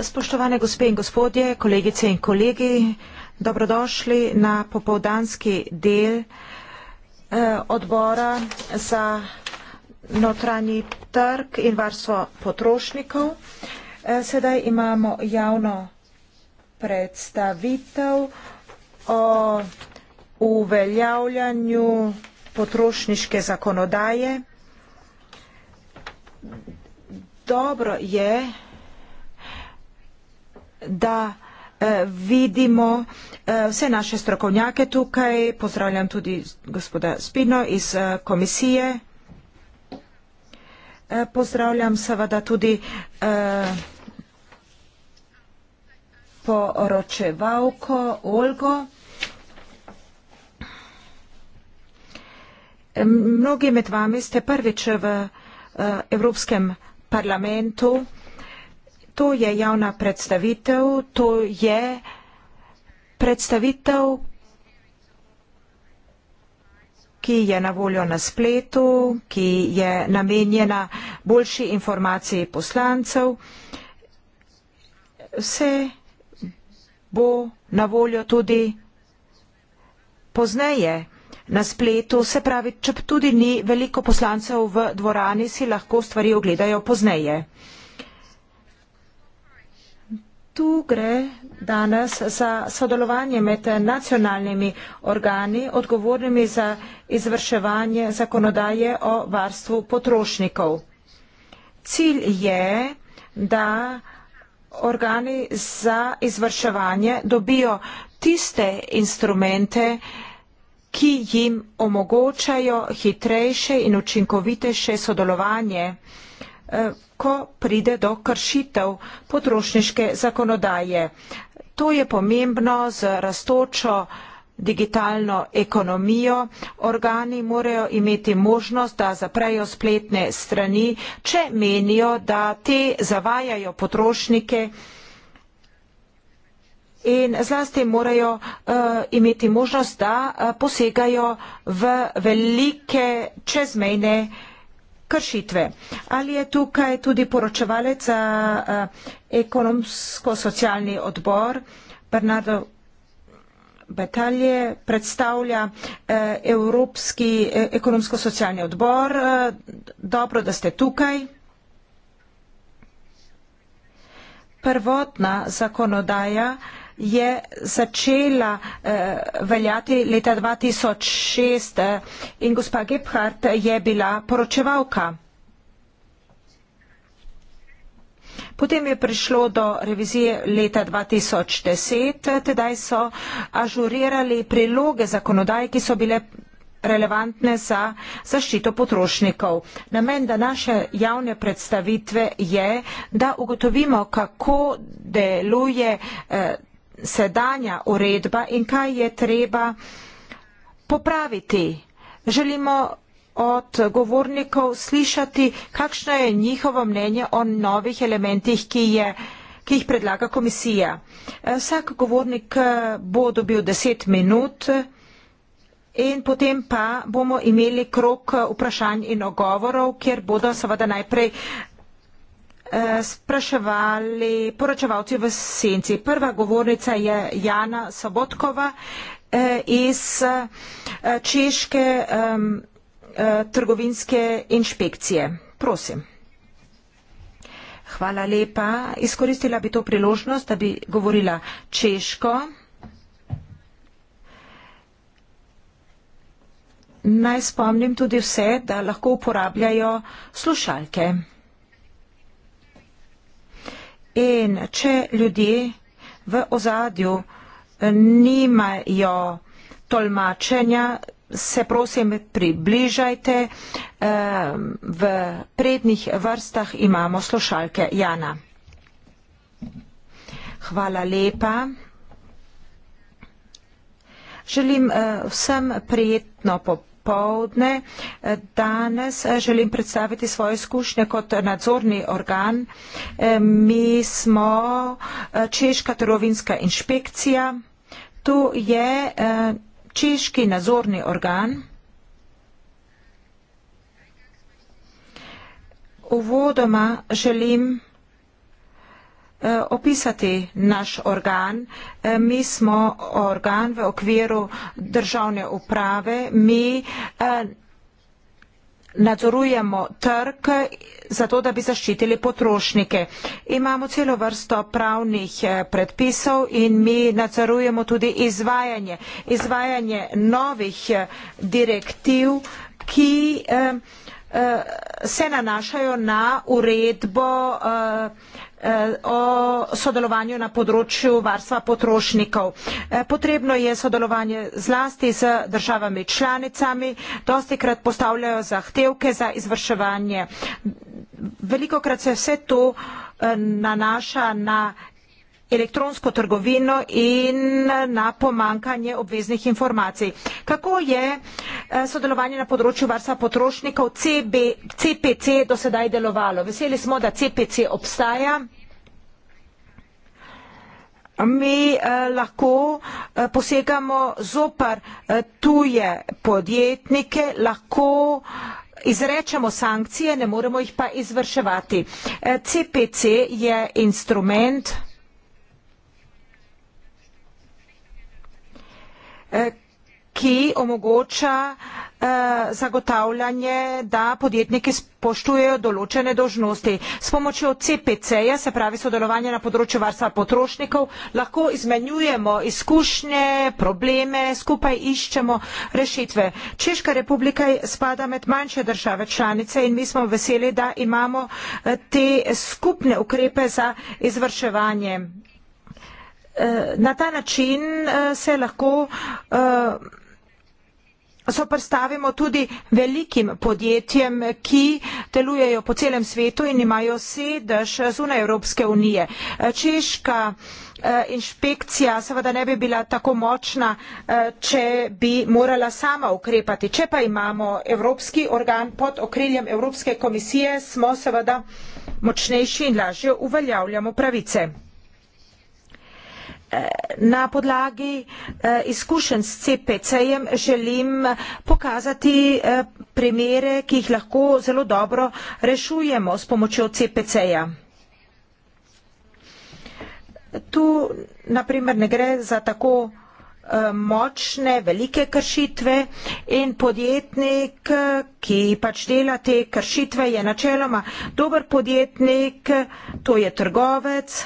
Spoštovane gospe in gospodje, kolegice in kolegi, dobrodošli na popovdanski del eh, odbora za notranji trg in varstvo potrošnikov. Eh, sedaj imamo javno predstavitev o uveljavljanju potrošniške zakonodaje dobro je da eh, vidimo eh, vse naše strokovnjake tukaj, pozdravljam tudi gospoda Spino iz eh, komisije, pozdravljam seveda tudi poročevalko Olgo. Mnogi med vami ste prvič v Evropskem parlamentu. To je javna predstavitev, to je predstavitev, ki je na voljo na spletu, ki je namenjena boljši informaciji poslancev. Vse bo na voljo tudi pozneje na spletu, se pravi, če tudi ni veliko poslancev v dvorani, si lahko stvari ogledajo pozneje. Tu gre danes za sodelovanje med nacionalnimi organi, odgovornimi za izvrševanje zakonodaje o varstvu potrošnikov. Cilj je, da organi za izvrševanje dobijo tiste instrumente, ki jim omogočajo hitrejše in učinkovitejše sodelovanje, eh, ko pride do kršitev potrošniške zakonodaje. To je pomembno z rastočo digitalno ekonomijo. Organi morajo imeti možnost, da zaprejo spletne strani, če menijo, da te zavajajo potrošnike in zlasti morajo uh, imeti možnost, da uh, posegajo v velike čezmejne kršitve. Ali je tukaj tudi poročevalec za uh, ekonomsko-socialni odbor Bernardo Betalje predstavlja eh, Evropski eh, ekonomsko-socialni odbor. Eh, dobro, da ste tukaj. Prvotna zakonodaja eh, je začela uh, veljati leta 2006 eh, in gospa Gebhardt je bila poročevalka. Potem je prišlo do revizije leta 2010, tedaj so ažurirali priloge zakonodaje, ki so bile relevantne za zaščito potrošnikov. Namen današnje javne predstavitve je, da ugotovimo, kako deluje eh, sedanja uredba in kaj je treba popraviti. Želimo od govornikov slišati, kakšno je njihovo mnenje o novih elementih, ki, je, ki jih predlaga komisija. Vsak govornik bo dobil deset minut in potem pa bomo imeli krok vprašanj in ogovorov, kjer bodo seveda najprej Eh, spraševali poročevalci v senci. Prva govornica je Jana Sobotkova eh, iz eh, Češke trgovinske inšpekcije. Prosim. Hvala lepa. Izkoristila bi to priložnost, da bi govorila češko. Naj spomnim tudi vse, da lahko uporabljajo slušalke. In če ljudje v ozadju eh, nimajo tolmačenja, se prosim približajte. Eh, v prednjih vrstah imamo slušalke Jana. Hvala lepa. Želim eh, vsem prijetno popoldne popovdne. Danes eh, želim predstaviti svoje izkušnje kot nadzorni organ. Eh, mi smo eh, Češka trgovinska inšpekcija. Tu je Češki nadzorni organ. Uvodoma želim Eh, opisati naš organ. Eh, mi smo organ v okviru državne uprave, mi eh, nadzorujemo trg, zato da bi zaščitili potrošnike. Imamo celo vrsto pravnih predpisov in mi nadzorujemo tudi izvajanje, izvajanje novih direktiv, ki eh, Eh, se nanašajo na uredbo eh, eh, o sodelovanju na področju varstva potrošnikov. Potrebno je sodelovanje zlasti z državami članicami, dosti krat postavljajo zahtevke za izvrševanje. Veliko krat se vse to nanaša na elektronsko trgovino in na pomankanje obveznih informacij. Kako je eh, sodelovanje na področju varstva potrošnikov CB, CPC do sedaj delovalo? Veseli smo, da CPC obstaja. Mi eh, lahko eh, posegamo zopar eh, tuje podjetnike, lahko eh, izrečemo sankcije, ne moremo jih pa izvrševati. Eh, CPC je instrument, eh, ki omogoča eh, zagotavljanje, da podjetniki spoštujejo določene dožnosti. S pomočjo CPC-ja, se pravi sodelovanje na področju varstva potrošnikov, lahko izmenjujemo izkušnje, probleme, skupaj iščemo rešitve. Češka republika spada med manjše države članice in mi smo veseli, da imamo eh, te skupne ukrepe za izvrševanje Eh, na ta način eh, se lahko soprstavimo eh, tudi velikim podjetjem, ki delujejo po celem svetu in imajo sedež zunaj Evropske unije. Češka inšpekcija seveda ne bi bila tako močna, če bi morala sama ukrepati. Če pa imamo Evropski organ pod okriljem Evropske komisije, smo seveda močnejši in lažje uveljavljamo pravice. Na podlagi eh, izkušenj s CPC-jem želim pokazati eh, primere, ki jih lahko zelo dobro rešujemo s pomočjo CPC-ja. Tu naprimer ne gre za tako eh, močne, velike kršitve in podjetnik, ki pač dela te kršitve, je načeloma dober podjetnik, to je trgovec,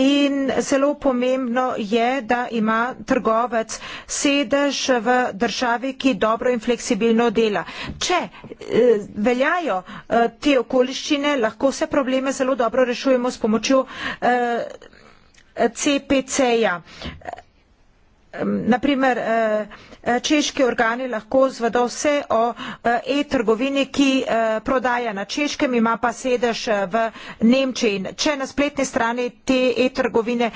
In zelo pomembno je, da ima trgovec sedež v državi, ki dobro in fleksibilno dela. Če eh, veljajo eh, te okoliščine, lahko se probleme zelo dobro rešujemo s pomočjo eh, CPC-ja naprimer eh, eh, češki organi lahko zvedo vse o eh, e-trgovini, ki prodaja na češkem, ima pa sedež v Nemčiji. Če na spletni strani te e-trgovine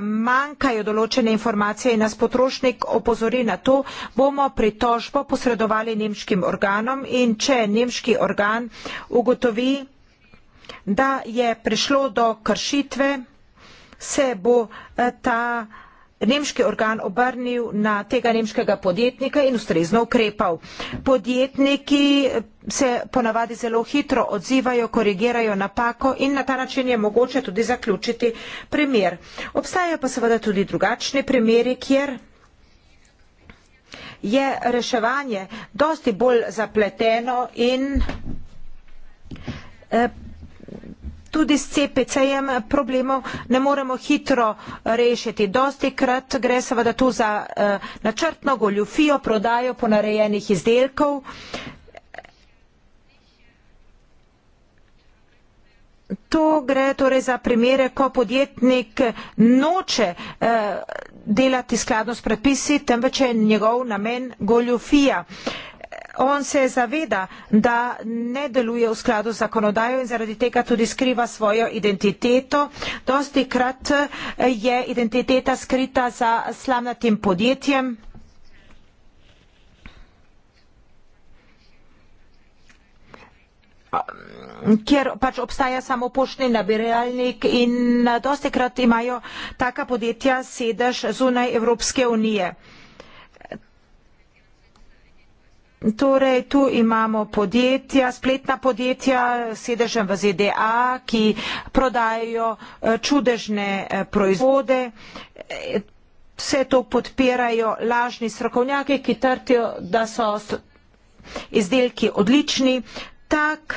manjkajo določene informacije in nas potrošnik opozori na to, bomo pritožbo posredovali nemškim organom in če nemški organ ugotovi, da je prišlo do kršitve, se bo ta nemški organ obrnil na tega nemškega podjetnika in ustrezno ukrepal. Podjetniki se ponavadi zelo hitro odzivajo, korigirajo napako in na ta način je mogoče tudi zaključiti primer. Obstajajo pa seveda tudi drugačni primeri, kjer je reševanje dosti bolj zapleteno in eh, tudi s CPC-jem problemov ne moremo hitro rešiti. Dosti krat gre seveda tu za eh, načrtno goljufijo, prodajo ponarejenih izdelkov. To gre torej za primere, ko podjetnik noče eh, delati skladno s predpisi, temveč je njegov namen goljufija. On se zaveda, da ne deluje v skladu z zakonodajo in zaradi tega tudi skriva svojo identiteto. Dosti krat eh, je identiteta skrita za slamnatim podjetjem. kjer pač obstaja samo poštni nabiralnik in eh, dosti krat imajo taka podjetja sedež zunaj Evropske unije. Torej, tu imamo podjetja, spletna podjetja sedežem v ZDA, ki prodajajo eh, čudežne eh, proizvode. Vse to podpirajo lažni strokovnjaki, ki trdijo, da so izdelki odlični. Tak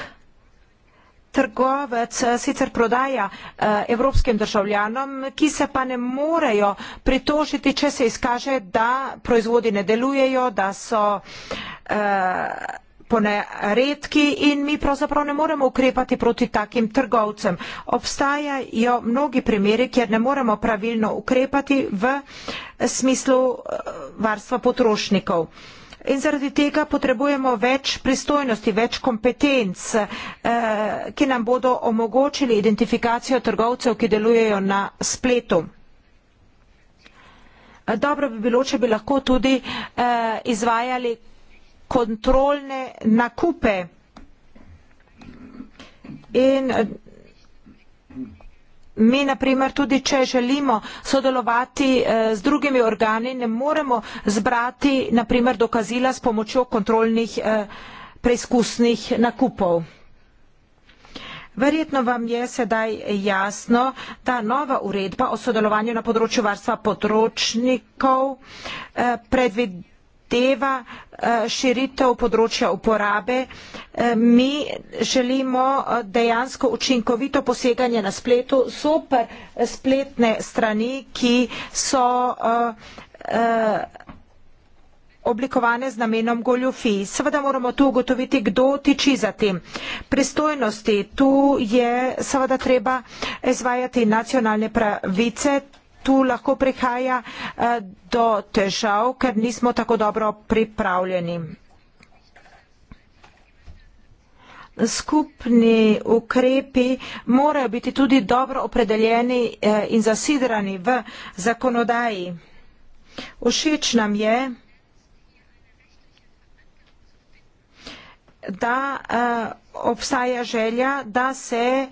trgovec eh, sicer prodaja eh, evropskim državljanom, ki se pa ne morejo pritožiti, če se izkaže, da proizvodi ne delujejo, da so eh, poneredki in mi pravzaprav ne moremo ukrepati proti takim trgovcem. Obstajajo mnogi primeri, kjer ne moremo pravilno ukrepati v smislu varstva potrošnikov in zaradi tega potrebujemo več pristojnosti, več kompetenc, eh, ki nam bodo omogočili identifikacijo trgovcev, ki delujejo na spletu. Dobro bi bilo, če bi lahko tudi eh, izvajali kontrolne nakupe. In mi na primer tudi če želimo sodelovati eh, z drugimi organi ne moremo zbrati na primer dokazila s pomočjo kontrolnih eh, preizkusnih nakupov. Verjetno vam je sedaj jasno, da nova uredba o sodelovanju na področju varstva potrošnikov eh, predvideva zahteva eh, širitev področja uporabe. Eh, mi želimo eh, dejansko učinkovito poseganje na spletu, super spletne strani, ki so oblikovane z namenom goljofij. Seveda moramo tu ugotoviti, kdo tiči za tem. Pristojnosti, tu je seveda treba izvajati nacionalne pravice, tu lahko prihaja eh, do težav, ker nismo tako dobro pripravljeni. Skupni ukrepi morajo biti tudi dobro opredeljeni eh, in zasidrani v zakonodaji. Všeč nam je, da eh, obstaja želja, da se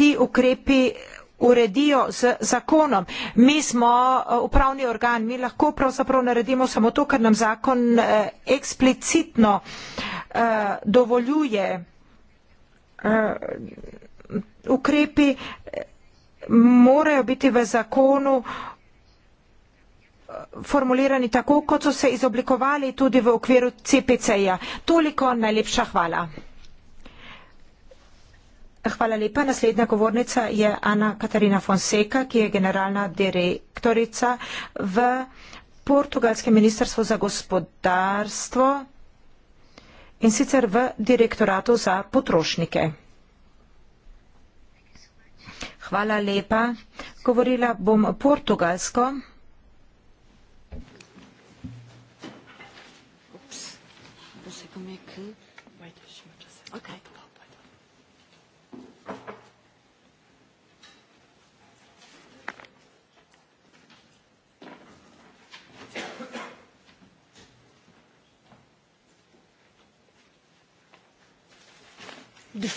ti ukrepi uredijo z zakonom. Mi smo eh, upravni organ, mi lahko pravzaprav naredimo samo to, kar nam zakon eh, eksplicitno eh, dovoljuje. Ukrepi morajo biti v zakonu formulirani tako, kot so se izoblikovali tudi v okviru CPC-ja. Toliko najlepša hvala. Hvala lepa. Naslednja govornica je Ana Katarina Fonseka, ki je generalna direktorica v Portugalskem ministrstvu za gospodarstvo in sicer v direktoratu za potrošnike. Hvala lepa. Govorila bom portugalsko. Eh,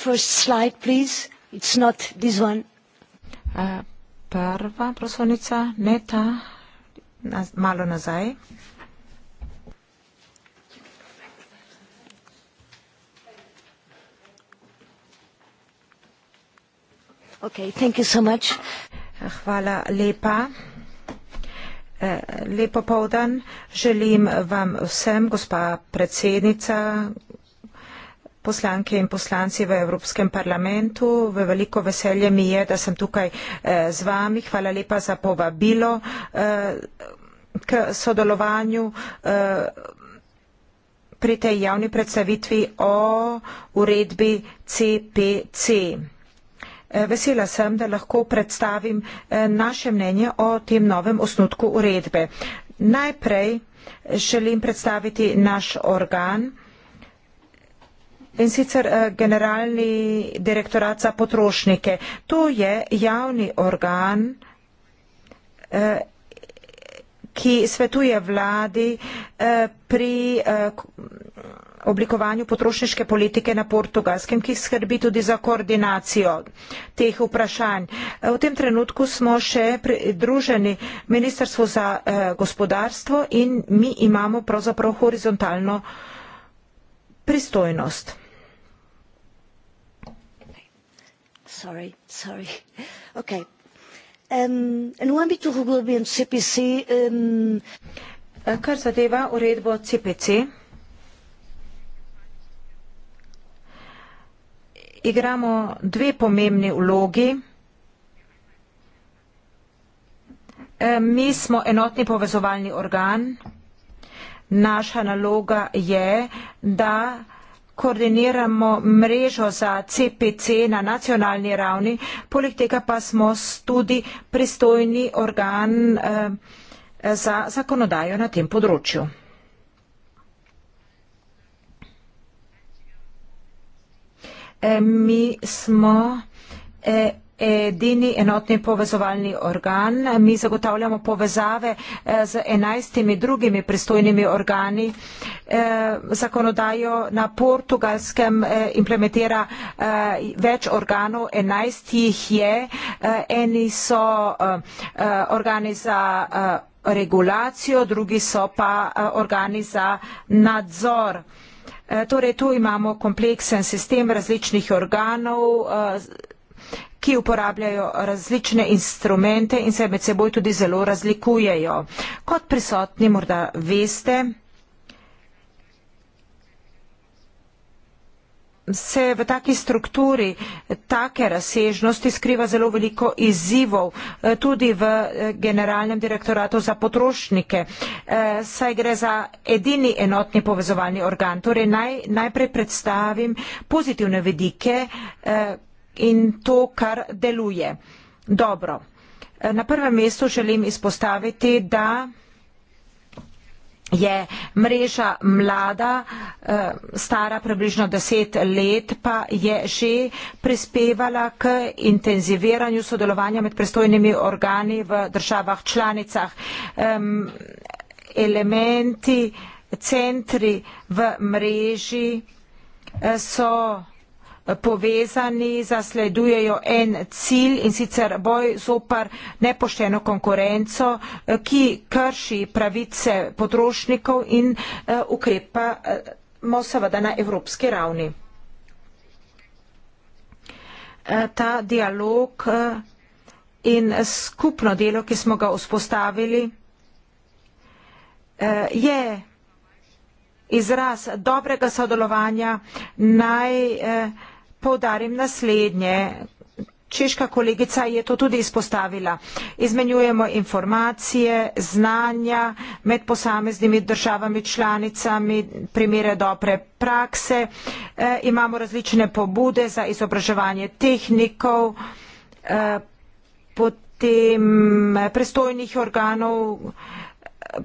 prva prosovnica, ne ta, malo nazaj. Eh, hvala lepa. Eh, lep popoldan želim vam vsem, gospa predsednica, poslanke in poslanci v Evropskem parlamentu. V veliko veselje mi je, da sem tukaj eh, z vami. Hvala lepa za povabilo eh, k sodelovanju eh, pri tej javni predstavitvi o uredbi CPC. Vesela sem, da lahko predstavim naše mnenje o tem novem osnutku uredbe. Najprej želim predstaviti naš organ, in sicer eh, generalni direktorat za potrošnike. To je javni organ, eh, ki svetuje vladi eh, pri oblikovanju potrošniške politike na portugalskem, ki skrbi tudi za koordinacijo teh vprašanj. V tem trenutku smo še pridruženi Ministrstvu za gospodarstvo in mi imamo pravzaprav horizontalno pristojnost. sorry, sorry. Ok. Um, no âmbito do regulamento CPC. Um... Eh, A deva o redbo CPC. Igramo dve pomembni vlogi. Eh, mi smo enotni povezovalni organ. Naša naloga je, da koordiniramo mrežo za CPC na nacionalni ravni, poleg tega pa smo tudi pristojni organ eh, za zakonodajo na tem področju. Eh, mi smo eh, edini enotni povezovalni organ. Mi zagotavljamo povezave eh, z enajstimi drugimi pristojnimi organi. Eh, zakonodajo na portugalskem eh, implementira več organov, enajst jih je. Eni so organi za regulacijo, drugi so pa organi za nadzor. Torej, tu imamo kompleksen sistem različnih organov, ki uporabljajo različne instrumente in se med seboj tudi zelo razlikujejo. Kot prisotni morda veste, se v taki strukturi take razsežnosti skriva zelo veliko izzivov eh, tudi v eh, Generalnem direktoratu za potrošnike. Eh, saj gre za edini enotni povezovalni organ. Torej naj, najprej predstavim pozitivne vedike, in to, kar deluje. Dobro. Na prvem mestu želim izpostaviti, da je mreža mlada, eh, stara približno deset let, pa je že prispevala k intenziviranju sodelovanja med pristojnimi organi v državah članicah. Elementi, centri v mreži eh, so povezani, zasledujejo en cilj in sicer boj zopar nepošteno konkurenco, eh, ki krši pravice potrošnikov in eh, ukrepamo eh, seveda na evropski ravni. Ta dialog in skupno delo, ki smo ga vzpostavili, je izraz dobrega sodelovanja naj eh, Poudarim naslednje. Češka kolegica je to tudi izpostavila. Izmenjujemo informacije, znanja med posameznimi državami članicami, primere dobre prakse, e, imamo različne pobude za izobraževanje tehnikov, e, potem eh, prestojnih organov. E,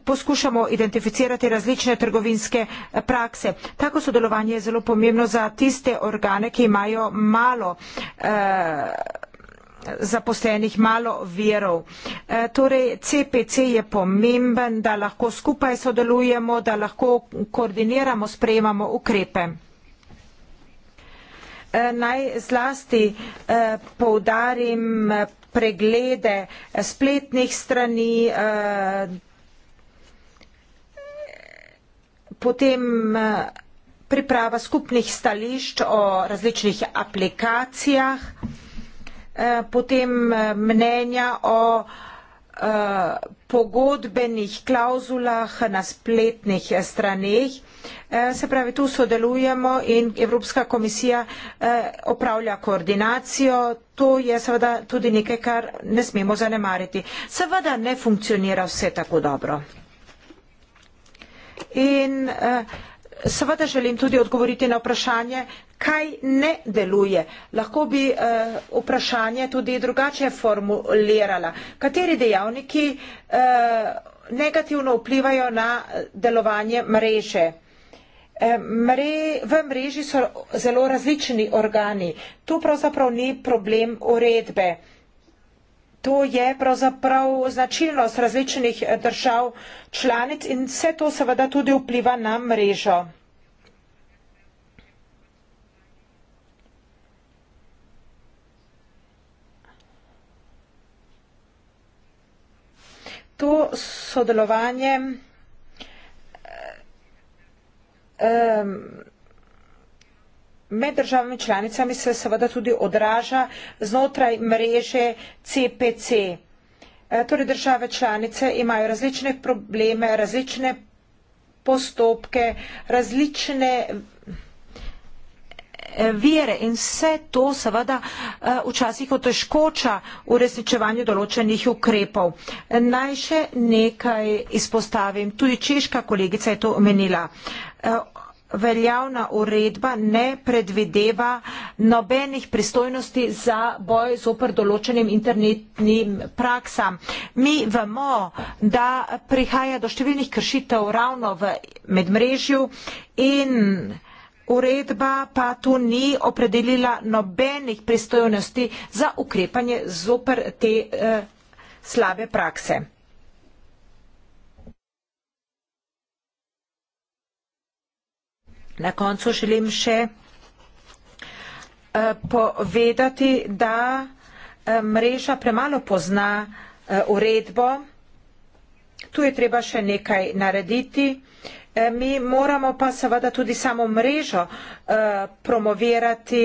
poskušamo identificirati različne trgovinske eh, prakse. Tako sodelovanje je zelo pomembno za tiste organe, ki imajo malo eh, zaposlenih, malo verov. Eh, torej, CPC je pomemben, da lahko skupaj sodelujemo, da lahko koordiniramo, sprejemamo ukrepe. Naj zlasti poudarim preglede spletnih strani, potem eh, priprava skupnih stališč o različnih aplikacijah, eh, potem eh, mnenja o pogodbenih klauzulah na spletnih straneh. Se pravi, tu sodelujemo in Evropska komisija opravlja koordinacijo. To je seveda tudi nekaj, kar ne smemo zanemariti. Seveda ne funkcionira vse tako dobro. In eh, seveda želim tudi odgovoriti na vprašanje, kaj ne deluje. Lahko bi eh, vprašanje tudi drugače formulirala. Kateri dejavniki eh, negativno vplivajo na delovanje mreže? V mreži so zelo različni organi. Tu pravzaprav ni problem uredbe. To je pravzaprav značilnost različnih držav članic in vse to seveda tudi vpliva na mrežo. To sodelovanje um, med državami članicami se seveda tudi odraža znotraj mreže CPC. E, torej države članice imajo različne probleme, različne postopke, različne e, vire in vse to seveda e, včasih otežkoča v resničevanju določenih ukrepov. Naj še nekaj izpostavim. Tudi češka kolegica je to omenila veljavna uredba ne predvideva nobenih pristojnosti za boj z opr določenim internetnim praksam. Mi vemo, da prihaja do številnih kršitev ravno v medmrežju in uredba pa tu ni opredelila nobenih pristojnosti za ukrepanje z opr te eh, slabe prakse. Na koncu želim še eh, povedati, da eh, mreža premalo pozna eh, uredbo. Tu je treba še nekaj narediti. Mi moramo pa seveda tudi samo mrežo promovirati,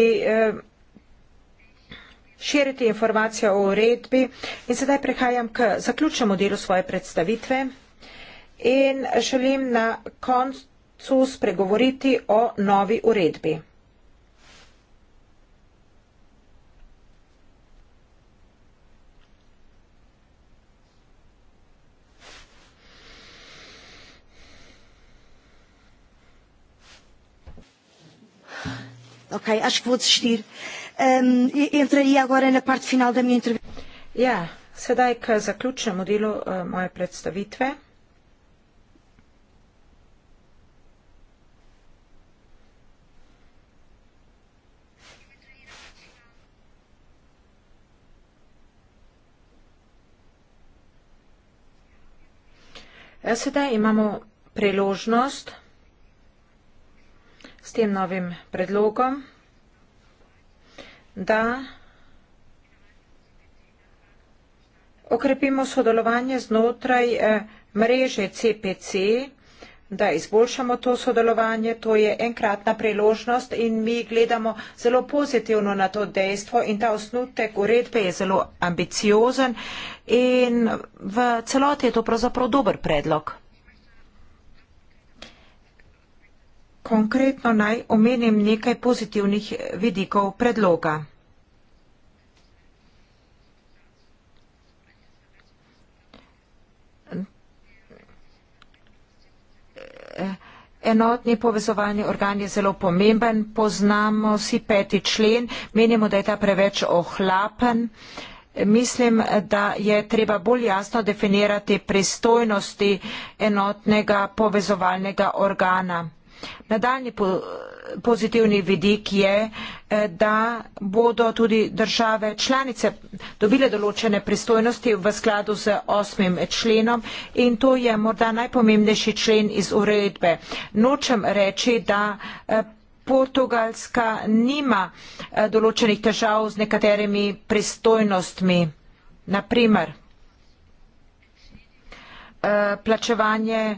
širiti informacijo o uredbi. In sedaj prehajam k zaključnemu delu svoje predstavitve in želim na koncu Cu spregovoriti o novi uredbi. Ok, acho que vou desistir. Um, entraria agora na parte final da minha intervenção. Yeah. Ja, sedaj k zaključnemu delu uh, moje predstavitve. Eh, sedaj imamo priložnost s tem novim predlogom, da okrepimo sodelovanje znotraj eh, mreže CPC, da izboljšamo to sodelovanje. To je enkratna priložnost in mi gledamo zelo pozitivno na to dejstvo in ta osnutek uredbe je zelo ambiciozen in v celoti je to pravzaprav dober predlog. Konkretno naj omenim nekaj pozitivnih vidikov predloga. enotni povezovalni organ je zelo pomemben, poznamo si peti člen, menimo, da je ta preveč ohlapen. Mislim, da je treba bolj jasno definirati pristojnosti enotnega povezovalnega organa. Nadaljni po pozitivni vidik je, eh, da bodo tudi države članice dobile določene pristojnosti v skladu z osmim členom in to je morda najpomembnejši člen iz uredbe. Nočem reči, da eh, Portugalska nima eh, določenih težav z nekaterimi pristojnostmi, naprimer plačevanje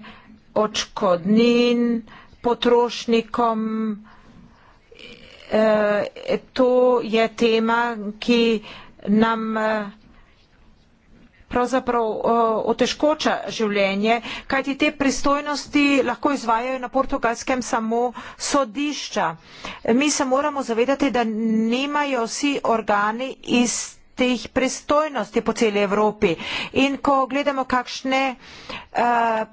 očkodnin, potrošnikom. E, to je tema, ki nam e, pravzaprav e, otežkoča življenje, kajti te pristojnosti lahko izvajajo na portugalskem samo sodišča. Mi se moramo zavedati, da nimajo vsi organi iste teh pristojnosti po celi Evropi. In ko gledamo, kakšne uh,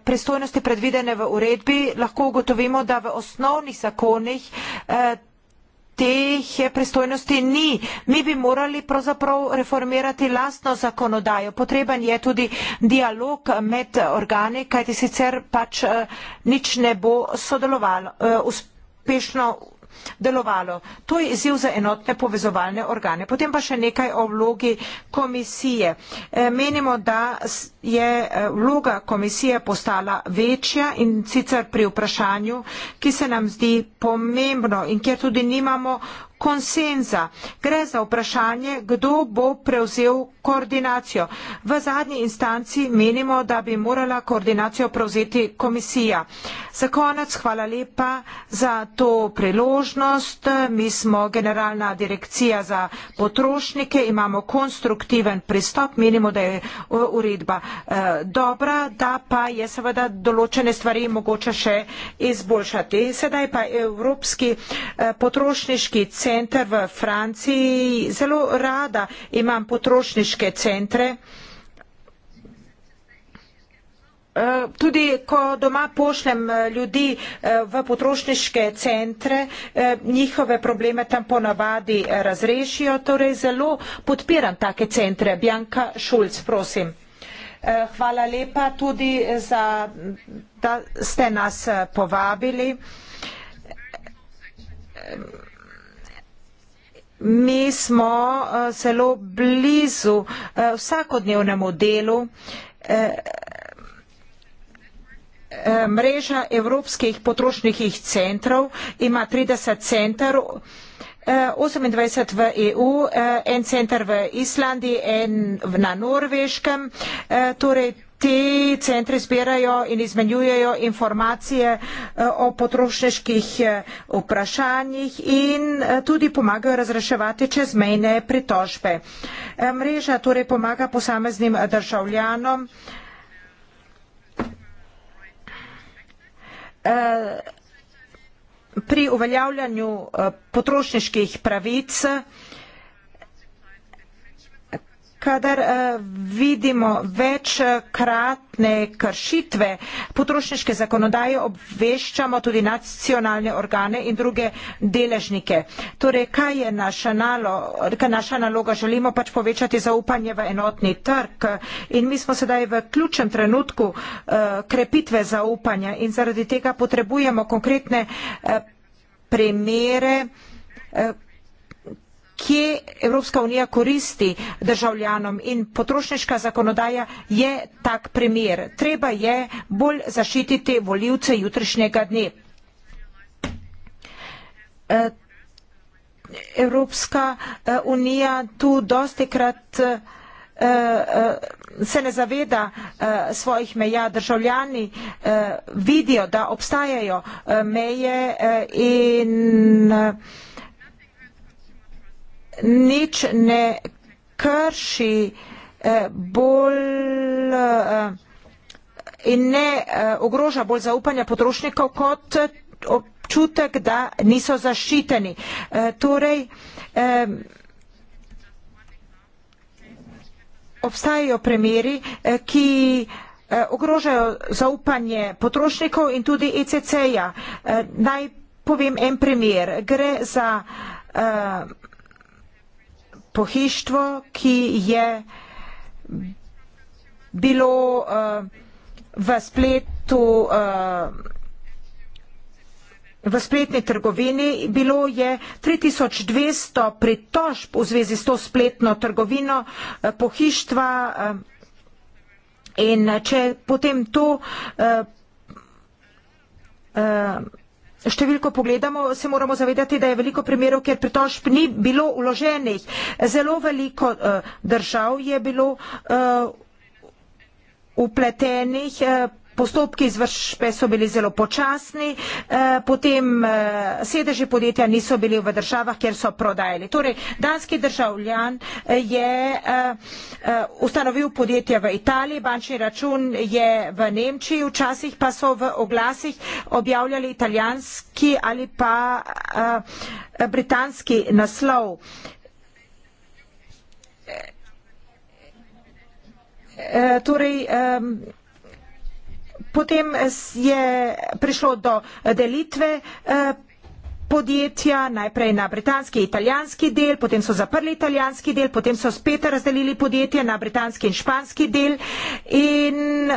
pristojnosti predvidene v uredbi, lahko ugotovimo, da v osnovnih zakonih uh, teh pristojnosti ni. Mi bi morali pravzaprav reformirati lastno zakonodajo. Potreben je tudi dialog med organi, kajti sicer pač eh, nič ne bo sodelovalo, uspešno delovalo. To je izziv za enotne povezovalne organe. Potem pa še nekaj o vlogi komisije. E, menimo, da je e, vloga komisije postala večja in sicer pri vprašanju, ki se nam zdi pomembno in kjer tudi nimamo konsenza. Gre za vprašanje, kdo bo prevzel koordinacijo. V zadnji instanci menimo, da bi morala koordinacijo prevzeti komisija. Za konec hvala lepa za to priložnost. Mi smo generalna direkcija za potrošnike, imamo konstruktiven pristop, menimo, da je uredba eh, dobra, da pa je seveda določene stvari mogoče še izboljšati. Sedaj pa Evropski eh, potrošniški centrum center v Franciji, zelo rada imam potrošniške centre. Eh, tudi ko doma pošljem eh, ljudi eh, v potrošniške centre, njihove probleme tam ponavadi razrešijo, torej zelo podpiram take centre. Bjanka Šulc, prosim. Hvala lepa tudi za, da ste nas povabili. Mi smo eh, zelo blizu eh, vsakodnevnemu delu. Eh, mreža evropskih potrošniških centrov ima 30 centrov. 28 v EU, en center v Islandiji, en na Norveškem, torej ti centri zbirajo in izmenjujejo informacije eh, o potrošniških eh, vprašanjih in eh, tudi pomagajo razreševati čezmejne pritožbe. Mreža torej pomaga posameznim državljanom. Pri uveljavljanju potrošniških pravic kadar eh, vidimo večkratne kršitve potrošniške zakonodaje, obveščamo tudi nacionalne organe in druge deležnike. Torej, kaj je naša, nalo, kaj naša naloga? Želimo pač povečati zaupanje v enotni trg in mi smo sedaj v ključnem trenutku eh, krepitve zaupanja in zaradi tega potrebujemo konkretne eh, primere kje Evropska unija koristi državljanom in potrošniška zakonodaja je tak primer. Treba je bolj zaščititi voljivce jutrišnjega dne. E, Evropska e, unija tu dosti krat e, se ne zaveda svojih meja. Državljani vidijo, da obstajajo meje in nič ne krši eh, bolj eh, in ne eh, ogroža bolj zaupanja potrošnikov kot občutek, da niso zaščiteni. Torej, obstajajo premjeri, ki ogrožajo zaupanje potrošnikov in tudi ECC-ja. Naj povem en premjer. Gre za pohištvo, ki je bilo uh, v spletu uh, V spletni trgovini bilo je 3200 pritožb v zvezi s to spletno trgovino eh, pohištva in če potem to uh, uh, Številko pogledamo, se moramo zavedati, da je veliko primerov, kjer pritožb ni bilo uloženih. Zelo veliko uh, držav je bilo uh, eh, upletenih. Uh, eh, Postopki izvršbe so bili zelo počasni, eh, potem eh, sedeži podjetja niso bili v državah, kjer so prodajali. Torej, danski državljan eh, je ustanovil podjetje v Italiji, bančni račun je v Nemčiji, včasih pa so v oglasih objavljali italijanski ali pa britanski naslov. Torej, potem je prišlo do eh, delitve eh, podjetja, najprej na britanski in italijanski del, potem so zaprli italijanski del, potem so spet razdelili podjetje na britanski in španski del in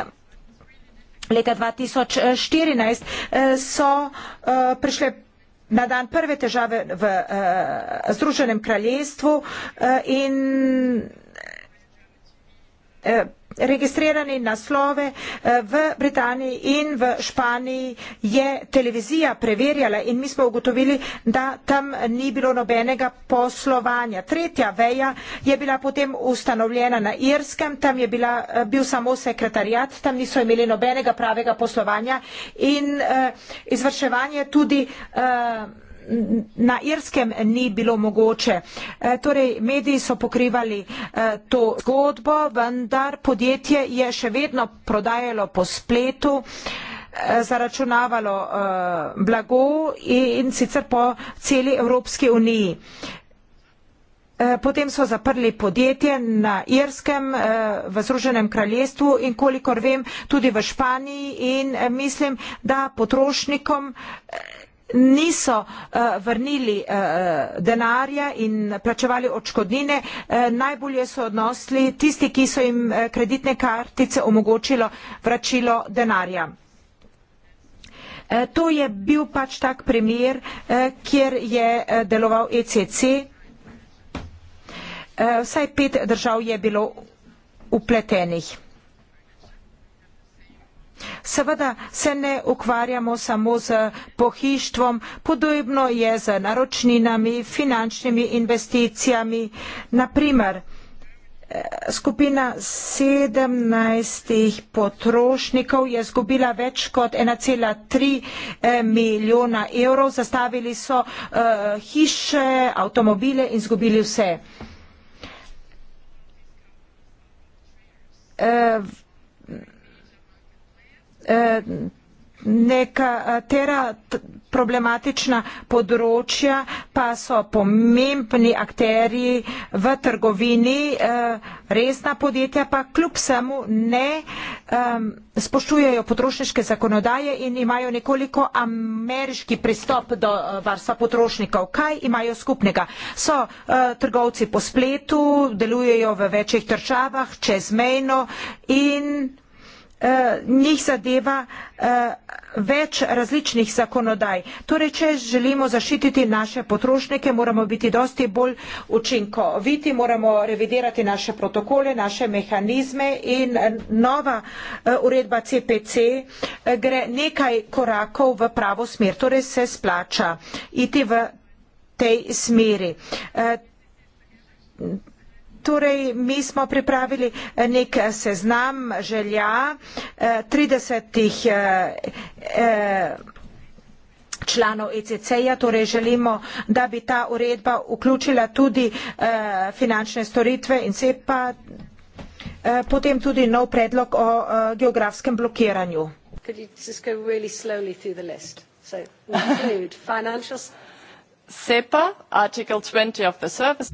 leta 2014 eh, so prišle na dan prve težave v Združenem kraljestvu in registrirani naslove eh, v Britaniji in v Španiji je televizija preverjala in mi smo ugotovili, da tam ni bilo nobenega poslovanja. Tretja veja je bila potem ustanovljena na Irskem, tam je bila, eh, bil samo sekretarjat, tam niso imeli nobenega pravega poslovanja in eh, izvrševanje tudi eh, na Irskem ni bilo mogoče. E, torej, mediji so pokrivali e, to zgodbo, vendar podjetje je še vedno prodajalo po spletu e, zaračunavalo blago in sicer po celi Evropski uniji. Potem so zaprli podjetje na Irskem, v Združenem kraljestvu in kolikor vem tudi v Španiji in mislim, da potrošnikom niso uh, vrnili uh, denarja in plačevali očkodnine, uh, eh, najbolje so odnosili tisti, ki so jim uh, kreditne kartice omogočilo vračilo denarja. To je bil pač tak primer, kjer je deloval ECC. Vsaj pet držav je bilo upletenih. Seveda se ne ukvarjamo samo z pohištvom, podobno je z naročninami, finančnimi investicijami. Naprimer, eh, skupina 17 potrošnikov je zgubila več kot 1,3 eh, milijona evrov, zastavili so uh, hiše, avtomobile in zgubili vse. Uh, neka tera problematična področja pa so pomembni akteri v trgovini, eh, resna podjetja pa kljub samo ne spoštujejo potrošniške zakonodaje in imajo nekoliko ameriški pristop do eh, varstva potrošnikov. Kaj imajo skupnega? So eh, trgovci po spletu, delujejo v večjih državah, čezmejno in eh, njih zadeva eh, več različnih zakonodaj. Torej, če želimo zaščititi naše potrošnike, moramo biti dosti bolj učinkoviti, moramo revidirati naše protokole, naše mehanizme in nova eh, uredba CPC eh, gre nekaj korakov v pravo smer. Torej, se splača iti v tej smeri. Eh, Torej, mi smo pripravili eh, nek eh, seznam želja 30 eh, eh, članov ECC-ja, torej želimo, da bi ta uredba vključila tudi eh, finančne storitve in se pa eh, potem tudi nov predlog o eh, geografskem blokiranju. SEPA, Article 20 of the Service.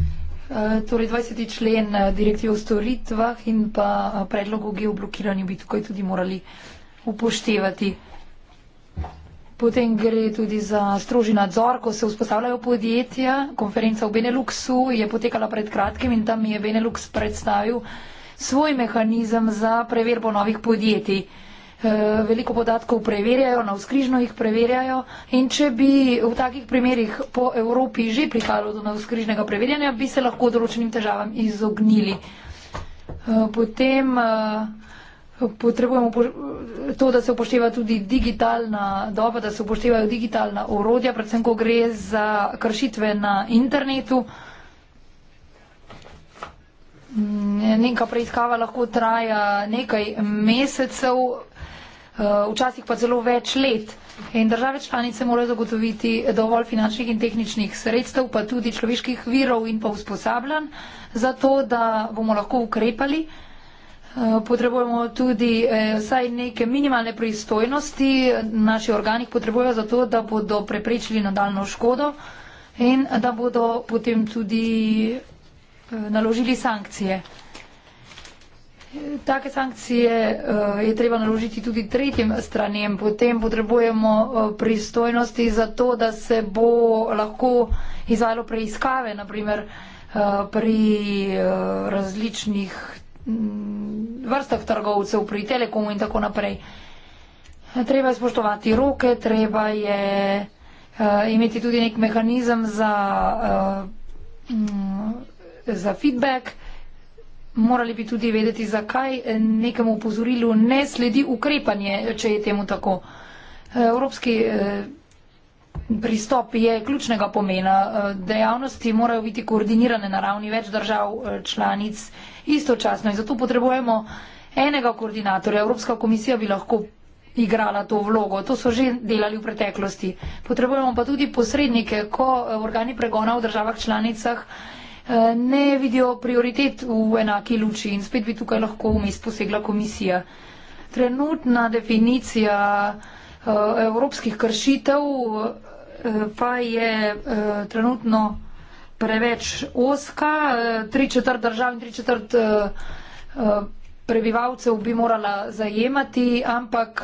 Eh, torej 20. člen eh, direktive o storitvah in pa eh, predlog o geoblokiranju bi tukaj tudi morali upoštevati. Potem gre tudi za stroži nadzor, ko se vzpostavljajo podjetja. Konferenca v Beneluxu je potekala pred kratkim in tam je Benelux predstavil svoj mehanizem za preverbo novih podjetij. Eh, veliko podatkov preverjajo, navskrižno jih preverjajo in če bi v takih primerjih po Evropi že prihajalo do navskrižnega preverjanja, bi se lahko določenim težavam izognili. Eh, potem eh, potrebujemo to, da se upošteva tudi digitalna doba, da se upoštevajo digitalna orodja, predvsem ko gre za kršitve na internetu. Mm, neka preiskava lahko traja nekaj mesecev, Eh, včasih pa celo več let. In države članice morajo zagotoviti dovolj finančnih in tehničnih sredstev, pa tudi človeških virov in pa usposabljanj, zato da bomo lahko ukrepali. Eh, potrebujemo tudi eh, vsaj neke minimalne pristojnosti, naši organih potrebujejo zato, da bodo preprečili nadaljno škodo in da bodo potem tudi naložili sankcije. Take sankcije uh, je treba naložiti tudi tretjim stranem. Potem potrebujemo uh, pristojnosti za to, da se bo lahko izvalo preiskave, naprimer uh, eh, pri uh, različnih mm, vrstah trgovcev, pri telekomu in tako naprej. Treba je spoštovati roke, treba je uh, imeti tudi nek mehanizem za, uh, um, za feedback. Uh, morali bi tudi vedeti, zakaj nekemu upozorilu ne sledi ukrepanje, če je temu tako. Evropski eh, pristop je ključnega pomena. Eh, dejavnosti morajo biti koordinirane na ravni več držav eh, članic istočasno in zato potrebujemo enega koordinatorja. Evropska komisija bi lahko igrala to vlogo. To so že delali v preteklosti. Potrebujemo pa tudi posrednike, ko organi pregona v državah članicah Eh, ne vidijo prioritet v enaki luči in spet bi tukaj lahko vmes posegla komisija. Trenutna definicija eh, evropskih kršitev eh, pa je trenutno preveč oska. Tri četrt držav in tri četrt prebivalcev bi morala zajemati, ampak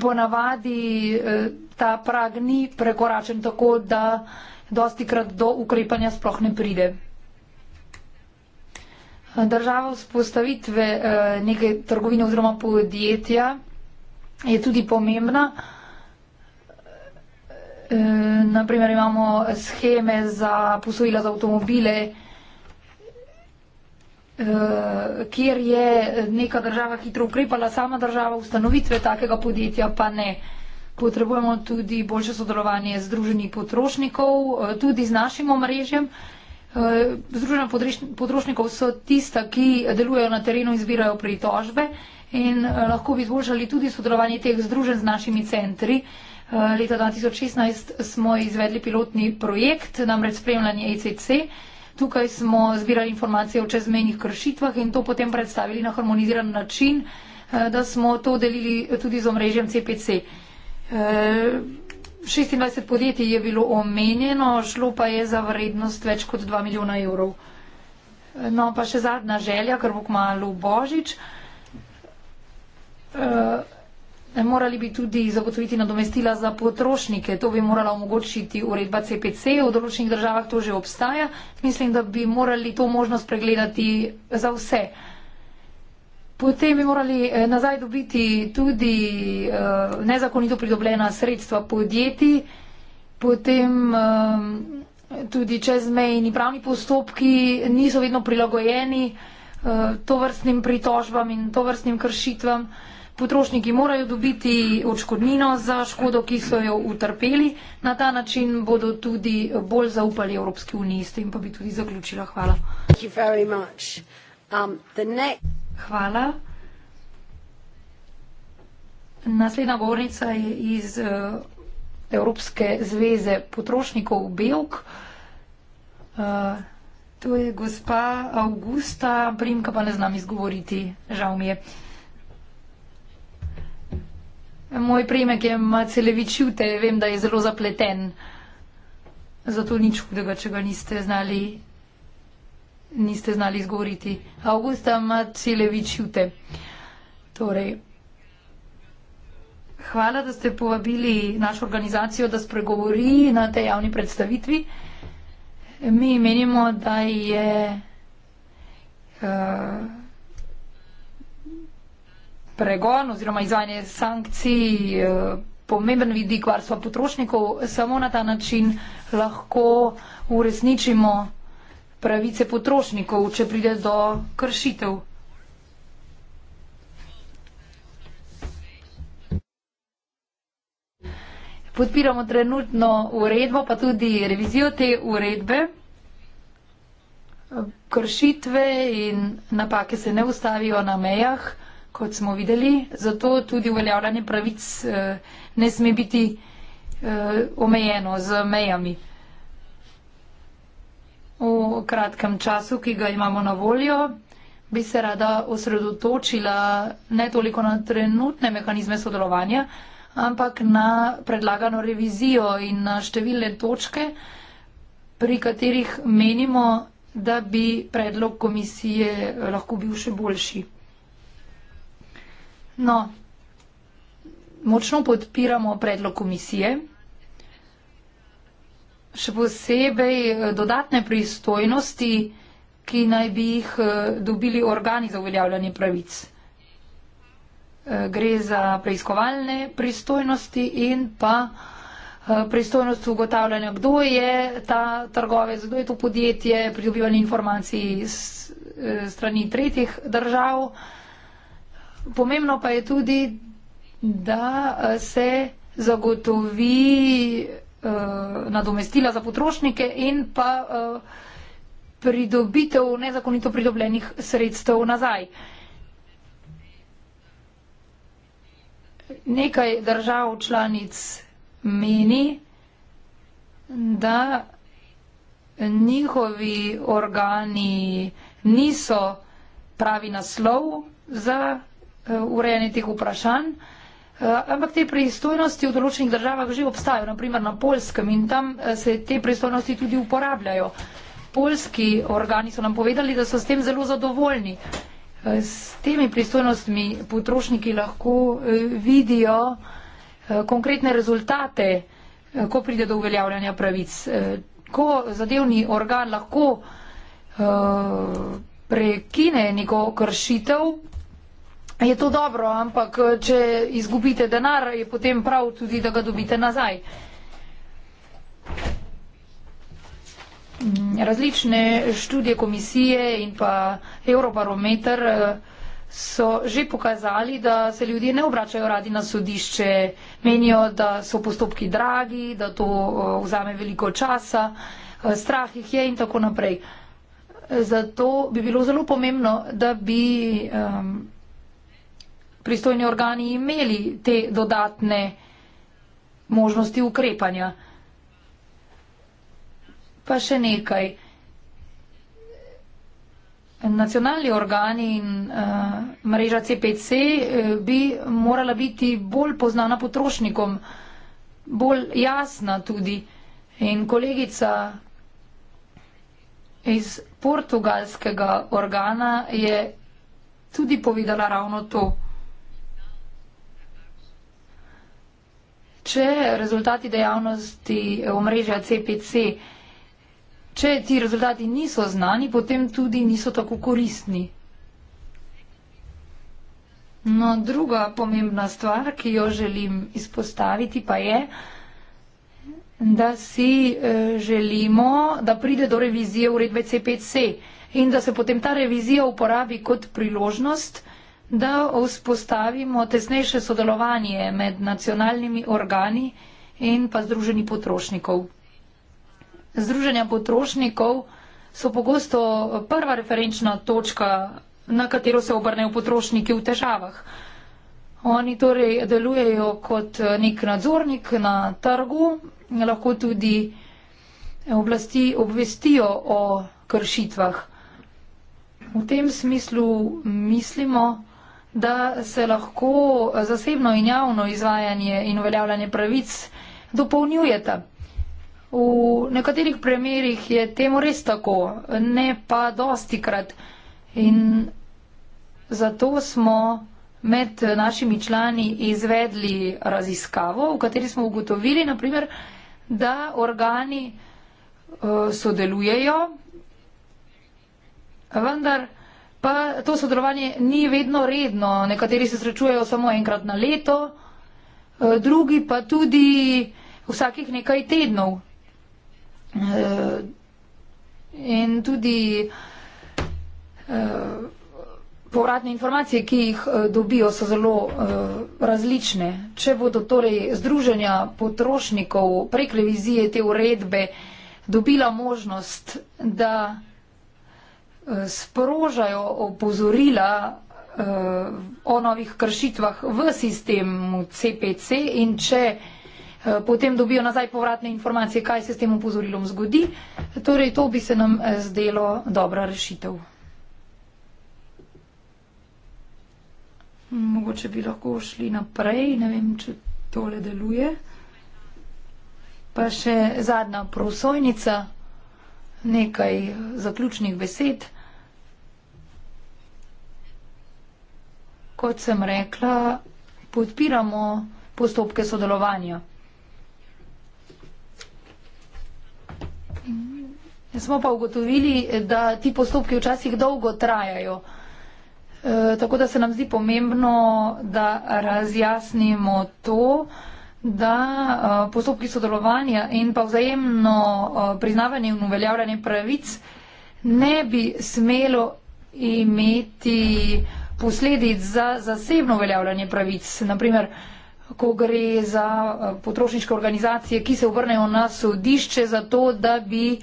ponavadi ta prag ni prekoračen tako, da dosti krat do ukrepanja sploh ne pride. Država vzpostavitve eh, neke trgovine oziroma podjetja je tudi pomembna. Eh, Naprimer imamo scheme za posojila za avtomobile, eh, kjer je neka država hitro ukrepala, sama država ustanovitve takega podjetja pa ne potrebujemo tudi boljše sodelovanje združenih potrošnikov, eh, tudi z našim omrežjem. Eh, Združenja potrošnikov so tista, ki delujejo na terenu in zbirajo pritožbe in eh, lahko bi izboljšali tudi sodelovanje teh združenj z našimi centri. Leta 2016 smo izvedli pilotni projekt, namreč spremljanje ECC. Tukaj smo zbirali informacije o čezmejnih kršitvah in to potem predstavili na harmoniziran način, da smo to delili tudi z omrežjem CPC. 26 eh, podjetij je bilo omenjeno, šlo pa je za vrednost več kot 2 milijona evrov. Eh, no, pa še zadnja želja, ker bo kmalo Božič. E, morali bi tudi zagotoviti nadomestila za potrošnike. To bi morala omogočiti uredba CPC. V določenih državah to že obstaja. Mislim, da bi morali to možnost pregledati za vse. E, Potem bi morali eh, nazaj dobiti tudi uh, nezakonito pridobljena sredstva podjetij, potem uh, tudi čezmejni pravni postopki niso vedno prilagojeni uh, to vrstnim pritožbam in to vrstnim kršitvam. Potrošniki morajo dobiti očkodnino za škodo, ki so jo utrpeli. Na ta način bodo tudi bolj zaupali Evropski uniji. S tem pa bi tudi zaključila. Hvala. Thank you very much. Um, the next... Hvala. Naslednja govornica je iz uh, Evropske zveze potrošnikov Belk. Uh, to je gospa Augusta, primka pa ne znam izgovoriti, žal mi je. Moj primek je Macelevičute, vem, da je zelo zapleten. Zato nič hudega, če ga niste znali niste znali izgovoriti. Augusta Macilevič Jute. Torej, hvala, da ste povabili našo organizacijo, da spregovori na tej javni predstavitvi. Mi menimo, da je uh, pregon oziroma izvajanje sankcij uh, pomemben vidik varstva potrošnikov. Samo na ta način lahko uresničimo pravice potrošnikov, če pride do kršitev. Podpiramo trenutno uredbo, pa tudi revizijo te uredbe. Kršitve in napake se ne ustavijo na mejah, kot smo videli, zato tudi uveljavljanje pravic eh, ne sme biti eh, omejeno z mejami. V kratkem času, ki ga imamo na voljo, bi se rada osredotočila ne toliko na trenutne mehanizme sodelovanja, ampak na predlagano revizijo in na številne točke, pri katerih menimo, da bi predlog komisije lahko bil še boljši. No, močno podpiramo predlog komisije še posebej eh, dodatne pristojnosti, ki naj bi jih eh, dobili organi za uveljavljanje pravic. Eh, gre za preiskovalne pristojnosti in pa pristojnost ugotavljanja, kdo je ta trgovec, kdo je to podjetje, pridobivanje informacij iz strani tretjih držav. Pomembno pa je tudi, da se zagotovi Eh, nadomestila za potrošnike in pa eh, pridobitev nezakonito pridobljenih sredstev nazaj. Nekaj držav članic meni, da njihovi organi niso pravi naslov za eh, urejanje teh vprašanj. Eh, ampak te pristojnosti v določenih državah že obstajajo, naprimer na Polskem in tam eh, se te pristojnosti tudi uporabljajo. Polski organi so nam povedali, da so s tem zelo zadovoljni. Eh, s temi pristojnostmi potrošniki lahko vidijo konkretne rezultate, ko pride do uveljavljanja pravic. Ko zadevni organ lahko prekine neko kršitev, Je to dobro, ampak eh, če izgubite denar, je potem prav tudi, da ga dobite nazaj. Mm, različne študije komisije in pa Evroparometer eh, so že pokazali, da se ljudje ne obračajo radi na sodišče, menijo, da so postopki dragi, da to eh, vzame veliko časa, strah jih je in tako naprej. Zato bi bilo zelo pomembno, da bi. Um, pristojni organi imeli te dodatne možnosti ukrepanja. Pa še nekaj. Nacionalni organi in uh, mreža CPC eh, bi morala biti bolj poznana potrošnikom, bolj jasna tudi. In kolegica iz portugalskega organa je tudi povedala ravno to. Če rezultati dejavnosti omrežja CPC, če ti rezultati niso znani, potem tudi niso tako koristni. No, druga pomembna stvar, ki jo želim izpostaviti, pa je, da si eh, želimo, da pride do revizije uredbe CPC in da se potem ta revizija uporabi kot priložnost, da vzpostavimo tesnejše sodelovanje med nacionalnimi organi in pa združenji potrošnikov. Združenja potrošnikov so pogosto prva referenčna točka, na katero se obrnejo potrošniki v težavah. Oni torej delujejo kot nek nadzornik na trgu, lahko tudi oblasti obvestijo o kršitvah. V tem smislu mislimo, da se lahko eh, zasebno in javno izvajanje in uveljavljanje pravic dopolnjujeta. V nekaterih primerjih je temu res tako, ne pa dosti krat. In zato smo med našimi člani izvedli raziskavo, v kateri smo ugotovili, naprimer, da organi eh, sodelujejo, vendar Pa to sodelovanje ni vedno redno, nekateri se srečujejo samo enkrat na leto, e, drugi pa tudi vsakih nekaj tednov. E, in tudi e, povratne informacije, ki jih dobijo, so zelo različne. Če bodo torej združenja potrošnikov prek revizije te uredbe dobila možnost, da sprožajo opozorila eh, o novih kršitvah v sistemu CPC in če eh, potem dobijo nazaj povratne informacije, kaj se s tem opozorilom zgodi, torej to bi se nam eh, zdelo dobra rešitev. Mogoče bi lahko šli naprej, ne vem, če tole deluje. Pa še zadnja prosojnica nekaj zaključnih besed. Kot sem rekla, podpiramo postopke sodelovanja. Smo pa ugotovili, da ti postopki včasih dolgo trajajo. E, tako da se nam zdi pomembno, da razjasnimo to. E, da eh, postopki sodelovanja in pa vzajemno eh, priznavanje in uveljavljanje pravic ne bi smelo imeti posledic za zasebno uveljavljanje pravic. Naprimer, ko gre za eh, potrošniške organizacije, ki se obrnejo na sodišče za to, da bi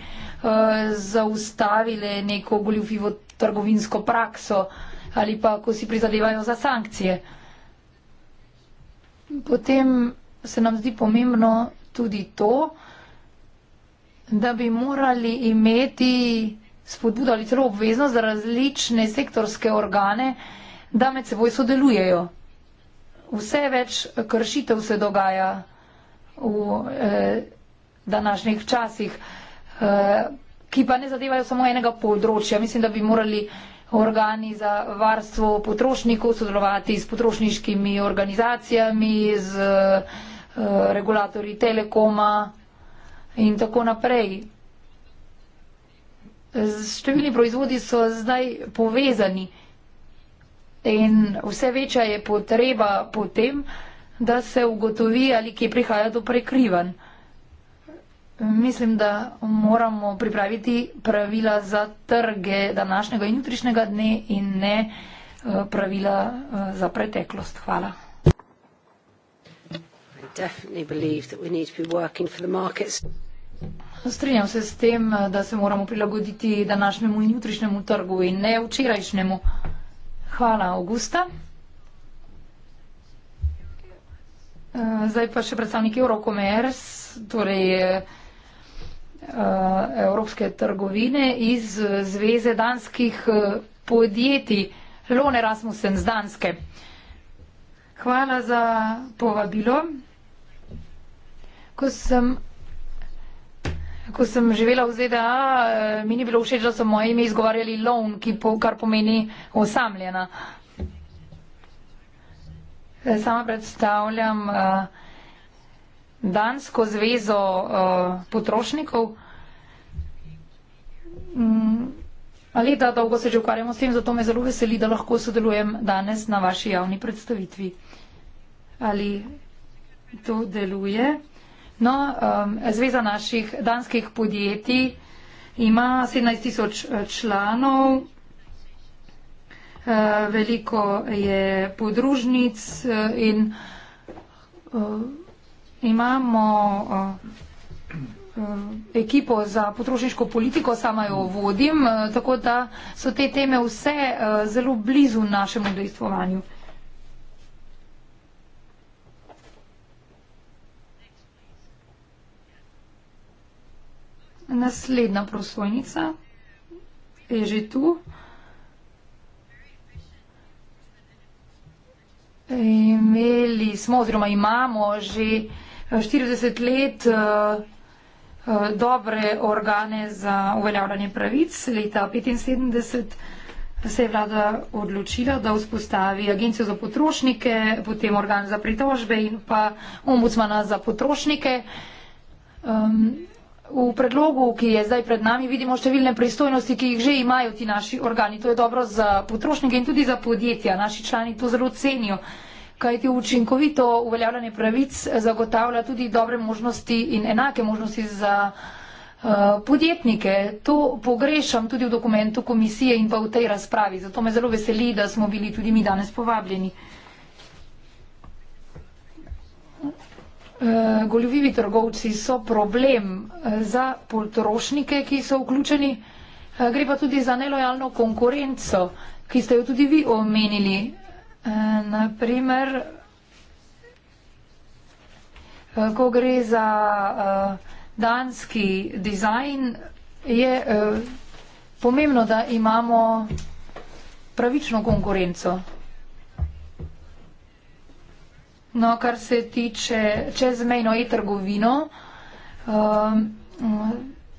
zaustavile neko goljufivo trgovinsko prakso ali pa ko si prizadevajo za sankcije. Potem se nam zdi pomembno tudi to, da bi morali imeti spodbudo ali celo obveznost za različne sektorske organe, da med seboj sodelujejo. Vse več kršitev se dogaja v eh, današnjih časih, eh, ki pa ne zadevajo samo enega področja. Mislim, da bi morali organi za varstvo potrošnikov, sodelovati s potrošniškimi organizacijami, z eh, regulatorji telekoma in tako naprej. Številni proizvodi so zdaj povezani in vse večja je potreba potem, da se ugotovi, ali kje prihaja do prekrivanj. Mislim, da moramo pripraviti pravila za trge današnjega in jutrišnjega dne in ne eh, pravila eh, za preteklost. Hvala. Strinjam se s tem, da se moramo prilagoditi današnjemu in jutrišnjemu trgu in ne včerajšnjemu. Hvala, Augusta. Eh, zdaj pa še predstavnik Eurocommerce, torej Eh, evropske trgovine iz Zveze danskih eh, podjetij, Lone Rasmussen z Danske. Hvala za povabilo. Ko sem, ko sem živela v ZDA, eh, mi ni bilo všeč, da so moje ime izgovarjali lone, ki po, kar pomeni osamljena. Sama predstavljam uh, Dansko zvezo uh, potrošnikov. Mm, leta dolgo se že ukvarjamo s tem, zato me zelo veseli, da lahko sodelujem danes na vaši javni predstavitvi. Ali to deluje? No, um, zveza naših danskih podjetij ima 17 tisoč eh, članov. Eh, veliko je podružnic in imamo uh, ekipo za potrošniško politiko, sama jo vodim, uh, tako da so te teme vse uh, zelo blizu našemu dejstvovanju. Naslednja prosojnica je že tu. Imeli smo oziroma imamo že. 40 let eh, eh, dobre organe za uveljavljanje pravic. Leta 75 se je vlada odločila, da vzpostavi agencijo za potrošnike, potem organ za pritožbe in pa ombudsmana za potrošnike. V predlogu, ki je zdaj pred nami, vidimo številne pristojnosti, ki jih že imajo ti naši organi. To je dobro za potrošnike in tudi za podjetja. Naši člani to zelo cenijo kajti učinkovito uveljavljanje pravic zagotavlja tudi dobre možnosti in enake možnosti za uh, podjetnike. To pogrešam tudi v dokumentu komisije in pa v tej razpravi. Zato me zelo veseli, da smo bili tudi mi danes povabljeni. Eh, Goljivi trgovci so problem eh, za potrošnike, ki so vključeni, gre pa tudi za nelojalno konkurenco, ki ste jo tudi vi omenili. Eh, naprimer, eh, ko gre za uh, danski dizajn, je uh, pomembno, da imamo pravično konkurenco. No, kar se tiče čezmejno e-trgovino, um,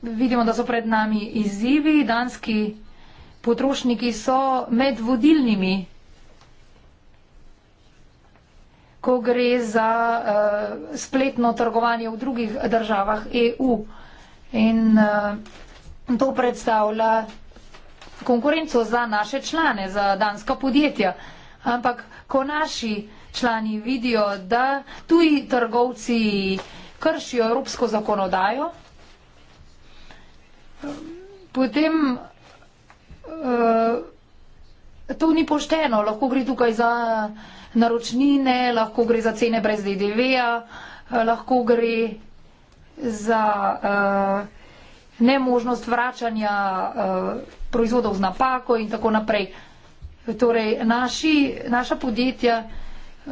vidimo, da so pred nami izzivi. Danski potrošniki so med vodilnimi ko gre za uh, spletno trgovanje v drugih državah EU. In uh, to predstavlja konkurenco za naše člane, za danska podjetja. Ampak ko naši člani vidijo, da tuji trgovci kršijo evropsko zakonodajo, potem uh, to ni pošteno, lahko gre tukaj za. Uh, naročnine, lahko gre za cene brez DDV-ja, eh, lahko gre za uh, nemožnost vračanja uh, proizvodov z napako in tako naprej. Torej, naši, naša podjetja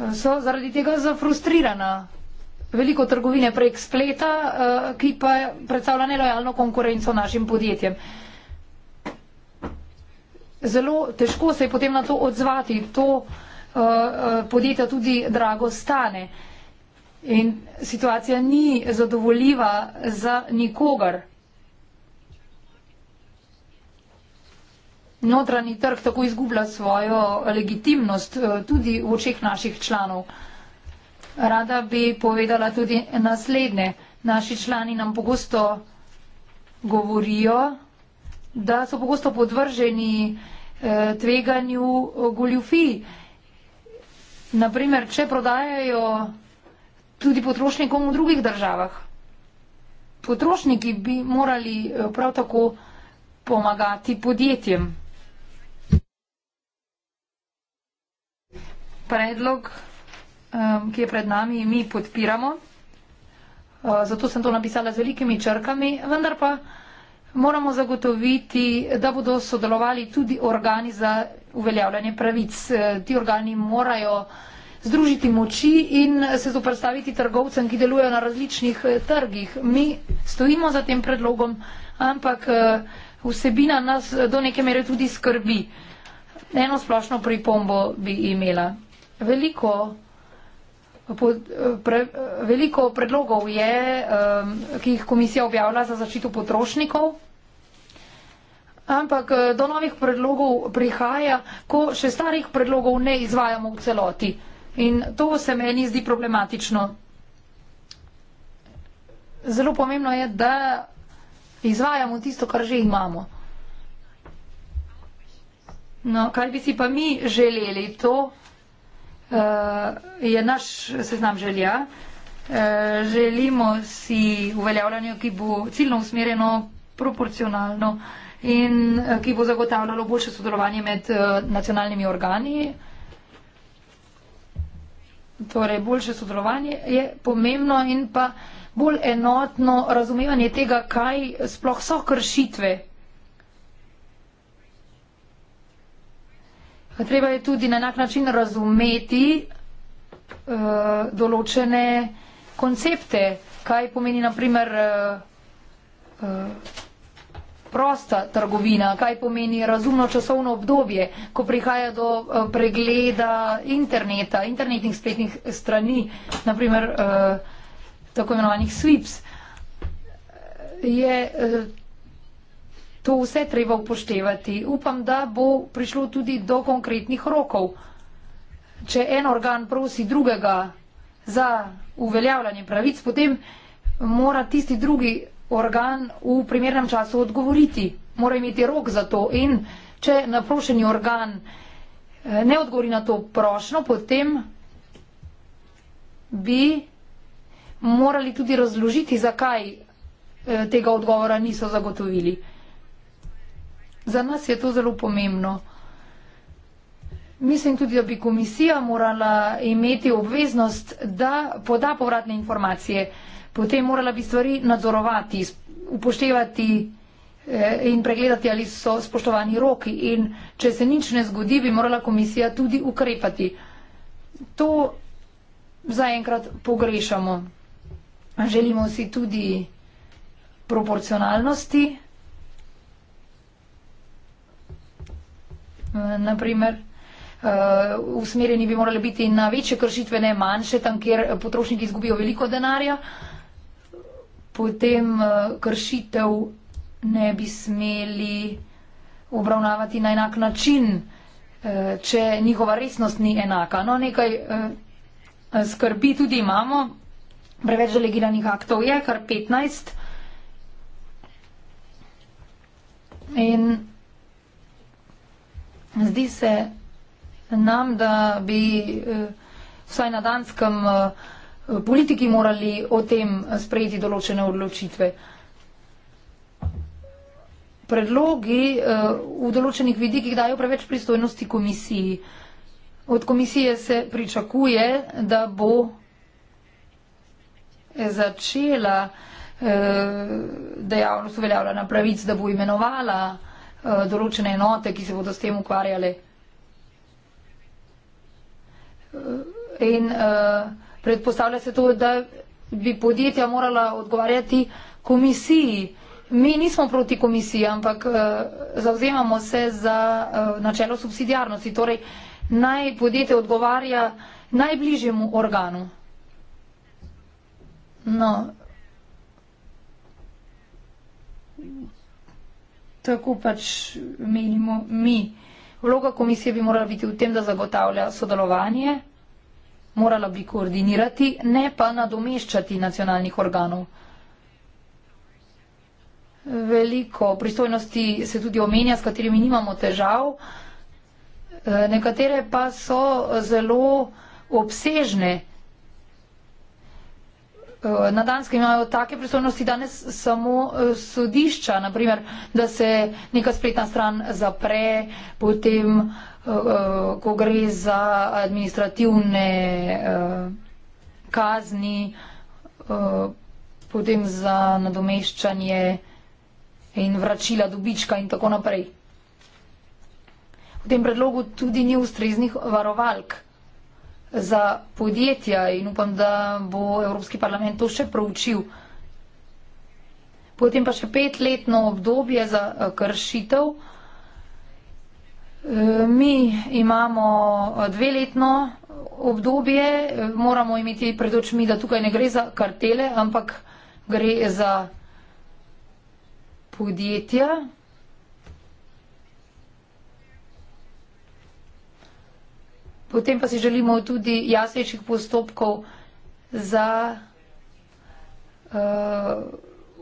so zaradi tega zafrustrirana. Veliko trgovine prek spleta, uh, ki pa predstavlja nelojalno konkurenco našim podjetjem. Zelo težko se je potem na to odzvati. To, uh, Eh, eh, podjetja tudi drago stane. In situacija ni zadovoljiva za nikogar. Notranji trg tako izgublja svojo legitimnost eh, tudi v očeh naših članov. Rada bi povedala tudi naslednje. Naši člani nam pogosto govorijo, da so pogosto podvrženi tveganju goljufij naprimer, če prodajajo tudi potrošnikom v drugih državah. Potrošniki bi morali eh, prav tako pomagati podjetjem. Predlog, eh, ki je pred nami, mi podpiramo. Eh, zato sem to napisala z velikimi črkami, vendar pa moramo zagotoviti, da bodo sodelovali tudi organi za uveljavljanje pravic. Eh, ti organi morajo združiti moči in se zoprstaviti trgovcem, ki delujejo na različnih eh, trgih. Mi stojimo za tem predlogom, ampak eh, vsebina nas do neke mere tudi skrbi. Eno splošno pripombo bi imela. Veliko, pre, veliko predlogov je, ki jih komisija objavlja za zaščito potrošnikov, Ampak eh, do novih predlogov prihaja, ko še starih predlogov ne izvajamo v celoti. In to se meni zdi problematično. Zelo pomembno je, da izvajamo tisto, kar že imamo. No, kaj bi si pa mi želeli? To uh, je naš seznam želja. Uh, želimo si uveljavljanje, ki bo ciljno usmerjeno, proporcionalno. Uh, in eh, ki bo zagotavljalo boljše sodelovanje med eh, nacionalnimi organi. Torej, boljše sodelovanje je pomembno in pa bolj enotno razumevanje tega, kaj sploh so kršitve. Treba je tudi na enak način razumeti uh, določene koncepte, kaj pomeni naprimer uh, uh, prosta trgovina, kaj pomeni razumno časovno obdobje, ko prihaja do eh, pregleda interneta, internetnih spletnih strani, naprimer eh, tako imenovanih sweeps, je eh, to vse treba upoštevati. Upam, da bo prišlo tudi do konkretnih rokov. Če en organ prosi drugega za uveljavljanje pravic, potem mora tisti drugi organ v primernem času odgovoriti. Mora imeti rok za to in če naprošeni organ eh, ne odgovori na to prošno, potem bi morali tudi razložiti, zakaj eh, tega odgovora niso zagotovili. Za nas je to zelo pomembno. Mislim tudi, da bi komisija morala imeti obveznost, da poda povratne informacije potem morala bi stvari nadzorovati, upoštevati eh, in pregledati, ali so spoštovani roki. In če se nič ne zgodi, bi morala komisija tudi ukrepati. To zaenkrat pogrešamo. Želimo si tudi proporcionalnosti. Eh, Naprimer, eh, usmerjeni bi morali biti na večje kršitve, ne manjše, tam, kjer potrošniki izgubijo veliko denarja potem eh, kršitev ne bi smeli obravnavati na enak način, eh, če njihova resnost ni enaka. No, nekaj eh, skrbi tudi imamo, preveč delegiranih aktov je, kar 15. In zdi se nam, da bi vsaj na danskem politiki morali o tem sprejeti določene odločitve. Predlogi eh, v določenih vidikih dajo preveč pristojnosti komisiji. Od komisije se pričakuje, da bo eh, začela eh, dejavnost uveljavljena pravic, da bo imenovala določene enote, ki se bodo s tem ukvarjale. In uh, predpostavlja se to, da bi podjetja morala odgovarjati komisiji. Mi nismo proti komisiji, ampak uh, eh, zauzemamo se za uh, načelo subsidijarnosti. Torej, naj podjetje odgovarja najbližjemu organu. No. Tako pač menimo mi. Vloga komisije bi morala biti v tem, da zagotavlja sodelovanje morala bi koordinirati, ne pa nadomeščati nacionalnih organov. Veliko pristojnosti se tudi omenja, s katerimi nimamo težav, e, nekatere pa so zelo obsežne. Eh, na Danskem imajo take pristojnosti danes samo eh, sodišča, naprimer, da se neka spletna stran zapre, potem, eh, ko gre za administrativne kazni, potem za nadomeščanje in vračila dobička in tako naprej. V tem predlogu tudi ni ustreznih varovalk za podjetja in upam, da bo Evropski parlament to še proučil. Potem pa še petletno obdobje za eh, kršitev. Eh, mi imamo eh, dveletno obdobje, moramo imeti pred očmi, da tukaj ne gre za kartele, ampak gre za podjetja. Potem pa si želimo tudi jasnejših postopkov za uh,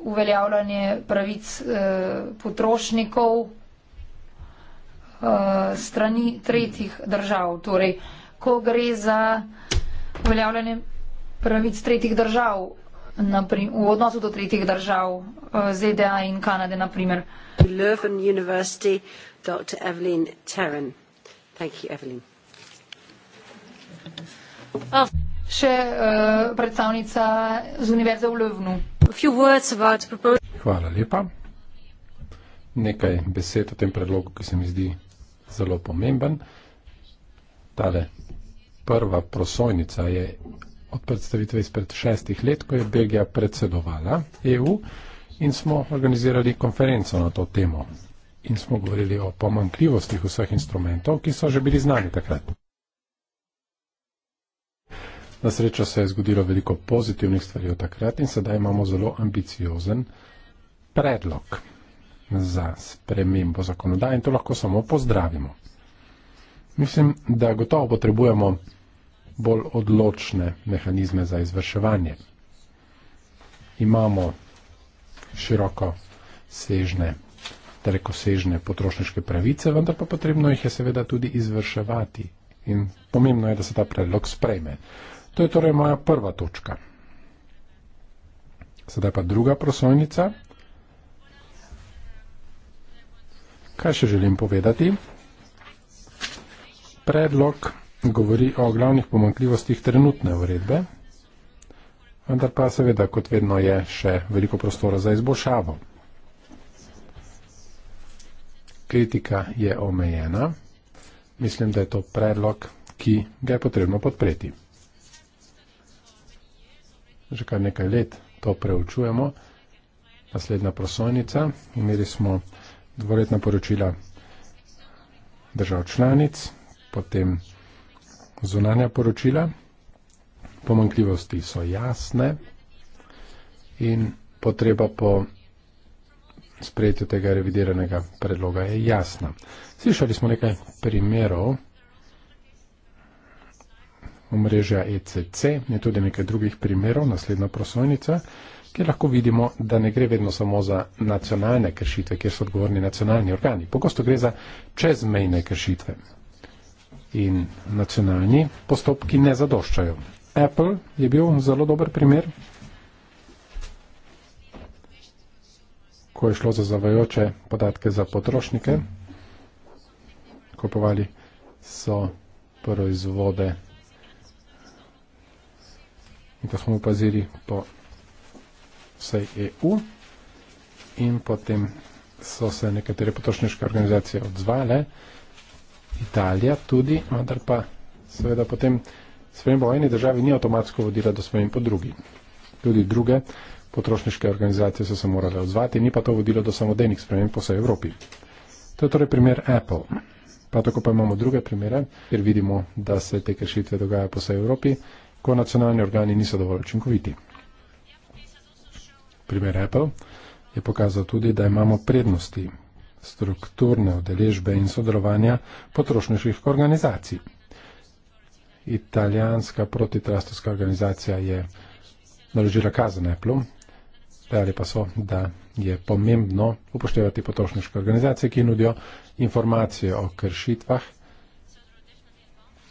uveljavljanje pravic uh, potrošnikov uh, strani tretjih držav. Torej, ko gre za uveljavljanje pravic tretjih držav naprim, v odnosu do tretjih držav uh, ZDA in Kanade, na primer. Dr. Evelyn Terran. Thank you, Evelyn. Oh. Še uh, predstavnica z Univerze v Ljubnu. Hvala lepa. Nekaj besed o tem predlogu, ki se mi zdi zelo pomemben. Tale prva prosojnica je od predstavitve izpred šestih let, ko je Belgija predsedovala EU in smo organizirali konferenco na to temo in smo govorili o pomankljivostih vseh instrumentov, ki so že bili znani takrat. Na srečo se je zgodilo veliko pozitivnih stvari od takrat in sedaj imamo zelo ambiciozen predlog za spremembo zakonodaje in to lahko samo pozdravimo. Mislim, da gotovo potrebujemo bolj odločne mehanizme za izvrševanje. Imamo široko sežne, telekosežne potrošniške pravice, vendar pa potrebno jih je seveda tudi izvrševati. In pomembno je, da se ta predlog sprejme. To je torej moja prva točka. Sedaj pa druga prosojnica. Kaj še želim povedati? Predlog govori o glavnih pomankljivostih trenutne uredbe, vendar pa seveda, kot vedno, je še veliko prostora za izboljšavo. Kritika je omejena. Mislim, da je to predlog, ki ga je potrebno podpreti že kar nekaj let to preučujemo. Naslednja prosojnica. Imeli smo dvoletna poročila držav članic, potem zunanja poročila. Pomankljivosti so jasne in potreba po sprejetju tega revideranega predloga je jasna. Slišali smo nekaj primerov, omrežja ECC, je tudi nekaj drugih primerov, naslednja prosojnica, kjer lahko vidimo, da ne gre vedno samo za nacionalne kršitve, kjer so odgovorni nacionalni organi. Pogosto gre za čezmejne kršitve. In nacionalni postopki ne zadoščajo. Apple je bil zelo dober primer, ko je šlo za zavajoče podatke za potrošnike. Kupovali so proizvode in to smo opazili po vsej EU in potem so se nekatere potrošniške organizacije odzvale, Italija tudi, vendar pa seveda potem sprememba v eni državi ni avtomatsko vodila do sprememb po drugi. Tudi druge potrošniške organizacije so se morale odzvati, ni pa to vodilo do samodejnih sprememb po vsej Evropi. To je torej primer Apple. Pa tako pa imamo druge primere, ker vidimo, da se te kršitve dogajajo po vsej Evropi ko nacionalni organi niso dovolj učinkoviti. Primer Apple je pokazal tudi, da imamo prednosti strukturne udeležbe in sodelovanja potrošniških organizacij. Italijanska protitrastovska organizacija je naložila kazen Apple, dejali pa so, da je pomembno upoštevati potrošniške organizacije, ki nudijo informacije o kršitvah,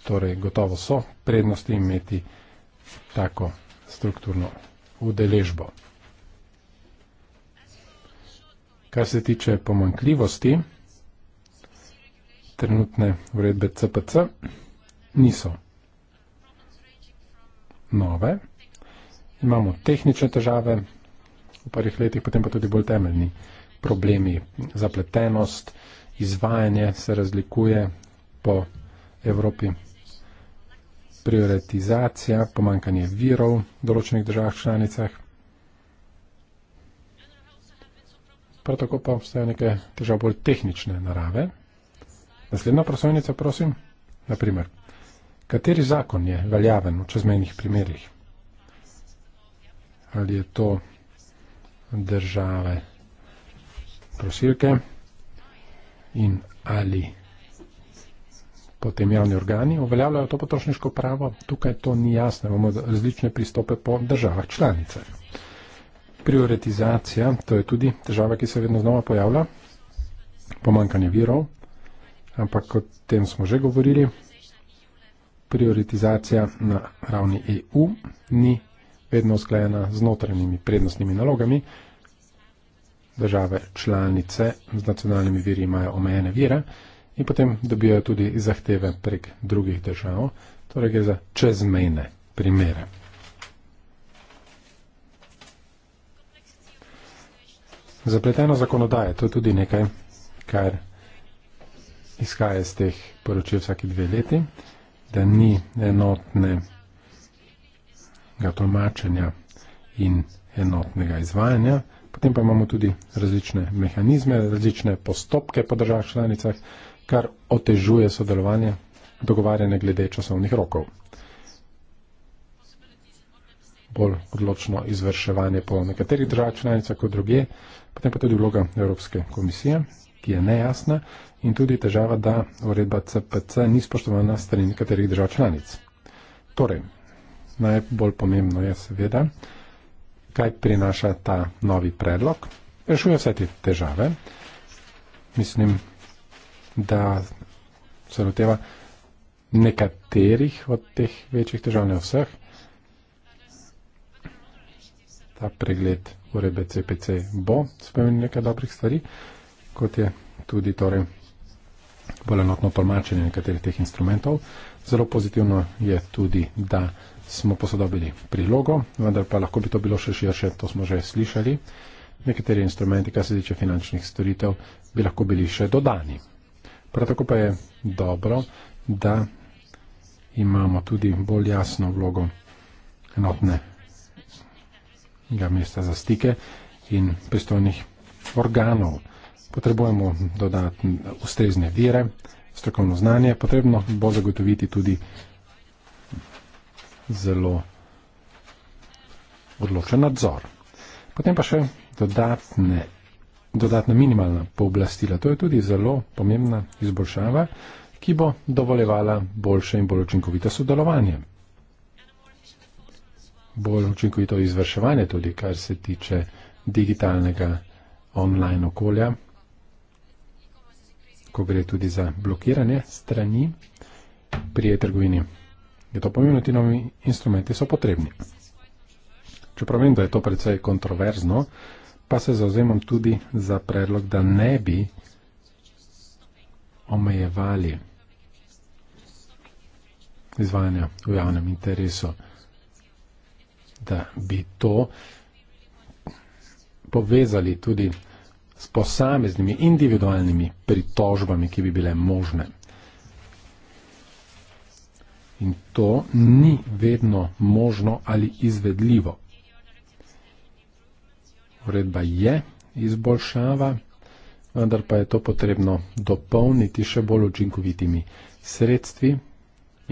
torej gotovo so prednosti imeti tako strukturno udeležbo. Kar se tiče pomankljivosti, trenutne uredbe CPC niso nove. Imamo tehnične težave v parih letih, potem pa tudi bolj temeljni problemi. Zapletenost, izvajanje se razlikuje po Evropi prioritizacija, pomankanje virov v določenih državah članicah. Prav tako pa obstajajo neke težave bolj tehnične narave. Naslednja prosojnica, prosim. Naprimer, kateri zakon je veljaven v čezmejnih primerih? Ali je to države prosilke in ali potem javni organi uveljavljajo to potrošniško pravo. Tukaj to ni jasno, imamo različne pristope po državah članice. Prioritizacija, to je tudi težava, ki se vedno znova pojavlja, pomankanje virov, ampak o tem smo že govorili, prioritizacija na ravni EU ni vedno usklajena z notranjimi prednostnimi nalogami. Države članice z nacionalnimi viri imajo omejene vire in potem dobijo tudi zahteve prek drugih držav, torej gre za čezmejne primere. Zapleteno zakonodaje, to je tudi nekaj, kar izhaja iz teh poročil vsaki dve leti, da ni enotne ga tolmačenja in enotnega izvajanja, potem pa imamo tudi različne mehanizme, različne postopke po državah članicah, kar otežuje sodelovanje, dogovarjanje glede časovnih rokov. Bolj odločno izvrševanje po nekaterih državah članica kot druge, potem pa tudi vloga Evropske komisije, ki je nejasna in tudi težava, da uredba CPC ni spoštovana strani nekaterih držav članic. Torej, najbolj pomembno je seveda, kaj prinaša ta novi predlog. Rešuje vse te težave. Mislim, da se loteva nekaterih od teh večjih težav, ne vseh. Ta pregled uredbe CPC bo spomenil nekaj dobrih stvari, kot je tudi torej bolj enotno tolmačenje nekaterih teh instrumentov. Zelo pozitivno je tudi, da smo posodobili prilogo, vendar pa lahko bi to bilo še širše, to smo že slišali. Nekateri instrumenti, kar se tiče finančnih storitev, bi lahko bili še dodani. Prav tako pa je dobro, da imamo tudi bolj jasno vlogo enotnega mesta za stike in pristojnih organov. Potrebujemo dodatne ustrezne vire, strokovno znanje, potrebno bo zagotoviti tudi zelo odločen nadzor. Potem pa še dodatne dodatna minimalna pooblastila. To je tudi zelo pomembna izboljšava, ki bo dovoljevala boljše in bolj učinkovito sodelovanje. Bolj učinkovito izvrševanje tudi, kar se tiče digitalnega online okolja, ko gre tudi za blokiranje strani pri trgovini. Je to pomembno, ti novi instrumenti so potrebni. Čeprav vem, da je to precej kontroverzno, pa se zauzemam tudi za predlog, da ne bi omejevali izvajanja v javnem interesu, da bi to povezali tudi s posameznimi individualnimi pritožbami, ki bi bile možne. In to ni vedno možno ali izvedljivo uredba je izboljšava, vendar pa je to potrebno dopolniti še bolj učinkovitimi sredstvi.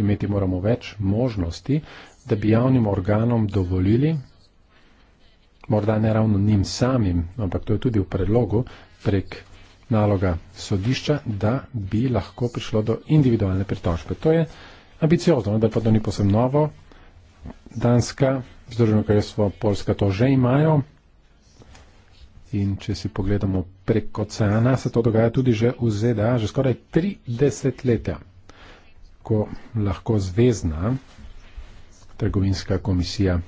Imeti moramo več možnosti, da bi javnim organom dovolili, morda ne ravno njim samim, ampak to je tudi v predlogu prek naloga sodišča, da bi lahko prišlo do individualne pritožbe. To je ambiciozno, da pa to ni posebno novo. Danska, Združeno kraljestvo, Polska to že imajo. In če si pogledamo prek oceana, se to dogaja tudi že v ZDA, že skoraj 30 letja, ko lahko zvezdna trgovinska komisija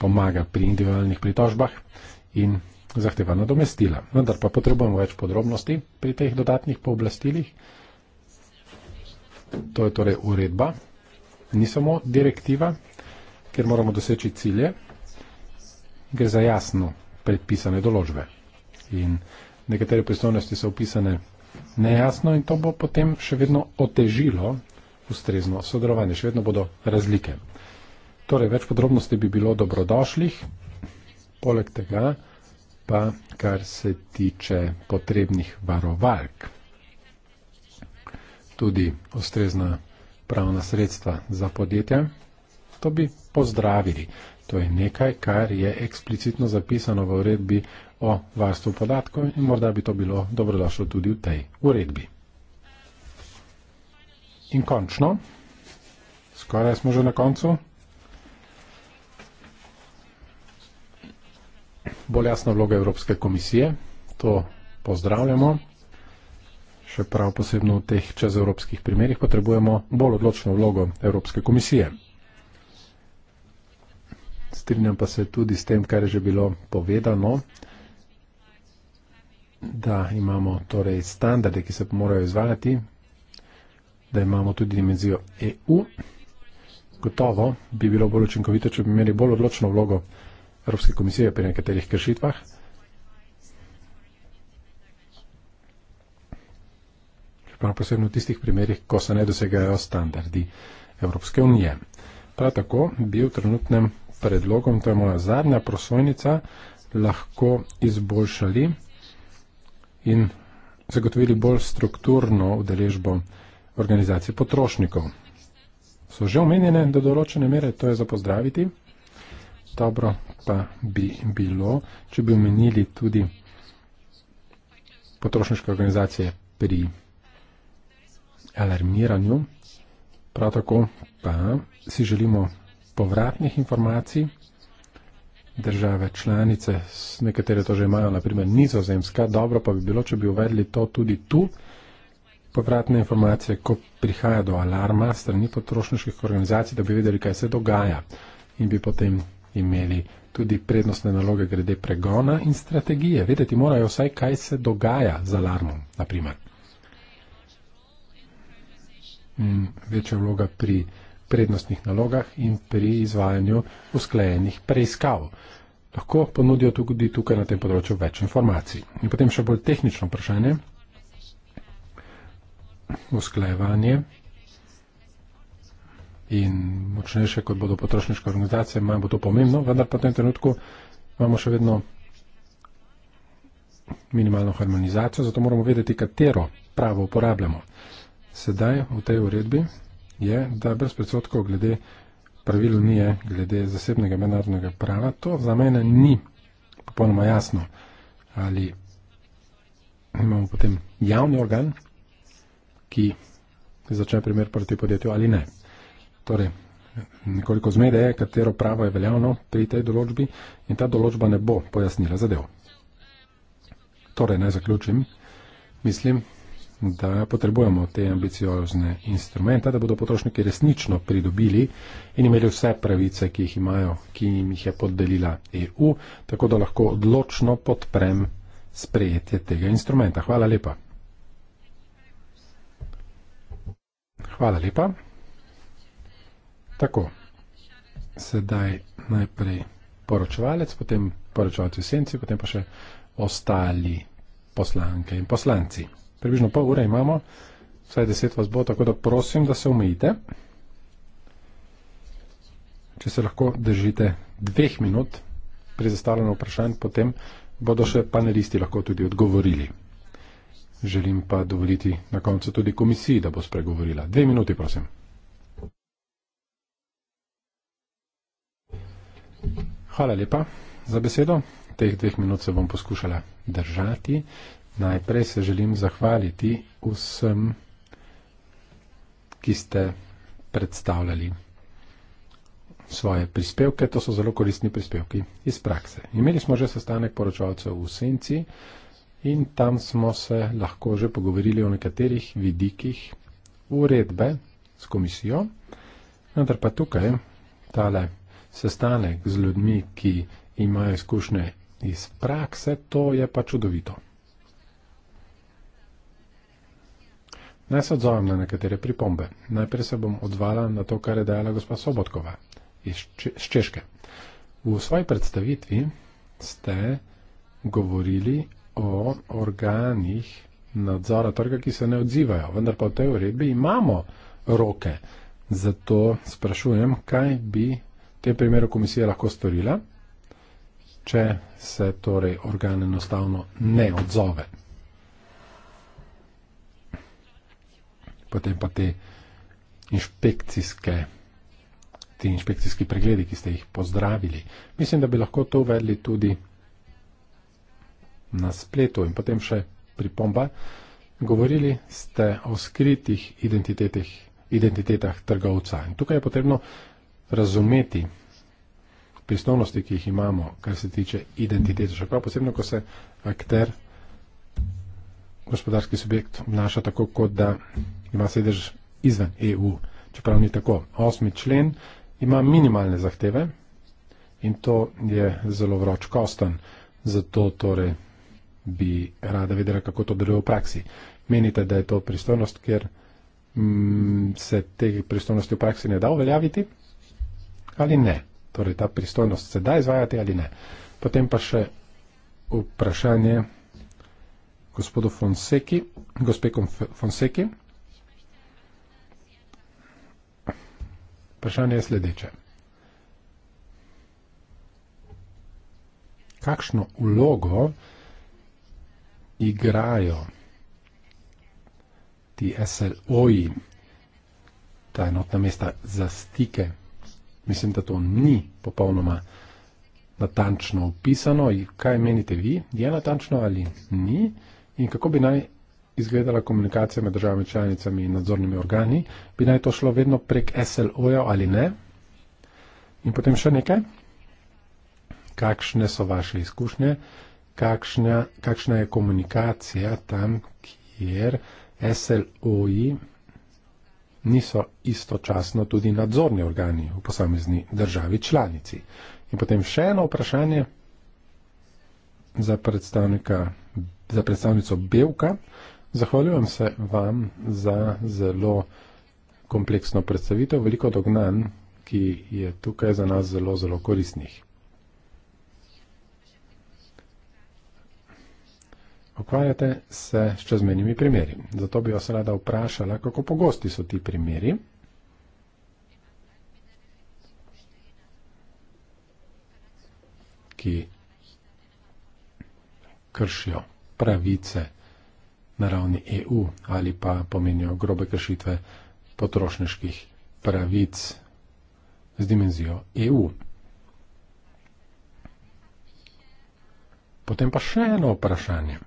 pomaga pri individualnih pritožbah in zahteva nadomestila. Vendar pa potrebujemo več podrobnosti pri teh dodatnih pooblastilih. To je torej uredba, ni samo direktiva, ker moramo doseči cilje gre za jasno predpisane določbe. In nekatere pristojnosti so opisane nejasno in to bo potem še vedno otežilo ustrezno sodelovanje, še vedno bodo razlike. Torej, več podrobnosti bi bilo dobrodošlih, poleg tega pa, kar se tiče potrebnih varovalk, tudi ustrezna pravna sredstva za podjetja, to bi pozdravili. To je nekaj, kar je eksplicitno zapisano v uredbi o varstvu podatkov in morda bi to bilo dobrodošlo tudi v tej uredbi. In končno, skoraj smo že na koncu, bolj jasna vloga Evropske komisije, to pozdravljamo, še prav posebno v teh čezevropskih primerih potrebujemo bolj odločno vlogo Evropske komisije strinjam pa se tudi s tem, kar je že bilo povedano, da imamo torej standarde, ki se morajo izvajati, da imamo tudi dimenzijo EU. Gotovo bi bilo bolj učinkovito, če bi imeli bolj odločno vlogo Evropske komisije pri nekaterih kršitvah. Prav posebno v tistih primerjih, ko se ne dosegajo standardi Evropske unije. Prav tako bi v trenutnem predlogom, to je moja zadnja prosojnica, lahko izboljšali in zagotovili bolj strukturno udeležbo organizacije potrošnikov. So že omenjene do določene mere, to je za pozdraviti. Dobro pa bi bilo, če bi omenili tudi potrošniške organizacije pri alarmiranju. Prav tako pa si želimo povratnih informacij. Države članice, nekatere to že imajo, naprimer nizozemska, dobro pa bi bilo, če bi uvedli to tudi tu, povratne informacije, ko prihaja do alarma strani potrošniških organizacij, da bi vedeli, kaj se dogaja in bi potem imeli tudi prednostne naloge glede pregona in strategije. Vedeti morajo vsaj, kaj se dogaja z alarmom, naprimer. Večja vloga pri prednostnih nalogah in pri izvajanju usklajenih preiskav. Lahko ponudijo tudi tukaj na tem področju več informacij. In potem še bolj tehnično vprašanje. Usklajevanje in močnejše, kot bodo potrošniške organizacije, manj bo to pomembno, vendar pa v tem trenutku imamo še vedno minimalno harmonizacijo, zato moramo vedeti, katero pravo uporabljamo. Sedaj v tej uredbi je, da brez predsotkov glede pravil unije, glede zasebnega mednarodnega prava, to za mene ni popolnoma jasno, ali imamo potem javni organ, ki začne primer proti podjetju ali ne. Torej, nekoliko zmede je, katero pravo je veljavno pri tej določbi in ta določba ne bo pojasnila zadev. Torej, naj zaključim. Mislim, da potrebujemo te ambiciozne instrumente, da bodo potrošniki resnično pridobili in imeli vse pravice, ki jih imajo, ki jim jih je podelila EU, tako da lahko odločno podprem sprejetje tega instrumenta. Hvala lepa. Hvala lepa. Tako, sedaj najprej poročevalec, potem poročevalci v senci, potem pa še ostali poslanke in poslanci približno pol ure imamo, vsaj deset vas bo, tako da prosim, da se umijete. Če se lahko držite dveh minut pri zastavljanju vprašanj, potem bodo še panelisti lahko tudi odgovorili. Želim pa dovoliti na koncu tudi komisiji, da bo spregovorila. Dve minuti, prosim. Hvala lepa za besedo. Teh dveh minut se bom poskušala držati. Najprej se želim zahvaliti vsem, ki ste predstavljali svoje prispevke. To so zelo koristni prispevki iz prakse. Imeli smo že sestanek poročevalcev v Senci in tam smo se lahko že pogovorili o nekaterih vidikih uredbe s komisijo. Vendar pa tukaj tale sestanek z ljudmi, ki imajo izkušnje iz prakse, to je pa čudovito. Naj se odzovem na nekatere pripombe. Najprej se bom odzvala na to, kar je dejala gospa Sobotkova iz Če Češke. V svoji predstavitvi ste govorili o organih nadzora trga, ki se ne odzivajo, vendar pa v tej uredbi imamo roke. Zato sprašujem, kaj bi v tem primeru komisija lahko storila, če se torej organ enostavno ne odzove. potem pa te inšpekcijske, ti inšpekcijski pregledi, ki ste jih pozdravili. Mislim, da bi lahko to uvedli tudi na spletu in potem še pripomba. Govorili ste o skritih identitetih, identitetah trgovca in tukaj je potrebno razumeti pristojnosti, ki jih imamo, kar se tiče identitete, še prav posebno, ko se akter gospodarski subjekt obnaša tako, kot da ima sedež izven EU, čeprav ni tako. Osmi člen ima minimalne zahteve in to je zelo vroč kosten, zato torej bi rada vedela, kako to deluje v praksi. Menite, da je to pristojnost, ker mm, se te pristojnosti v praksi ne da uveljaviti ali ne. Torej, ta pristojnost se da izvajati ali ne. Potem pa še vprašanje gospodu Fonseki, gospe Fonseki. Vprašanje je sledeče. Kakšno vlogo igrajo ti SLO-ji, ta enotna mesta za stike? Mislim, da to ni popolnoma natančno opisano. Kaj menite vi? Je natančno ali ni? In kako bi naj izgledala komunikacija med državami članicami in nadzornimi organi? Bi naj to šlo vedno prek SLO-ja ali ne? In potem še nekaj. Kakšne so vaše izkušnje? Kakšna, kakšna je komunikacija tam, kjer SLO-ji niso istočasno tudi nadzorni organi v posamezni državi članici? In potem še eno vprašanje za predstavnika za predstavnico Belka. Zahvaljujem se vam za zelo kompleksno predstavitev, veliko dognan, ki je tukaj za nas zelo, zelo koristnih. Okvarjate se s čezmenimi primeri. Zato bi vas rada vprašala, kako pogosti so ti primeri. ki kršijo pravice na ravni EU ali pa pomenijo grobe kršitve potrošniških pravic z dimenzijo EU. Potem pa še eno vprašanje.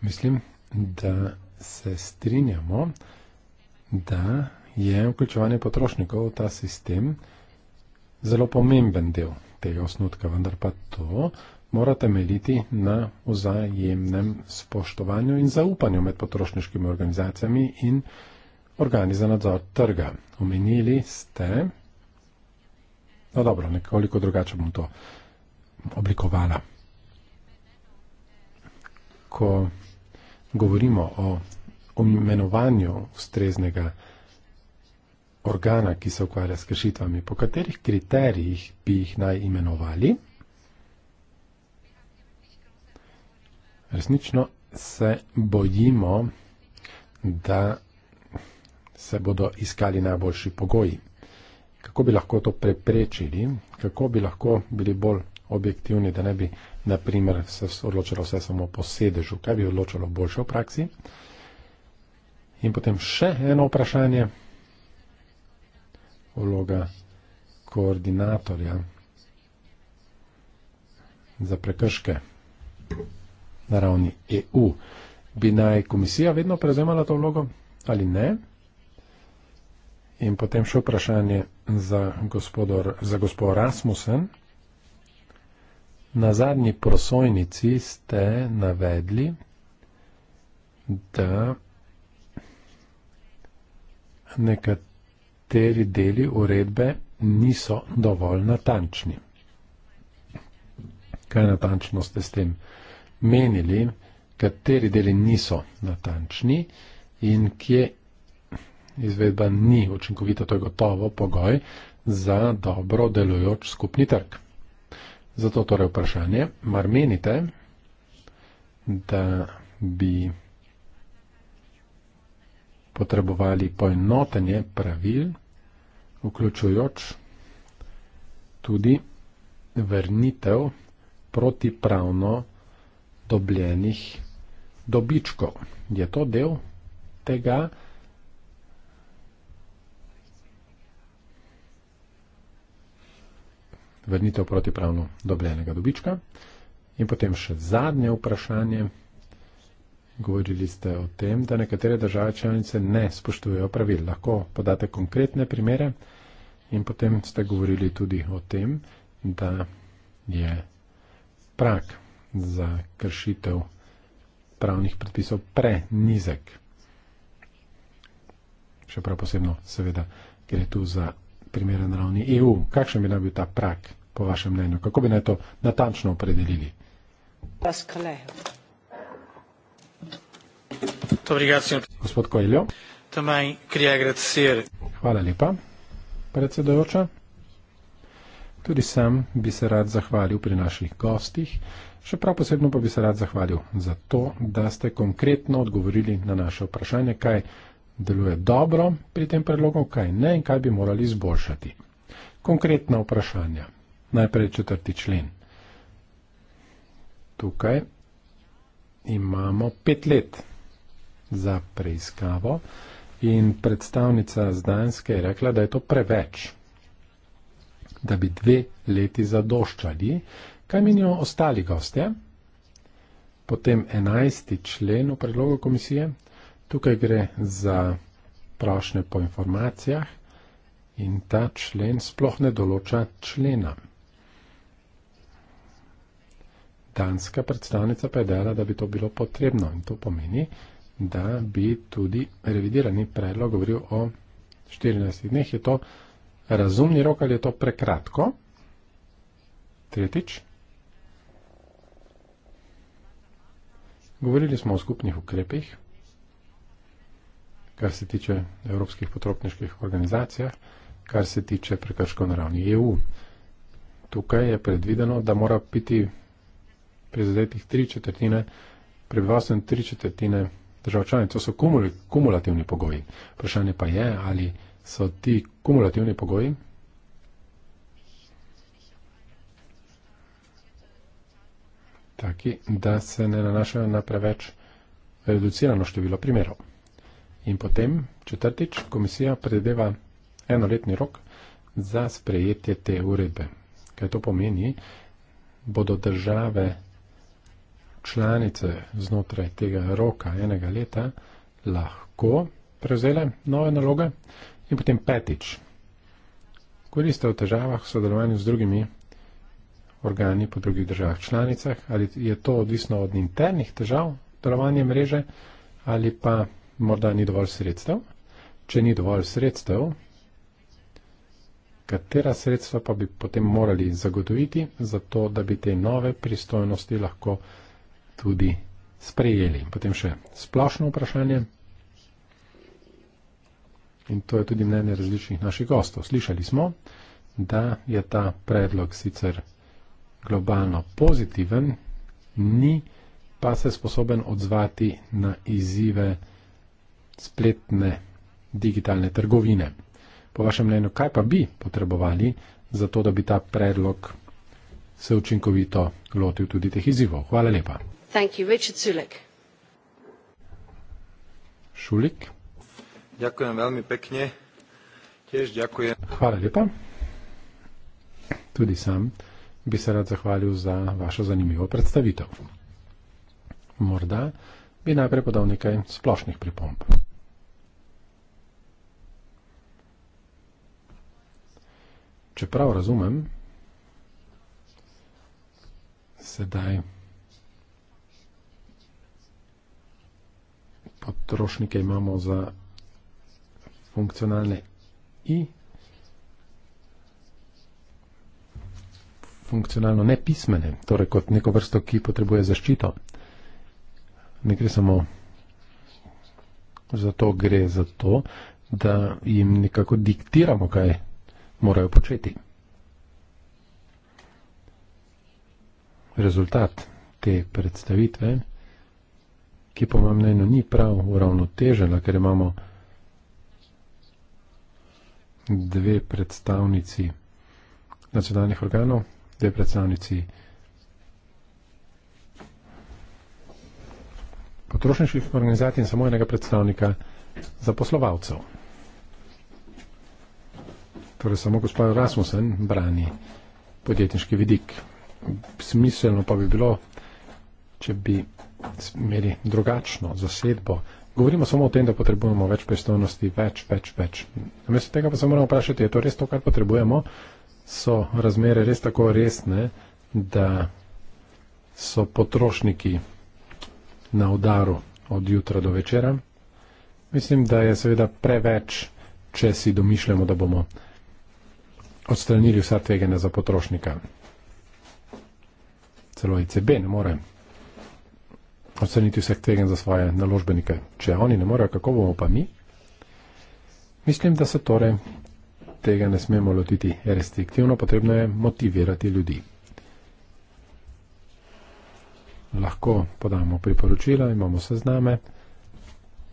Mislim, da se strinjamo, da je vključevanje potrošnikov v ta sistem zelo pomemben del tega osnutka, vendar pa to mora temeljiti na vzajemnem spoštovanju in zaupanju med potrošniškimi organizacijami in organi za nadzor trga. Omenili ste, no dobro, nekoliko drugače bom to oblikovala. Ko govorimo o imenovanju ustreznega organa, ki se ukvarja s kršitvami, po katerih kriterijih bi jih naj imenovali? Resnično se bojimo, da se bodo iskali najboljši pogoji. Kako bi lahko to preprečili, kako bi lahko bili bolj objektivni, da ne bi naprimer, se odločilo vse samo po sedežu, kaj bi odločilo boljše v praksi. In potem še eno vprašanje vloga koordinatorja za prekrške na ravni EU. Bi naj komisija vedno prevzemala to vlogo ali ne? In potem še vprašanje za, gospodor, za gospod Rasmussen. Na zadnji prosojnici ste navedli, da nekat, nekateri deli uredbe niso dovolj natančni. Kaj natančno ste s tem menili, kateri deli niso natančni in kje izvedba ni učinkovita, to je gotovo pogoj za dobro delujoč skupni trg. Zato torej vprašanje, mar menite, da bi potrebovali poenotenje pravil vključujoč tudi vrnitev protipravno dobljenih dobičkov. Je to del tega? Vrnitev protipravno dobljenega dobička. In potem še zadnje vprašanje. Govorili ste o tem, da nekatere države članice ne spoštujejo pravil. Lahko podate konkretne primere in potem ste govorili tudi o tem, da je prak za kršitev pravnih predpisov prenizek. Še prav posebno, seveda, ker je tu za primere na ravni EU. Kakšen bi naj bil ta prak, po vašem mnenju? Kako bi naj to natančno opredelili? Paskale. Muito obrigado, senhor. Gospod Coelho. Também queria agradecer. Hvala lepa, predsedujoča. Tudi sam bi se rad zahvalil pri naših gostih, še prav posebno pa bi se rad zahvalil za to, da ste konkretno odgovorili na naše vprašanje, kaj deluje dobro pri tem predlogu, kaj ne in kaj bi morali izboljšati. Konkretna vprašanja. Najprej četrti člen. Tukaj imamo pet let za preiskavo in predstavnica z Danske je rekla, da je to preveč, da bi dve leti zadoščali. Kaj menijo ostali gostje? Potem enajsti člen v predlogu komisije. Tukaj gre za prošnje po informacijah in ta člen sploh ne določa člena. Danska predstavnica pa je dejala, da bi to bilo potrebno in to pomeni, da bi tudi revidirani predlog govoril o 14 dneh. Je to razumni rok ali je to prekratko? Tretjič. Govorili smo o skupnih ukrepih, kar se tiče evropskih potropniških organizacijah, kar se tiče prekrško na ravni EU. Tukaj je predvideno, da mora biti prizadetih tri četrtine, prebivalstven tri četrtine držav članic. To so kumul, kumulativni pogoji. Vprašanje pa je, ali so ti kumulativni pogoji. Taki, da se ne nanašajo na preveč reducirano število primerov. In potem, četrtič, komisija predeva enoletni rok za sprejetje te uredbe. Kaj to pomeni? Bodo države članice znotraj tega roka enega leta lahko prevzele nove naloge. In potem petič, koriste v težavah v sodelovanju z drugimi organi po drugih državah članicah, ali je to odvisno od internih težav delovanja mreže, ali pa morda ni dovolj sredstev. Če ni dovolj sredstev, katera sredstva pa bi potem morali zagotoviti za to, da bi te nove pristojnosti lahko prevzeli tudi sprejeli. Potem še splošno vprašanje. In to je tudi mnenje različnih naših gostov. Slišali smo, da je ta predlog sicer globalno pozitiven, ni pa se sposoben odzvati na izzive spletne digitalne trgovine. Po vašem mnenju, kaj pa bi potrebovali za to, da bi ta predlog se učinkovito lotil tudi teh izzivov? Hvala lepa. Thank you. Richard Sulik. Sulik. Ďakujem veľmi pekne. Tiež ďakujem. Hvala lepa. Tudi sam bi se rad zahvalil za vašo zanimivo predstavitev. Morda bi najprej podal nekaj splošnih pripomb. Čeprav razumem, sedaj potrošnike imamo za funkcionalne i funkcionalno nepismene, torej kot neko vrsto, ki potrebuje zaščito. Ne gre samo za to, gre za to, da jim nekako diktiramo, kaj morajo početi. Rezultat te predstavitve je, ki po mojem mnenju ni prav uravnotežena, ker imamo dve predstavnici nacionalnih organov, dve predstavnici potrošniških organizacij in samo enega predstavnika zaposlovalcev. Torej samo gospod Rasmussen brani podjetniški vidik. Smiselno pa bi bilo, če bi smeri drugačno zasedbo. Govorimo samo o tem, da potrebujemo več pristojnosti, več, več, več. Namesto tega pa se moramo vprašati, je to res to, kar potrebujemo? So razmere res tako resne, da so potrošniki na udaru od jutra do večera? Mislim, da je seveda preveč, če si domišljamo, da bomo odstranili vsa tvegena za potrošnika. Celo ICB ne more oceniti vseh tegen za svoje naložbenike. Če oni ne morejo, kako bomo pa mi? Mislim, da se torej tega ne smemo lotiti restriktivno, potrebno je motivirati ljudi. Lahko podamo priporočila, imamo sezname,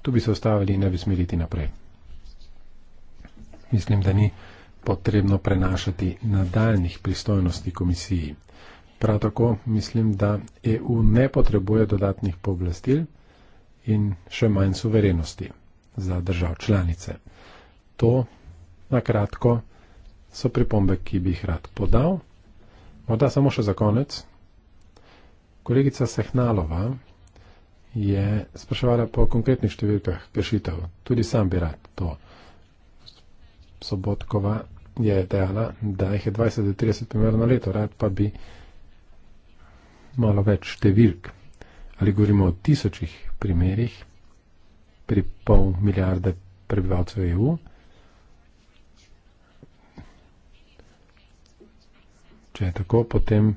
tu bi se ostavili in ne bi smeliti naprej. Mislim, da ni potrebno prenašati nadaljnih pristojnosti komisiji. Prav tako mislim, da EU ne potrebuje dodatnih pooblastil in še manj suverenosti za držav članice. To na kratko so pripombe, ki bi jih rad podal. Morda samo še za konec. Kolegica Sehnalova je spraševala po konkretnih številkah kršitev. Tudi sam bi rad to. Sobotkova je dejala, da jih je 20-30 primerov na leto, rad pa bi malo več številk. Ali govorimo o tisočih primerjih pri pol milijarde prebivalcev EU? Če je tako, potem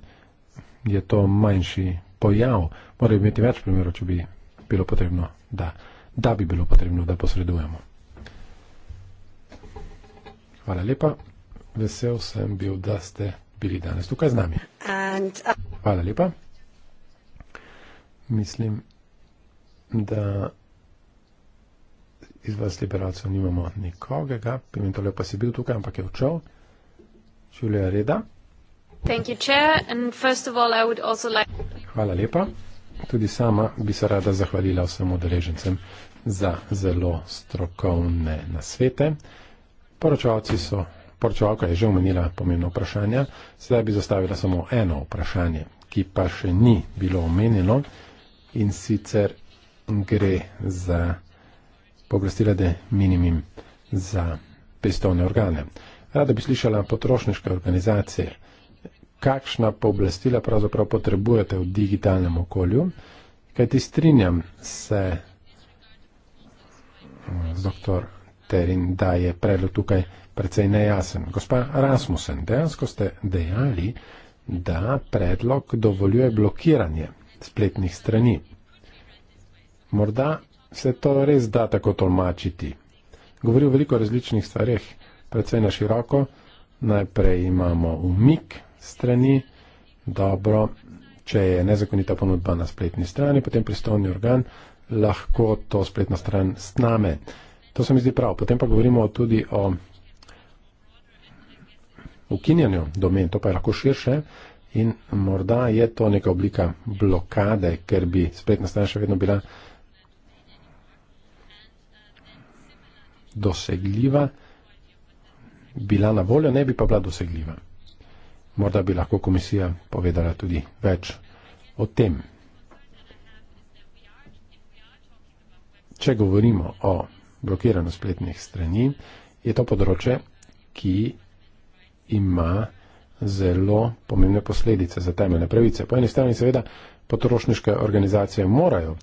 je to manjši pojav. Morajo imeti več primerov, če bi bilo potrebno, da, da bi bilo potrebno, da posredujemo. Hvala lepa. Vesel sem bil, da ste bili danes tukaj z nami. Uh, Hvala lepa mislim, da iz vas liberalcev nimamo nikogega. Pimentov lepa si bil tukaj, ampak je odšel. Julija Reda. You, chair, like... Hvala lepa. Tudi sama bi se rada zahvalila vsem udeležencem za zelo strokovne nasvete. Poročevalci so, poročevalka je že omenila pomembno vprašanje, sedaj bi zastavila samo eno vprašanje, ki pa še ni bilo omenjeno in sicer gre za pooblastila de minimim za pristovne organe. Rada bi slišala potrošniške organizacije, kakšna pooblastila pravzaprav potrebujete v digitalnem okolju, kaj ti strinjam se z mm, doktor Terin, da je predlog tukaj precej nejasen. Gospa Rasmussen, dejansko ste dejali, da predlog dovoljuje blokiranje spletnih strani. Morda se to res da tako tolmačiti. Govori o veliko različnih stvareh, predvsej na široko. Najprej imamo umik strani, dobro, če je nezakonita ponudba na spletni strani, potem pristovni organ lahko to spletno stran sname. To se mi zdi prav. Potem pa govorimo tudi o ukinjanju domen, to pa je lahko širše, In morda je to neka oblika blokade, ker bi spletna stran še vedno bila dosegljiva, bila na voljo, ne bi pa bila dosegljiva. Morda bi lahko komisija povedala tudi več o tem. Če govorimo o blokiranju spletnih strani, je to področje, ki ima zelo pomembne posledice za temeljne pravice. Po eni strani seveda potrošniške organizacije morajo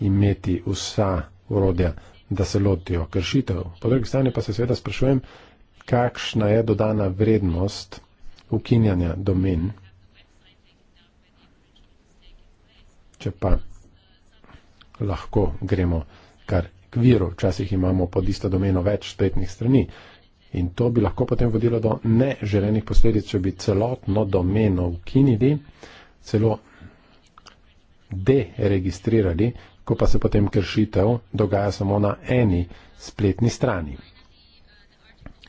imeti vsa urodja, da se lotijo kršitev. Po drugi strani pa se seveda sprašujem, kakšna je dodana vrednost ukinjanja domen, če pa lahko gremo kar k viru. Včasih imamo pod isto domeno več spletnih strani. In to bi lahko potem vodilo do neželenih posledic, če bi celotno domeno ukinili, celo deregistrirali, ko pa se potem kršitev dogaja samo na eni spletni strani.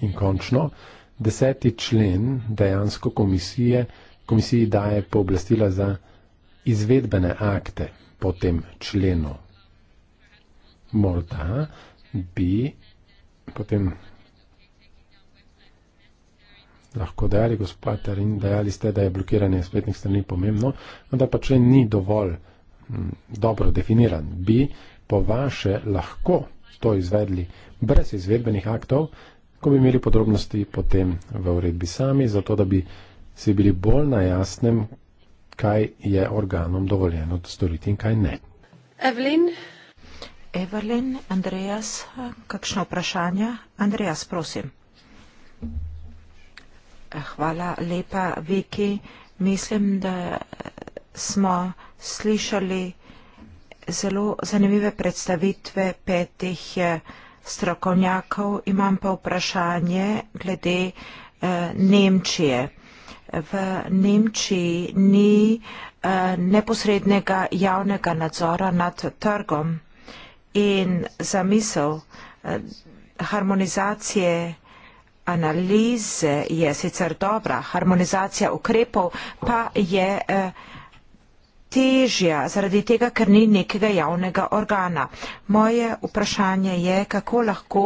In končno, deseti člen dejansko komisije, komisiji daje pooblastila za izvedbene akte po tem členu. Morda bi potem lahko dejali, gospod Pater, in dejali ste, da je blokiranje spletnih strani pomembno, vendar pa če ni dovolj m, hm, dobro definiran, bi po vaše lahko to izvedli brez izvedbenih aktov, ko bi imeli podrobnosti potem v uredbi sami, zato da bi si bili bolj na jasnem, kaj je organom dovoljeno storiti in kaj ne. Evelyn. Evelyn, Andreas, kakšno vprašanje? Andreas, prosim. Hvala lepa, Viki. Mislim, da smo slišali zelo zanimive predstavitve petih eh, strokovnjakov. Imam pa vprašanje glede eh, Nemčije. V Nemčiji ni eh, neposrednega javnega nadzora nad trgom in zamisel harmonizacije analize je sicer dobra, harmonizacija ukrepov pa je eh, težja zaradi tega, ker ni nekega javnega organa. Moje vprašanje je, kako lahko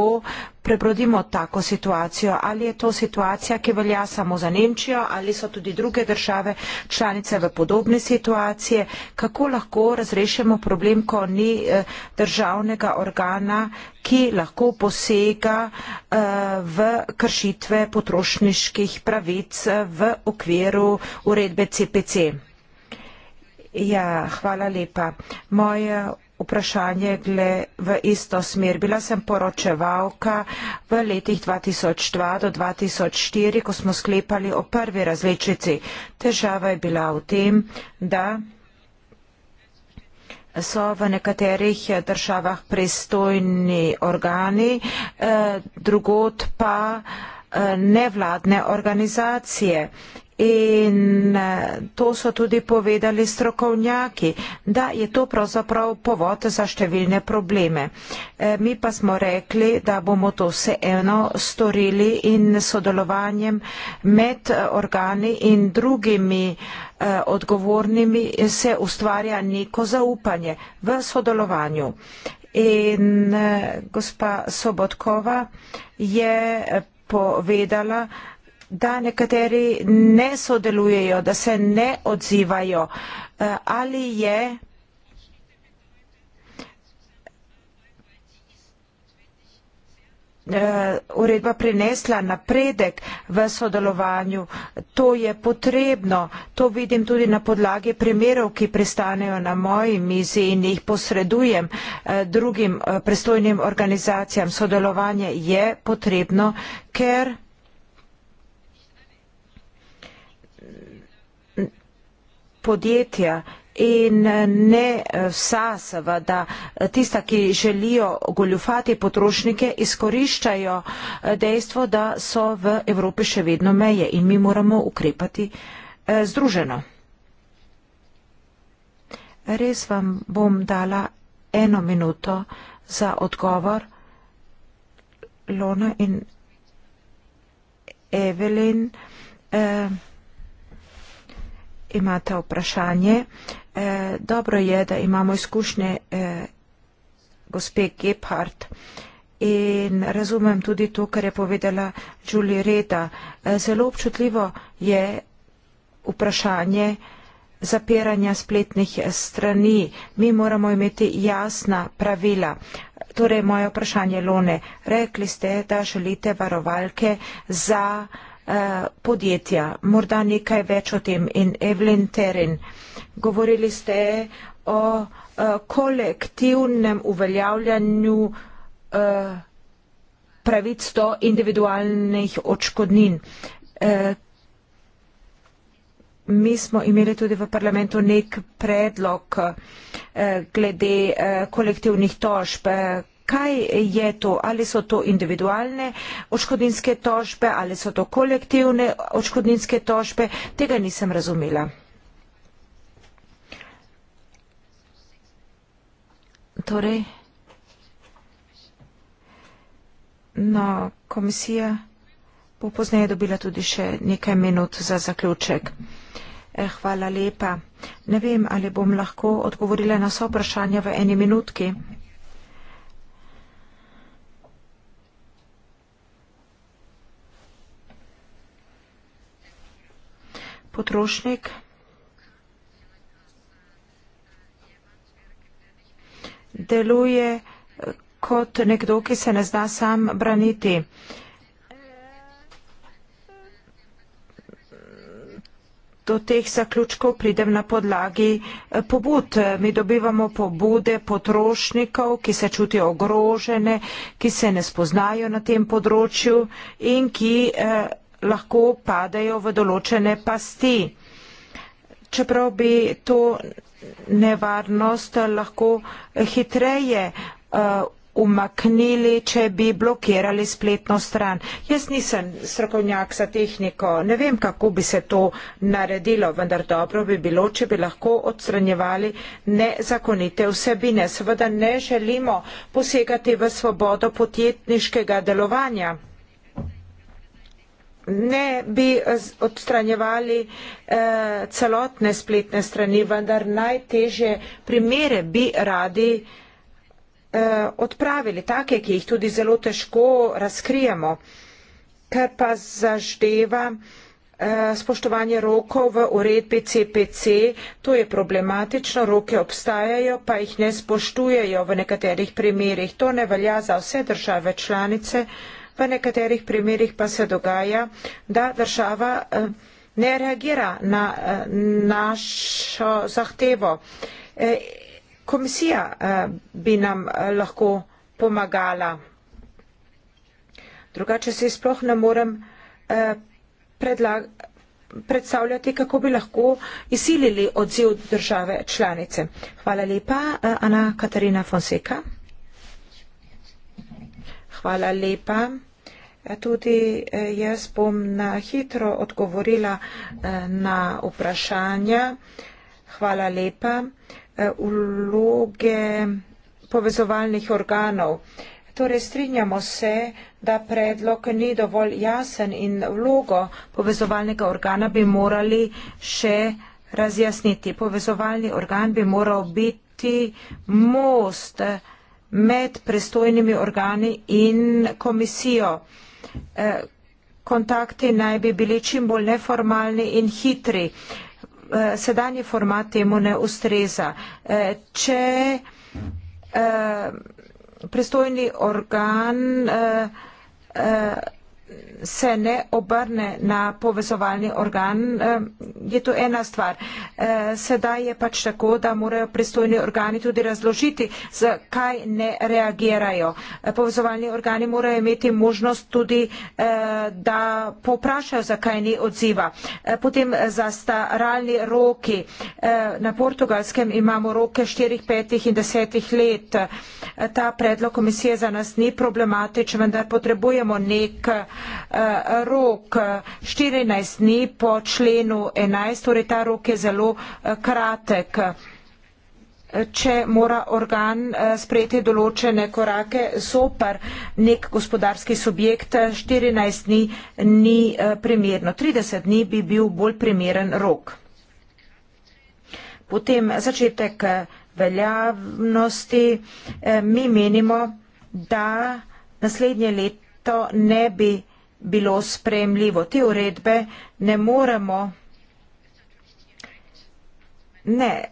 prebrodimo tako situacijo. Ali je to situacija, ki velja samo za Nemčijo, ali so tudi druge države članice v podobne situacije. Kako lahko razrešimo problem, ko ni eh, državnega organa, ki lahko posega eh, v kršitve potrošniških pravic eh, v okviru uredbe CPC. Ja, hvala lepa. Moje vprašanje gre v isto smer. Bila sem poročevalka v letih 2002 do 2004, ko smo sklepali o prvi različici. Težava je bila v tem, da so v nekaterih državah pristojni organi, eh, drugot pa eh, nevladne organizacije. In eh, to so tudi povedali strokovnjaki, da je to pravzaprav povod za številne probleme. Eh, mi pa smo rekli, da bomo to vseeno storili in sodelovanjem med eh, organi in drugimi odgovornimi se ustvarja neko zaupanje v sodelovanju. In gospa Sobotkova je povedala, da nekateri ne sodelujejo, da se ne odzivajo. Eh, ali je eh, uredba prinesla napredek v sodelovanju? To je potrebno. To vidim tudi na podlagi primerov, ki pristanejo na moji mizi in jih posredujem eh, drugim prestojnim organizacijam. Sodelovanje je potrebno, ker podjetja in ne eh, vsa seveda tista, ki želijo goljufati potrošnike, izkoriščajo eh, dejstvo, da so v Evropi še vedno meje in mi moramo ukrepati eh, združeno. Res vam bom dala eno minuto za odgovor. Lona in Evelyn. Uh imate vprašanje. Eh, dobro je, da imamo izkušnje eh, gospe Gebhardt in razumem tudi to, kar je povedala Julie Reda. Eh, zelo občutljivo je vprašanje zapiranja spletnih eh, strani. Mi moramo imeti jasna pravila. Torej, moje vprašanje Lone. Rekli ste, da želite varovalke za Eh, podjetja. Morda nekaj več o tem in Evelyn Terin. Govorili ste o uh, kolektivnem uveljavljanju uh, pravic do individualnih očkodnin. Uh, mi smo imeli tudi v parlamentu nek predlog uh, glede uh, kolektivnih tožb. Uh, kaj je to, ali so to individualne očkodinske tožbe, ali so to kolektivne očkodinske tožbe, tega nisem razumela. Torej, no, komisija bo pozneje dobila tudi še nekaj minut za zaključek. Eh, hvala lepa. Ne vem, ali bom lahko odgovorila na so vprašanja v eni minutki. potrošnik. Deluje kot nekdo, ki se ne zna sam braniti. Do teh zaključkov pridem na podlagi eh, pobud. Mi dobivamo pobude potrošnikov, ki se čutijo ogrožene, ki se ne spoznajo na tem področju in ki eh, lahko padajo v določene pasti. Čeprav bi to nevarnost lahko hitreje uh, umaknili, če bi blokirali spletno stran. Jaz nisem strokovnjak za tehniko, ne vem, kako bi se to naredilo, vendar dobro bi bilo, če bi lahko odstranjevali nezakonite vsebine. Seveda ne želimo posegati v svobodo podjetniškega delovanja ne bi odstranjevali eh, celotne spletne strani, vendar najteže primere bi radi eh, odpravili, take, ki jih tudi zelo težko razkrijemo, kar pa zaždeva eh, spoštovanje rokov v uredbi CPC, to je problematično, roke obstajajo, pa jih ne spoštujejo v nekaterih primerih. To ne velja za vse države članice. Eh, v nekaterih primerjih pa se dogaja, da država eh, ne reagira na eh, našo zahtevo. Eh, komisija bi nam lahko pomagala. Drugače se sploh ne morem predstavljati, kako bi lahko izsilili odziv države članice. Hvala lepa, Ana Katarina Fonseca. Hvala lepa. Tudi eh, jaz bom na hitro odgovorila eh, na vprašanja. Hvala lepa. Uloge eh, povezovalnih organov. Torej strinjamo se, da predlog ni dovolj jasen in vlogo povezovalnega organa bi morali še razjasniti. Povezovalni organ bi moral biti most med prestojnimi organi in komisijo. Eh, kontakti naj bi bili čim bolj neformalni in hitri. Eh, sedanji format temu ne ustreza. Eh, če pristojni organ se ne obrne na povezovalni organ, eh, je to ena stvar. Eh, sedaj je pač tako, da morajo pristojni organi tudi razložiti, zakaj ne reagirajo. Eh, povezovalni organi morajo imeti možnost tudi, da poprašajo, zakaj ni odziva. Potem zastaralni roki. Na portugalskem imamo roke 4, 5 in 10 let. Ta predlog komisije za nas ni problematičen, vendar potrebujemo nek Eh, rok 14 eh, dni po členu 11, torej ta rok je zelo eh, kratek. Če mora organ sprejeti določene korake, sopr nek gospodarski subjekt 14 dni ni primerno. 30 dni bi bil bolj primeren rok. Potem začetek veljavnosti. Mi menimo, da naslednje leto ne bi bilo sprejemljivo. Te uredbe ne moremo. Ne,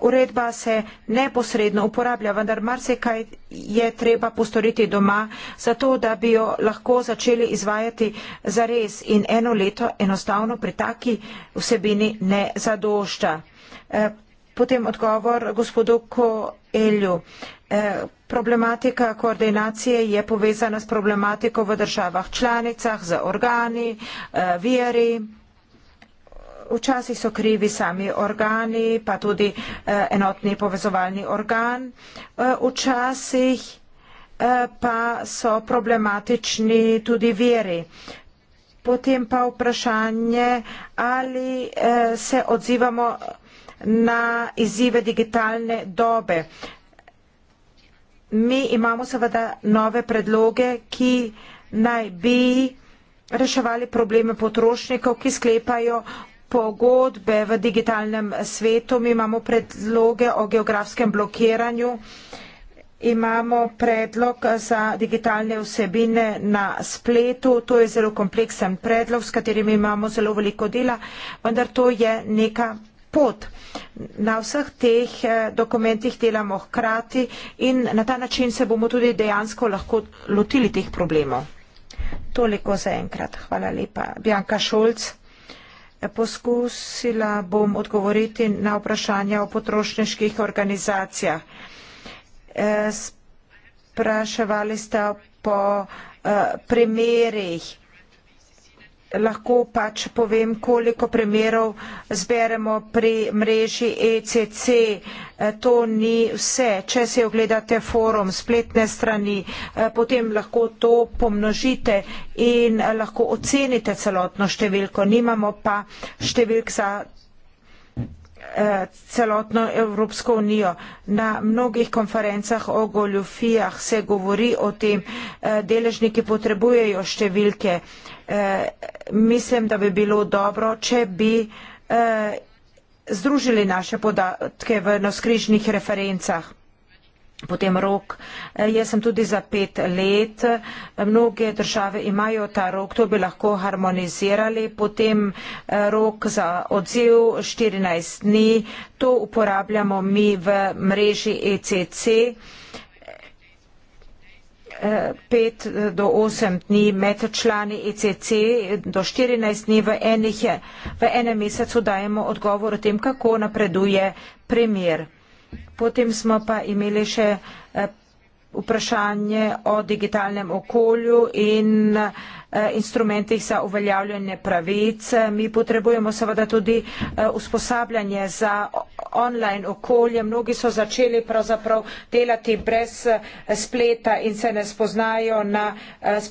uredba se neposredno uporablja, vendar marsikaj je treba postoriti doma, zato da bi jo lahko začeli izvajati zares in eno leto enostavno pri taki vsebini ne zadošča. Eh, Potem odgovor gospodu Koelju. E, problematika koordinacije je povezana s problematiko v državah članicah, z organi, e, veri. Včasih so krivi sami organi, pa tudi e, enotni povezovalni organ. Včasih pa so problematični tudi veri. Potem pa vprašanje, ali se odzivamo na izzive digitalne dobe. Mi imamo seveda nove predloge, ki naj bi reševali probleme potrošnikov, ki sklepajo pogodbe v digitalnem svetu. Mi imamo predloge o geografskem blokiranju. Imamo predlog za digitalne vsebine na spletu. To je zelo kompleksen predlog, s katerim imamo zelo veliko dela, vendar to je neka pot. Na vseh teh eh, dokumentih delamo hkrati in na ta način se bomo tudi dejansko lahko lotili teh problemov. Toliko za enkrat. Hvala lepa. Bjanka Šolc. Eh, poskusila bom odgovoriti na vprašanja o potrošniških organizacijah. Eh, spraševali ste po primerih lahko pač povem, koliko primerov zberemo pri mreži ECC. Eh, to ni vse. Če si ogledate forum, spletne strani, eh, potem lahko to pomnožite in eh, lahko ocenite celotno številko. Nimamo pa številk za Eh, celotno Evropsko unijo. Na mnogih konferencah o goljofijah se govori o tem, eh, deležniki potrebujejo številke. Eh, mislim, da bi bilo dobro, če bi združili naše podatke v naskrižnih referencah. Potem rok. Eh, jaz sem tudi za pet let. Eh, mnoge države imajo ta rok, to bi lahko harmonizirali. Potem eh, rok za odziv 14 dni. To uporabljamo mi v mreži ECC. Pet do osem dni med člani ECC, do 14 dni v, enih, v enem mesecu dajemo odgovor o tem, kako napreduje premjer. Potem smo pa imeli še eh, vprašanje o digitalnem okolju in eh, instrumentih za uveljavljanje pravic. Mi potrebujemo seveda tudi eh, usposabljanje za online okolje. Mnogi so začeli pravzaprav delati brez spleta in se ne spoznajo na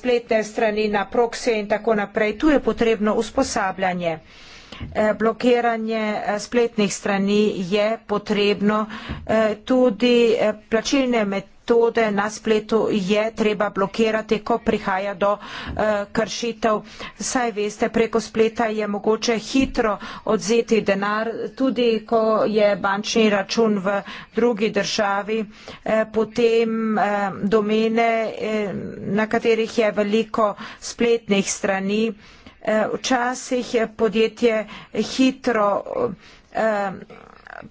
spletne strani, na proksije in tako naprej. Tu je potrebno usposabljanje. Eh, blokiranje eh, spletnih strani je potrebno, eh, tudi plačilne metode na spletu je treba blokirati, ko prihaja do kršitev. Saj veste, preko spleta je mogoče hitro odzeti denar, tudi ko je bančni račun v drugi državi, potem domene, na katerih je veliko spletnih strani, Eh, včasih podjetje hitro eh,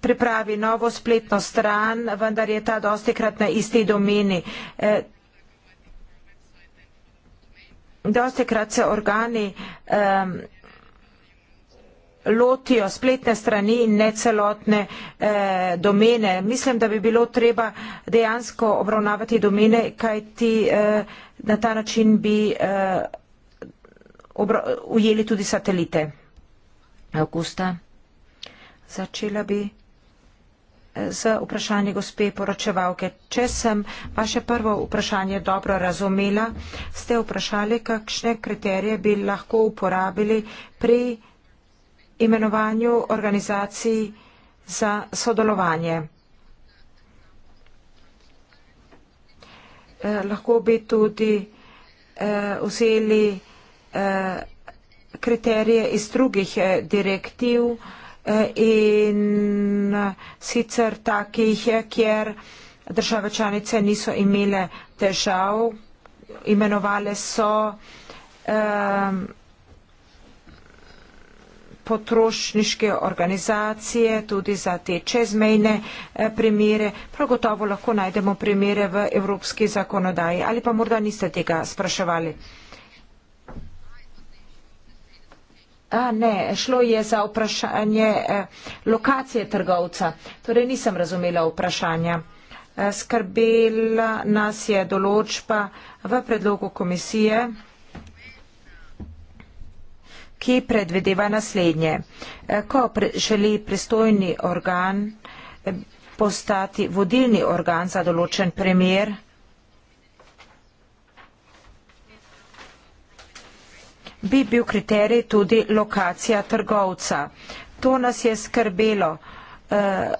pripravi novo spletno stran, vendar je ta dosti krat na isti domeni. Eh, dosti krat se organi um, lotijo spletne strani in ne celotne eh, domene. Mislim, da bi bilo treba dejansko obravnavati domene, kaj ti eh, na ta način bi. Eh, ujeli tudi satelite. Augusta, začela bi eh, z vprašanje gospe poročevalke. Če sem vaše prvo vprašanje dobro razumela, ste vprašali, kakšne kriterije bi lahko uporabili pri imenovanju organizacij za sodelovanje. Eh, lahko bi tudi eh, vzeli Eh, kriterije iz drugih eh, direktiv eh, in sicer takih, kjer države članice niso imele težav, imenovale so ehm, potrošniške organizacije tudi za te čezmejne primere. Prav gotovo lahko najdemo primere v evropski zakonodaji ali pa morda niste tega spraševali. A ne, šlo je za vprašanje eh, lokacije trgovca. Torej nisem razumela vprašanja. Eh, skrbela nas je določba v predlogu komisije, ki predvedeva naslednje. Eh, ko pre, želi pristojni organ eh, postati vodilni organ za določen premjer, bi bil kriterij tudi lokacija trgovca. To nas je skrbelo, eh,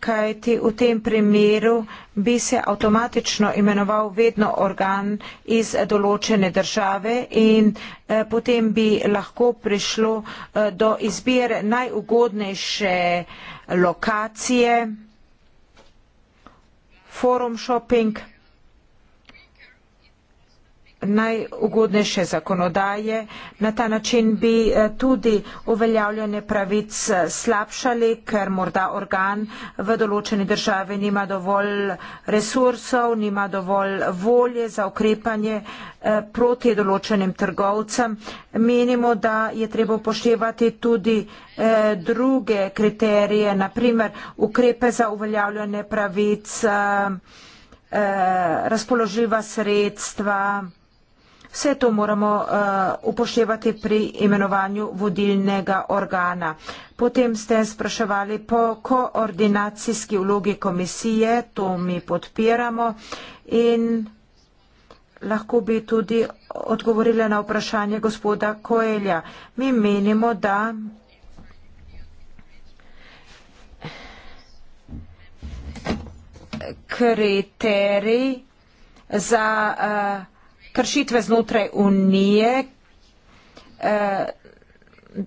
kajti v tem primeru bi se avtomatično imenoval vedno organ iz določene države in eh, potem bi lahko prišlo eh, do izbire najugodnejše lokacije, forum shopping, najugodnejše zakonodaje. Na ta način bi eh, tudi uveljavljanje pravic eh, slabšali, ker morda organ v določeni državi nima dovolj resursov, nima dovolj volje za ukrepanje eh, proti določenim trgovcem. Menimo, da je treba upoštevati tudi druge kriterije, naprimer ukrepe za uveljavljanje pravic, razpoložljiva sredstva, Vse to moramo uh, upoštevati pri imenovanju vodilnega organa. Potem ste spraševali po koordinacijski vlogi komisije, to mi podpiramo in lahko bi tudi odgovorila na vprašanje gospoda Koelja. Mi menimo, da kriterij za uh, kršitve znotraj unije, eh,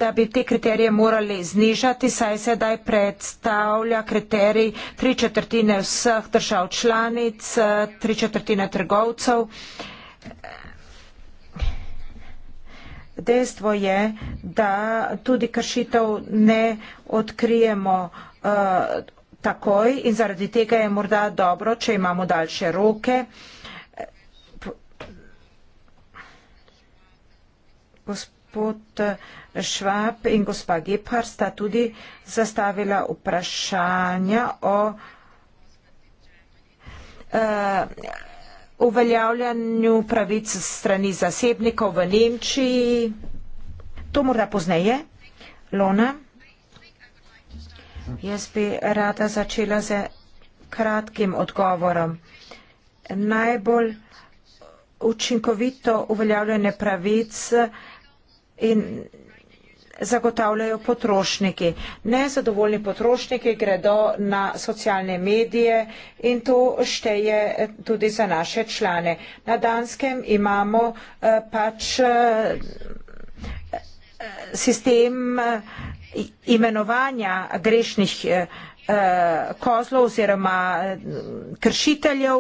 da bi te kriterije morali znižati, saj sedaj predstavlja kriterij tri četrtine vseh držav članic, tri četrtine trgovcev. Dejstvo je, da tudi kršitev ne odkrijemo uh, takoj in zaradi tega je morda dobro, če imamo daljše roke. Uh, gospod Švab in gospa Gephar sta tudi zastavila vprašanja o uh, uveljavljanju pravic strani zasebnikov v Nemčiji. To morda pozneje. Lona. Jaz bi rada začela z kratkim odgovorom. Najbolj učinkovito uveljavljanje pravic in zagotavljajo potrošniki. Nezadovoljni potrošniki gredo na socialne medije in to šteje tudi za naše člane. Na Danskem imamo eh, pač eh, sistem eh, imenovanja grešnih kozlov oziroma kršiteljev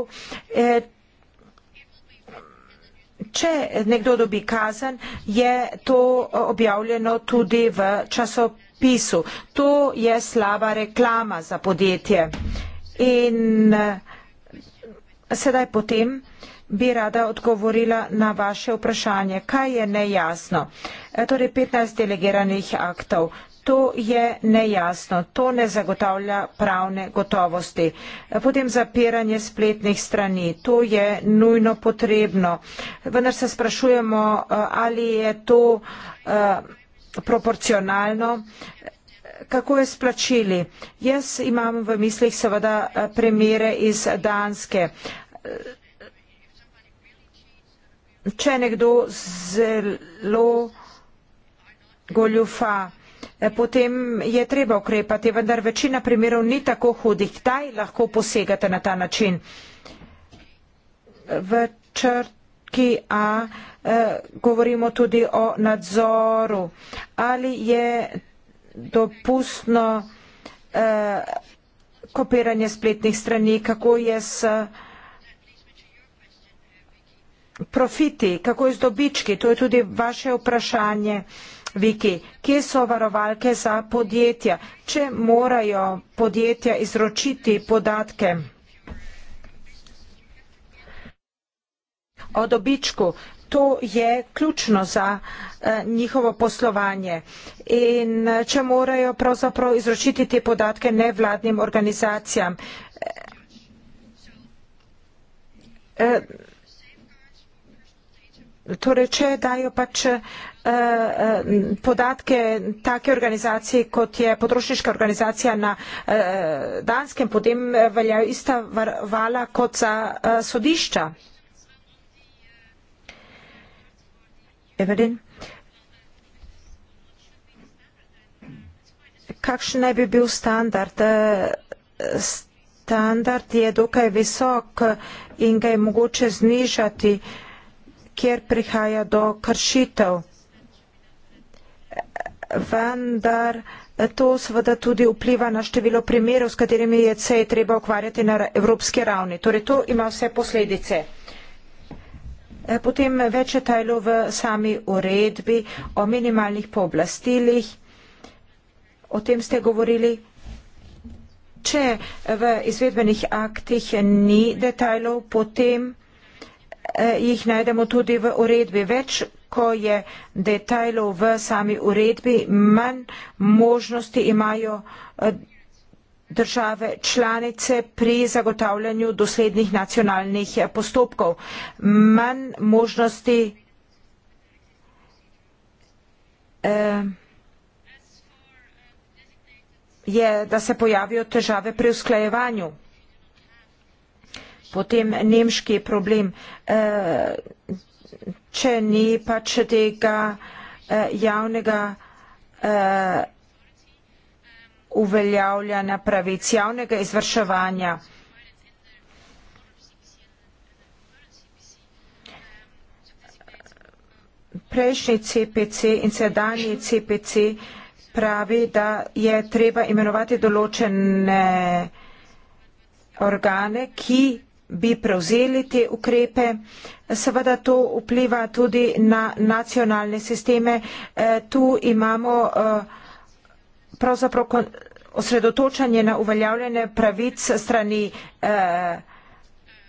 če nekdo dobi kazen, je to objavljeno tudi v časopisu. To je slaba reklama za podjetje. In sedaj potem bi rada odgovorila na vaše vprašanje, kaj je nejasno. E, torej 15 delegiranih aktov to je nejasno, to ne zagotavlja pravne gotovosti. Potem zapiranje spletnih strani, to je nujno potrebno. Vendar se sprašujemo, eh, ali je to uh, proporcionalno. Kako je splačili? Jaz imam v mislih seveda eh, primere iz Danske. Če nekdo zelo goljufa, Eh, potem je treba ukrepati, vendar večina primerov ni tako hudih. Kdaj lahko posegate na ta način? V črki A eh, govorimo tudi o nadzoru. Ali je dopustno eh, kopiranje spletnih strani, kako je s profiti, kako je z dobički, to je tudi vaše vprašanje. Viki, kje so varovalke za podjetja, če morajo podjetja izročiti podatke o dobičku. To je ključno za eh, njihovo poslovanje. In eh, če morajo pravzaprav izročiti te podatke nevladnim organizacijam. Eh, eh, torej, če dajo pač eh, Eh, eh, podatke take organizacije, kot je potrošniška organizacija na eh, Danskem, potem veljajo ista vala kot za sodišča. Evelin, kakšen naj bi bil standard? Standard je dokaj visok in ga je mogoče znižati, kjer prihaja do kršitev vendar to seveda tudi vpliva na število primerov, s katerimi je se je treba ukvarjati na evropske ravni. Torej, to ima vse posledice. E, potem več detajlov v sami uredbi o minimalnih pooblastilih. O tem ste govorili. Če v izvedbenih aktih ni detajlov, potem e, jih najdemo tudi v uredbi. Več ko je detajlov v sami uredbi, manj možnosti imajo eh, države članice pri zagotavljanju doslednih nacionalnih eh, postopkov. Manj možnosti eh, je, da se pojavijo težave pri usklajevanju. Potem nemški problem. Eh, če ni pač tega eh, javnega eh, uveljavljanja pravic, javnega izvrševanja. Prejšnji CPC in sedanji CPC pravi, da je treba imenovati določene organe, ki bi prevzeli te ukrepe. Seveda to vpliva tudi na nacionalne sisteme. E, tu imamo e, pravzaprav osredotočanje na uveljavljene pravic strani e,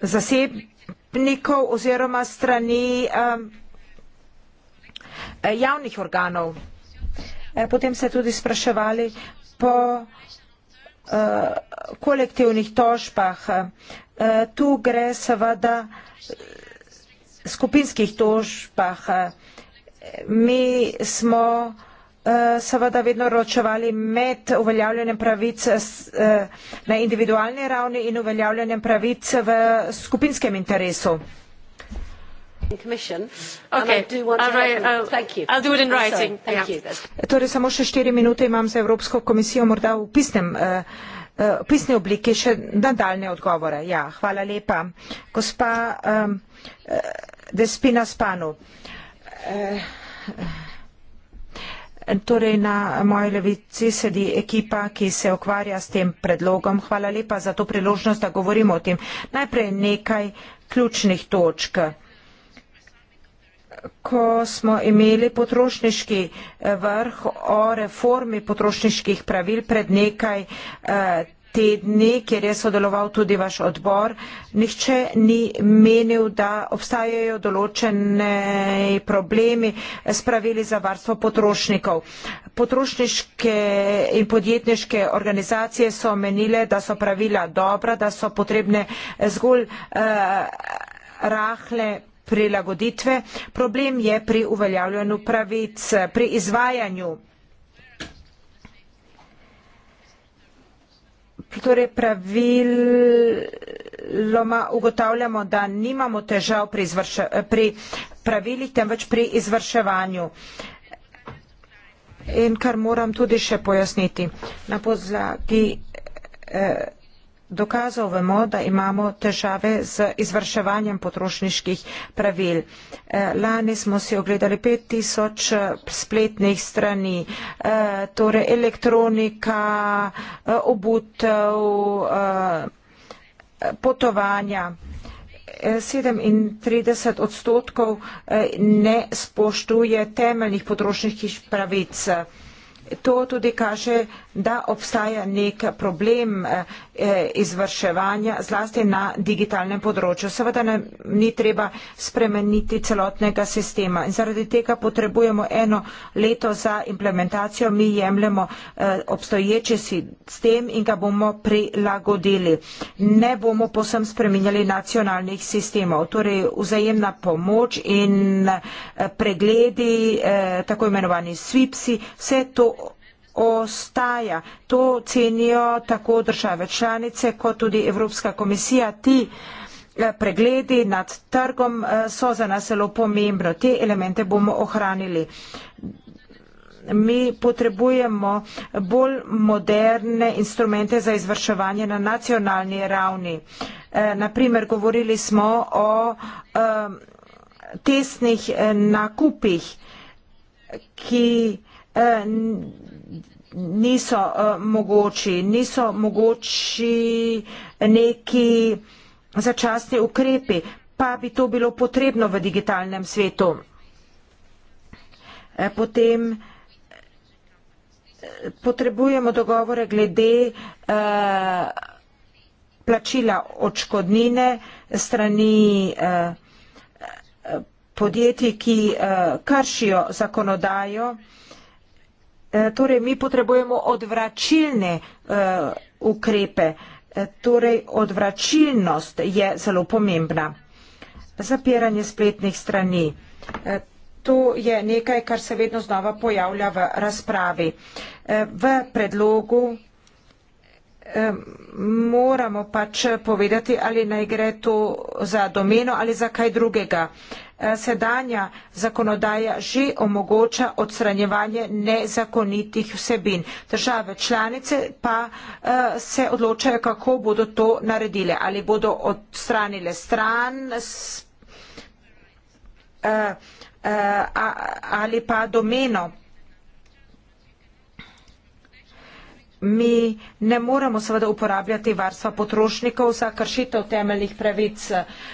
zasebnikov oziroma strani javnih organov. Potem ste tudi spraševali po Eh, kolektivnih tožbah. Eh, tu gre seveda skupinskih tožbah. Mi smo eh, seveda vedno ročevali med uveljavljanjem pravic na individualni ravni in uveljavljanjem pravic v skupinskem interesu in commission. Okay. And I do want All to right. help you. Thank you. I'll do it in writing. Sorry. Thank yeah. you. Torej, samo še štiri minute imam za Evropsko komisijo, morda v pisnem, uh, eh, uh, eh, pisne obliki še nadaljne odgovore. Ja, hvala lepa. Gospa um, uh, Despina Spanu. Torej, na moji levici sedi ekipa, ki se ukvarja s tem predlogom. Hvala lepa za to priložnost, da govorimo o tem. Najprej nekaj ključnih točk ko smo imeli potrošniški eh, vrh o reformi potrošniških pravil pred nekaj eh, tedni, kjer je sodeloval tudi vaš odbor, nihče ni menil, da obstajajo določene problemi s pravili za varstvo potrošnikov. Potrošniške in podjetniške organizacije so menile, da so pravila dobra, da so potrebne zgolj eh, rahle prilagoditve. Problem je pri uveljavljanju pravic, pri izvajanju. Torej praviloma ugotavljamo, da nimamo težav pri, izvrša, pri pravilih, temveč pri izvrševanju. In kar moram tudi še pojasniti. Na pozlati eh, dokazov vemo, da imamo težave z izvrševanjem potrošniških pravil. Eh, lani smo si ogledali 5000 eh, spletnih strani, eh, torej elektronika, obutev, potovanja. 37 odstotkov ne spoštuje temeljnih potrošniških pravic. To tudi kaže da obstaja nek problem eh, izvrševanja, zlasti na digitalnem področju. Seveda ne, ni treba spremeniti celotnega sistema in zaradi tega potrebujemo eno leto za implementacijo. Mi jemljemo eh, obstoječi sistem in ga bomo prilagodili. Ne bomo posem spreminjali nacionalnih sistemov, torej vzajemna pomoč in eh, pregledi, tako imenovani SWIPSI, vse to ostaja. To cenijo tako države članice kot tudi Evropska komisija. Ti eh, pregledi nad trgom eh, so za nas zelo pomembno. Te elemente bomo ohranili. Mi potrebujemo bolj moderne instrumente za izvrševanje na nacionalni ravni. E, eh, naprimer, govorili smo o e, tesnih e, nakupih, ki e, niso uh, mogoči, niso mogoči neki začasni ukrepi, pa bi to bilo potrebno v digitalnem svetu. E, potem eh, potrebujemo dogovore glede uh, plačila očkodnine strani uh, podjetij, ki uh, kršijo zakonodajo. Eh, torej, mi potrebujemo odvračilne eh, ukrepe. Eh, torej, odvračilnost je zelo pomembna. Zapiranje spletnih strani. To je nekaj, kar se vedno znova pojavlja v razpravi. V predlogu moramo pač povedati, ali naj gre to za domeno ali za kaj drugega. E, sedanja zakonodaja že omogoča odstranjevanje nezakonitih vsebin. Države članice pa e, se odločajo, kako bodo to naredile. Ali bodo odstranile stran e, ali pa domeno. mi ne moremo seveda uporabljati varstva potrošnikov za kršitev temeljnih pravic.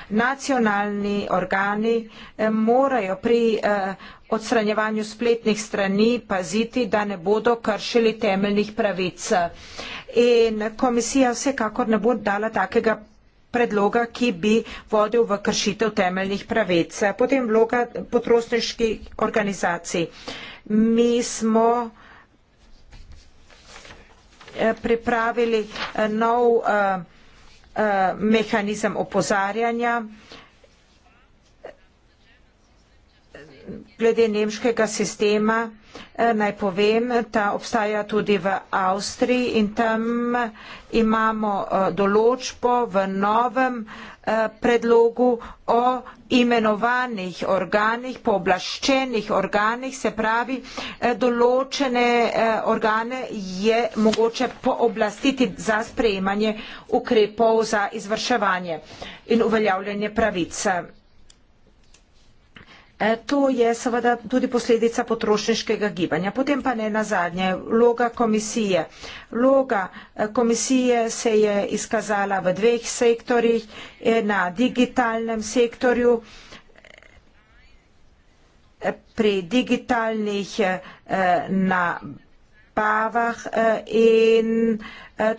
Nacionalni organi eh, morajo pri eh, odstranjevanju spletnih strani paziti, da ne bodo kršili temeljnih pravic. In komisija vsekakor ne bo dala takega predloga, ki bi vodil v kršitev temeljnih pravic. Potem vloga potrošniških organizacij. Mi smo Eh, pripravili eh, nov eh, mehanizem opozarjanja glede nemškega sistema eh, naj povem, da obstaja tudi v Avstriji in tam eh, imamo eh, določbo v novem predlogu o imenovanih organih, pooblaščenih organih, se pravi, določene organe je mogoče pooblastiti za sprejemanje ukrepov za izvrševanje in uveljavljanje pravice. E, to je seveda tudi posledica potrošniškega gibanja. Potem pa ne nazadnje, vloga komisije. Vloga e, komisije se je izkazala v dveh sektorjih, e, na digitalnem sektorju, pri digitalnih nabavah in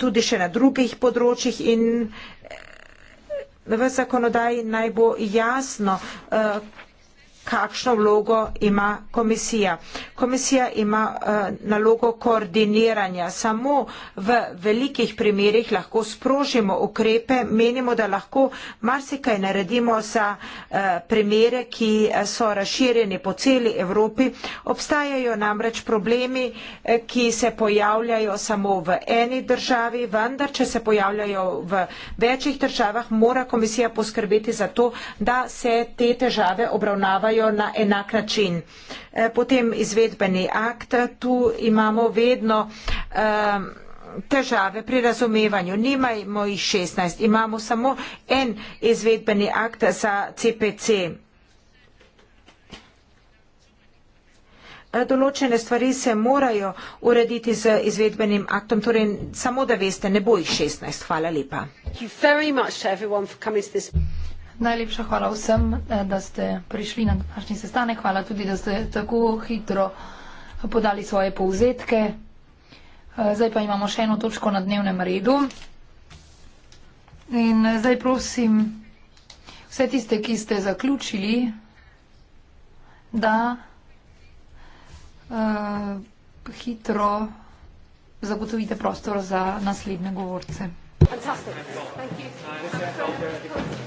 tudi še na drugih področjih in v zakonodaji naj bo jasno, kakšno vlogo ima komisija. Komisija ima uh, nalogo koordiniranja. Samo v velikih primerjih lahko sprožimo ukrepe, menimo, da lahko marsikaj naredimo za uh, primere, ki eh, so razširjeni po celi Evropi. Obstajajo namreč problemi, ki se pojavljajo samo v eni državi, vendar, če se pojavljajo v večjih državah, mora komisija poskrbeti za to, da se te težave obravnavajo delujejo na enak način. Eh, potem izvedbeni akt, tu imamo vedno eh, težave pri razumevanju. Nimajmo jih 16, imamo samo en izvedbeni akt za CPC. Eh, določene stvari se morajo urediti z izvedbenim aktom, torej samo da veste, ne bo jih 16. Hvala lepa. Najlepša hvala vsem, eh, da ste prišli na današnji sestanek. Hvala tudi, da ste tako hitro podali svoje povzetke. Eh, zdaj pa imamo še eno točko na dnevnem redu. In eh, zdaj prosim vse tiste, ki ste zaključili, da uh, hitro zagotovite prostor za naslednje govorce. Fantastic. Thank you.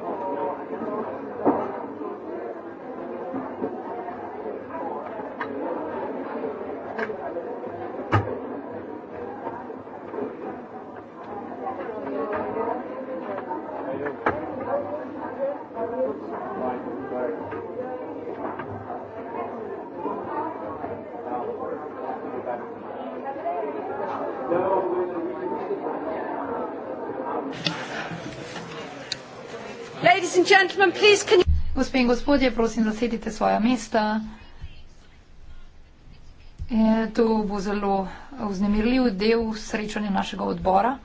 gentlemen, please can Gospe in gospodje, prosim, zasedite svoja mesta. E, to bo zelo vznemirljiv del srečanja našega odbora.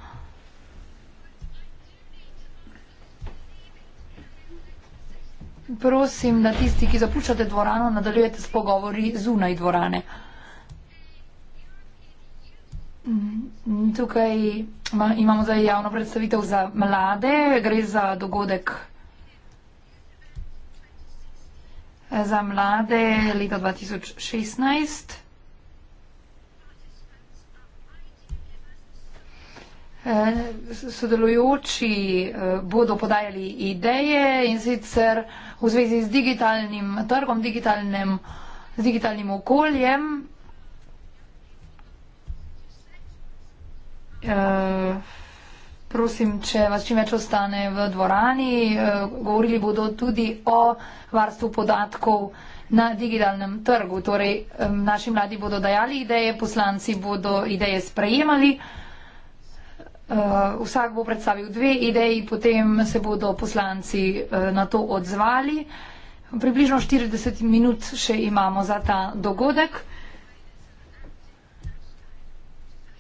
Prosim, da tisti, ki zapuščate dvorano, nadaljujete s pogovori zunaj dvorane. Tukaj imamo zdaj javno predstavitev za mlade. Gre za dogodek. za mlade leta 2016. Eh, sodelujoči eh, bodo podajali ideje in sicer v zvezi z digitalnim trgom, digitalnem, z digitalnim okoljem. Uh, Prosim, če vas čim več ostane v dvorani, eh, govorili bodo tudi o varstvu podatkov na digitalnem trgu. Torej, naši mladi bodo dajali ideje, poslanci bodo ideje sprejemali. Uh, vsak bo predstavil dve ideji, potem se bodo poslanci uh, na to odzvali. Približno 40 minut še imamo za ta dogodek.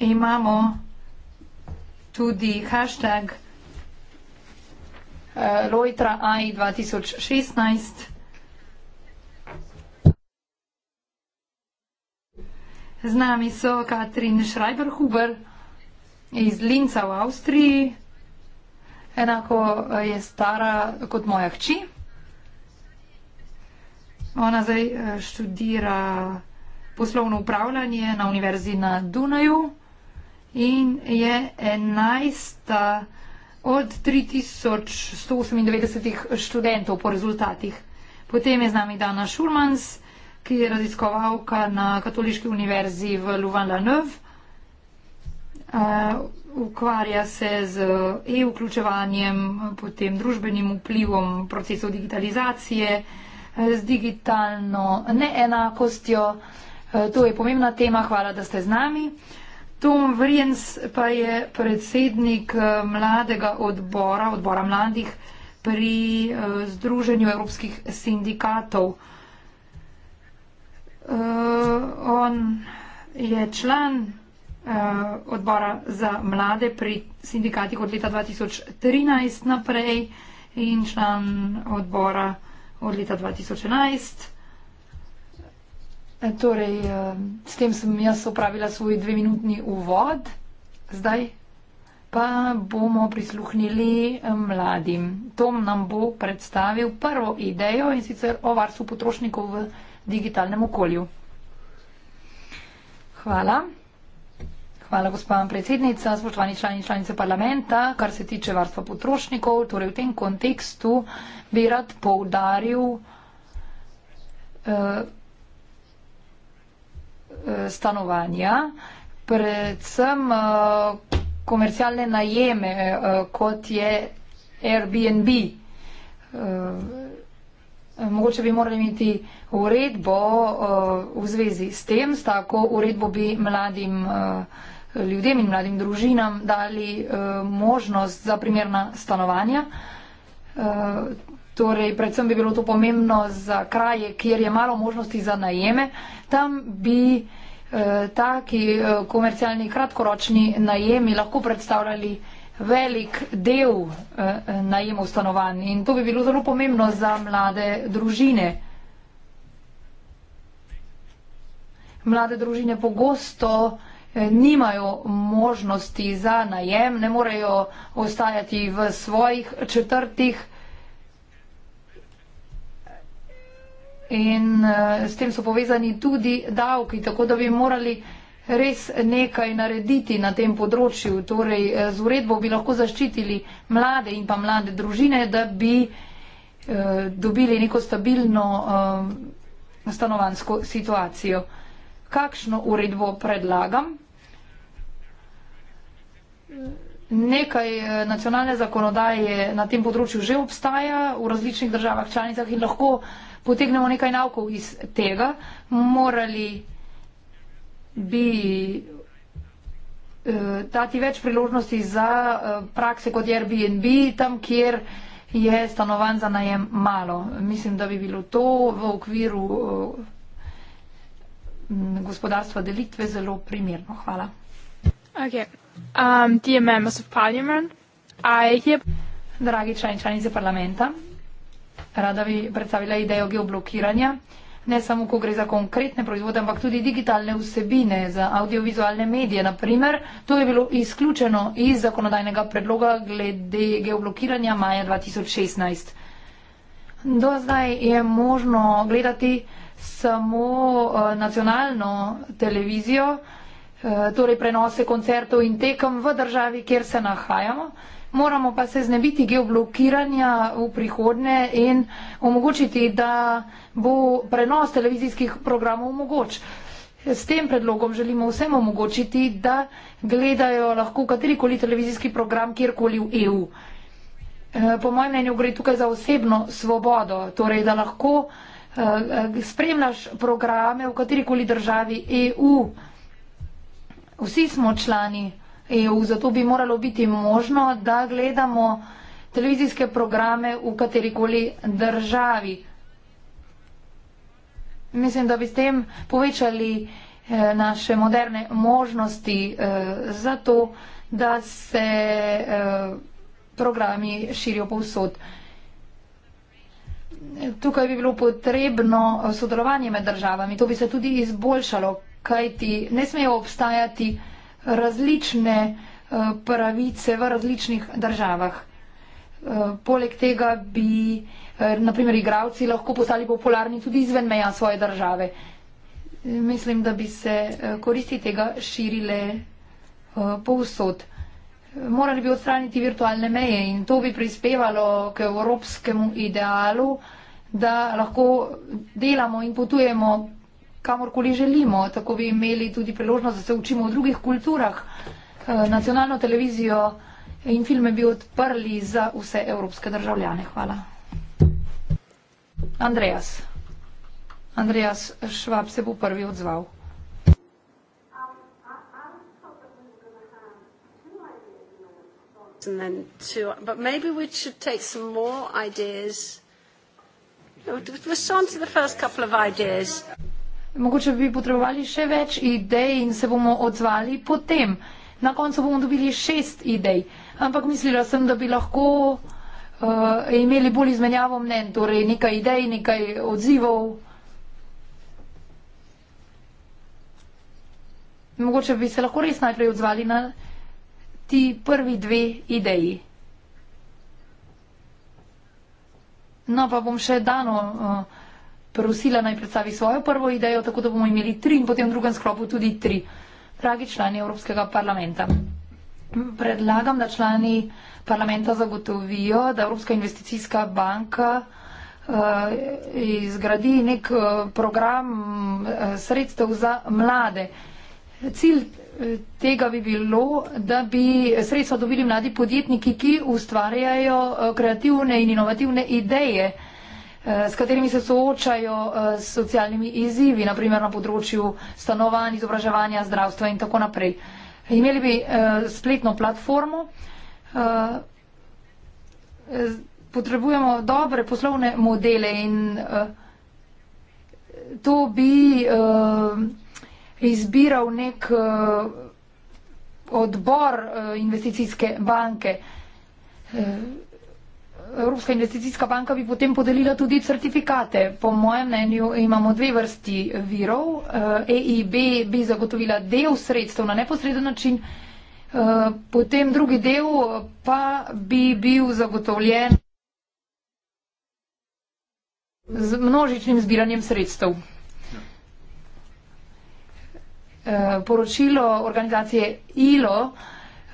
Imamo tudi hashtag eh, Lojtraaj2016. Z nami so Katrin Schreiberhuber iz Linca v Avstriji, enako eh, je stara kot moja hči. Ona zdaj eh, študira poslovno upravljanje na univerzi na Dunaju in je enajsta od 3198 študentov po rezultatih. Potem je z nami Dana Šulmans, ki je raziskovalka na Katoliški univerzi v Louvain-la-Neuve. Eh, ukvarja se z e-vključevanjem, potem družbenim vplivom procesov digitalizacije, eh, z digitalno neenakostjo. Eh, to je pomembna tema. Hvala, da ste z nami. Tom Vrjens pa je predsednik eh, mladega odbora, odbora mladih pri eh, Združenju evropskih sindikatov. Uh, on je član uh, odbora za mlade pri sindikatih od leta 2013 naprej in član odbora od leta 2011. E, torej, e, s tem sem jaz opravila svoj dveminutni uvod, zdaj pa bomo prisluhnili e, mladim. Tom nam bo predstavil prvo idejo in sicer o varstvu potrošnikov v digitalnem okolju. Hvala. Hvala, gospa predsednica, spoštovani člani članice parlamenta. Kar se tiče varstva potrošnikov, torej v tem kontekstu bi rad poudaril. Uh, Eh, stanovanja, predvsem eh, komercialne najeme, eh, kot je Airbnb. Mogoče bi morali imeti uredbo v zvezi s tem, s tako uredbo bi mladim ljudem in mladim družinam dali možnost za primerna stanovanja. Torej, predvsem bi bilo to pomembno za kraje, kjer je malo možnosti za najeme. Tam bi eh, taki eh, komercialni kratkoročni najemi lahko predstavljali velik del eh, najemov stanovanj in to bi bilo zelo pomembno za mlade družine. Mlade družine pogosto nimajo možnosti za najem, ne morejo ostajati v svojih četrtih in uh, s tem so povezani tudi davki, tako da bi morali res nekaj narediti na tem področju. Torej, eh, z uredbo bi lahko zaščitili mlade in pa mlade družine, da bi eh, dobili neko stabilno eh, stanovansko situacijo. Kakšno uredbo predlagam? Nekaj eh, nacionalne zakonodaje na tem področju že obstaja v različnih državah članicah in lahko eh, potegnemo nekaj naukov iz tega, morali bi uh, dati več priložnosti za uh, prakse kot Airbnb, tam, kjer je stanovanj za najem malo. Mislim, da bi bilo to v okviru uh, gospodarstva delitve zelo primerno. Hvala. Okay. Um, Dragi članice parlamenta, rada bi predstavila idejo geoblokiranja, ne samo, ko gre za konkretne proizvode, ampak tudi digitalne vsebine za audiovizualne medije. Naprimer, to je bilo izključeno iz zakonodajnega predloga glede geoblokiranja maja 2016. Do zdaj je možno gledati samo eh, nacionalno televizijo, eh, torej prenose koncertov in tekem v državi, kjer se nahajamo moramo pa se znebiti geoblokiranja v prihodnje in omogočiti, da bo prenos televizijskih programov mogoč. S tem predlogom želimo vsem omogočiti, da gledajo lahko katerikoli televizijski program kjerkoli v EU. Eh, po mojem mnenju gre tukaj za osebno svobodo, torej da lahko eh, spremljaš programe v katerikoli državi EU. Vsi smo člani. In e zato bi moralo biti možno, da gledamo televizijske programe v katerikoli državi. Mislim, da bi s tem povečali eh, naše moderne možnosti eh, za to, da se eh, programi širijo povsod. Tukaj bi bilo potrebno sodelovanje med državami. To bi se tudi izboljšalo, kajti ne smejo obstajati eh, različne eh, pravice v različnih državah. Eh, poleg tega bi, eh, naprimer, igravci lahko postali popularni tudi izven meja svoje države. Mislim, da bi se koristi tega širile povsod. Morali bi odstraniti virtualne meje in to bi prispevalo k evropskemu idealu, da lahko delamo in potujemo kamorkoli želimo. Tako bi imeli tudi priložnost, da se učimo v drugih kulturah. Eh, nacionalno televizijo in filme bi odprli za vse evropske državljane. Hvala. Andreas. Andreas Švab se bo prvi odzval. And then two, but maybe we should take some more ideas. No, Respond to the first couple of ideas. Mogoče bi potrebovali še več idej in se bomo odzvali potem. Na koncu bomo dobili šest idej, ampak mislila sem, da bi lahko uh, imeli bolj izmenjavo mnen, torej nekaj idej, nekaj odzivov. Mogoče bi se lahko res najprej odzvali na ti prvi dve ideji. No, pa bom še dano. Uh, prosila naj predstavi svojo prvo idejo, tako da bomo imeli tri in potem v drugem sklopu tudi tri. Dragi člani Evropskega parlamenta, predlagam, da člani parlamenta zagotovijo, da Evropska investicijska banka eh, izgradi nek eh, program eh, sredstev za mlade. Cilj tega bi bilo, da bi sredstva dobili mladi podjetniki, ki ustvarjajo kreativne in inovativne ideje s katerimi se soočajo eh, s socialnimi izzivi, naprimer na področju stanovanj, izobraževanja, zdravstva in tako naprej. Imeli bi eh, spletno platformo, eh, potrebujemo dobre poslovne modele in to bi izbiral nek odbor investicijske banke. Evropska investicijska banka bi potem podelila tudi certifikate. Po mojem mnenju imamo dve vrsti virov. EIB eh, e bi zagotovila del sredstev na neposreden način, eh, potem drugi del pa bi bil zagotovljen z množičnim zbiranjem sredstev. Eh, poročilo organizacije ILO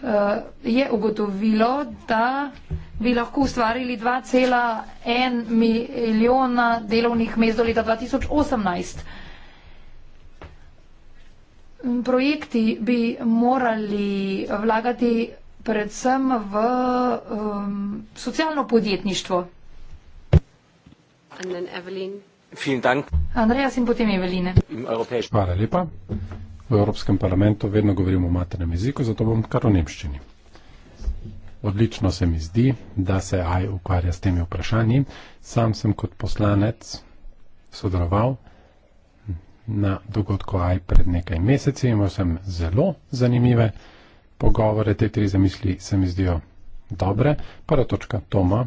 Eh, je ugotovilo, da bi lahko ustvarili 2,1 milijona delovnih mest do leta 2018. Projekti bi morali vlagati predvsem v um, socialno podjetništvo. Andreja in potem Eveline. Hvala lepa v Evropskem parlamentu vedno govorim o maternem jeziku, zato bom kar o nemščini. Odlično se mi zdi, da se AI ukvarja s temi vprašanji. Sam sem kot poslanec sodeloval na dogodku AI pred nekaj meseci. Imel sem zelo zanimive pogovore, te tri zamisli se mi zdijo dobre. Prva točka Toma,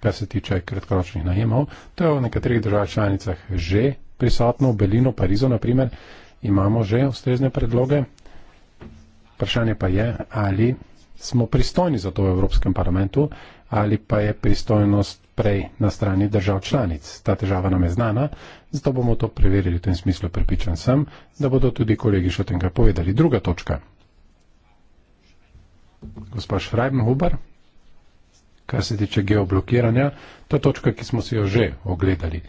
kar se tiče kratkoročnih najemov, to je v nekaterih državah članicah že prisotno, v Belinu, Parizu naprimer imamo že ustrezne predloge. Vprašanje pa je, ali smo pristojni za to v Evropskem parlamentu, ali pa je pristojnost prej na strani držav članic. Ta težava nam je znana, zato bomo to preverili v tem smislu, prepričan sem, da bodo tudi kolegi še o tem kaj povedali. Druga točka. Gospod Schreibenhuber, kar se tiče geoblokiranja, to je točka, ki smo si jo že ogledali.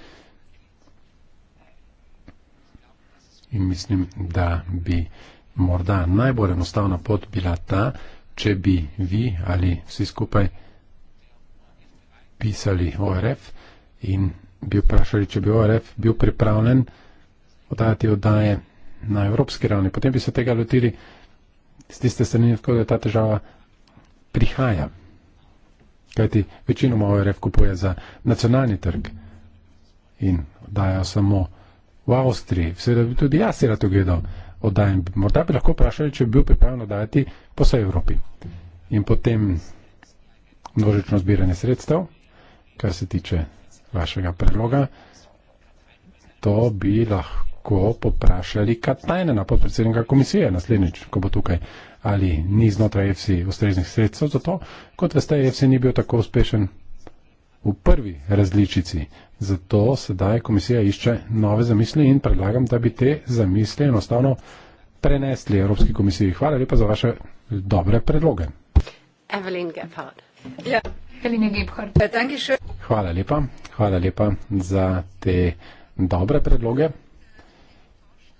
in mislim, da bi morda najbolj enostavna pot bila ta, če bi vi ali vsi skupaj pisali ORF in bi vprašali, če bi ORF bil pripravljen oddajati oddaje na evropski ravni. Potem bi se tega lotili z tiste strani, odkud je ta težava prihaja. Kajti večinoma ORF kupuje za nacionalni trg in dajo samo v Avstriji. Seveda bi tudi jaz rad ogledal oddajen. Morda bi lahko vprašali, če bi bil pripravljen oddajati po vsej Evropi. In potem množično zbiranje sredstev, kar se tiče vašega predloga, to bi lahko poprašali Katajnena, no, podpredsednika komisije, naslednjič, ko bo tukaj, ali ni znotraj EFSI ustreznih sredstev za to, kot veste, EFSI ni bil tako uspešen v prvi različici. Zato sedaj komisija išče nove zamisli in predlagam, da bi te zamisli enostavno prenesli Evropski komisiji. Hvala lepa za vaše dobre predloge. Evelyn Gephardt. Ja. Evelyn Gephardt. Ja, Hvala lepa. Hvala lepa za te dobre predloge.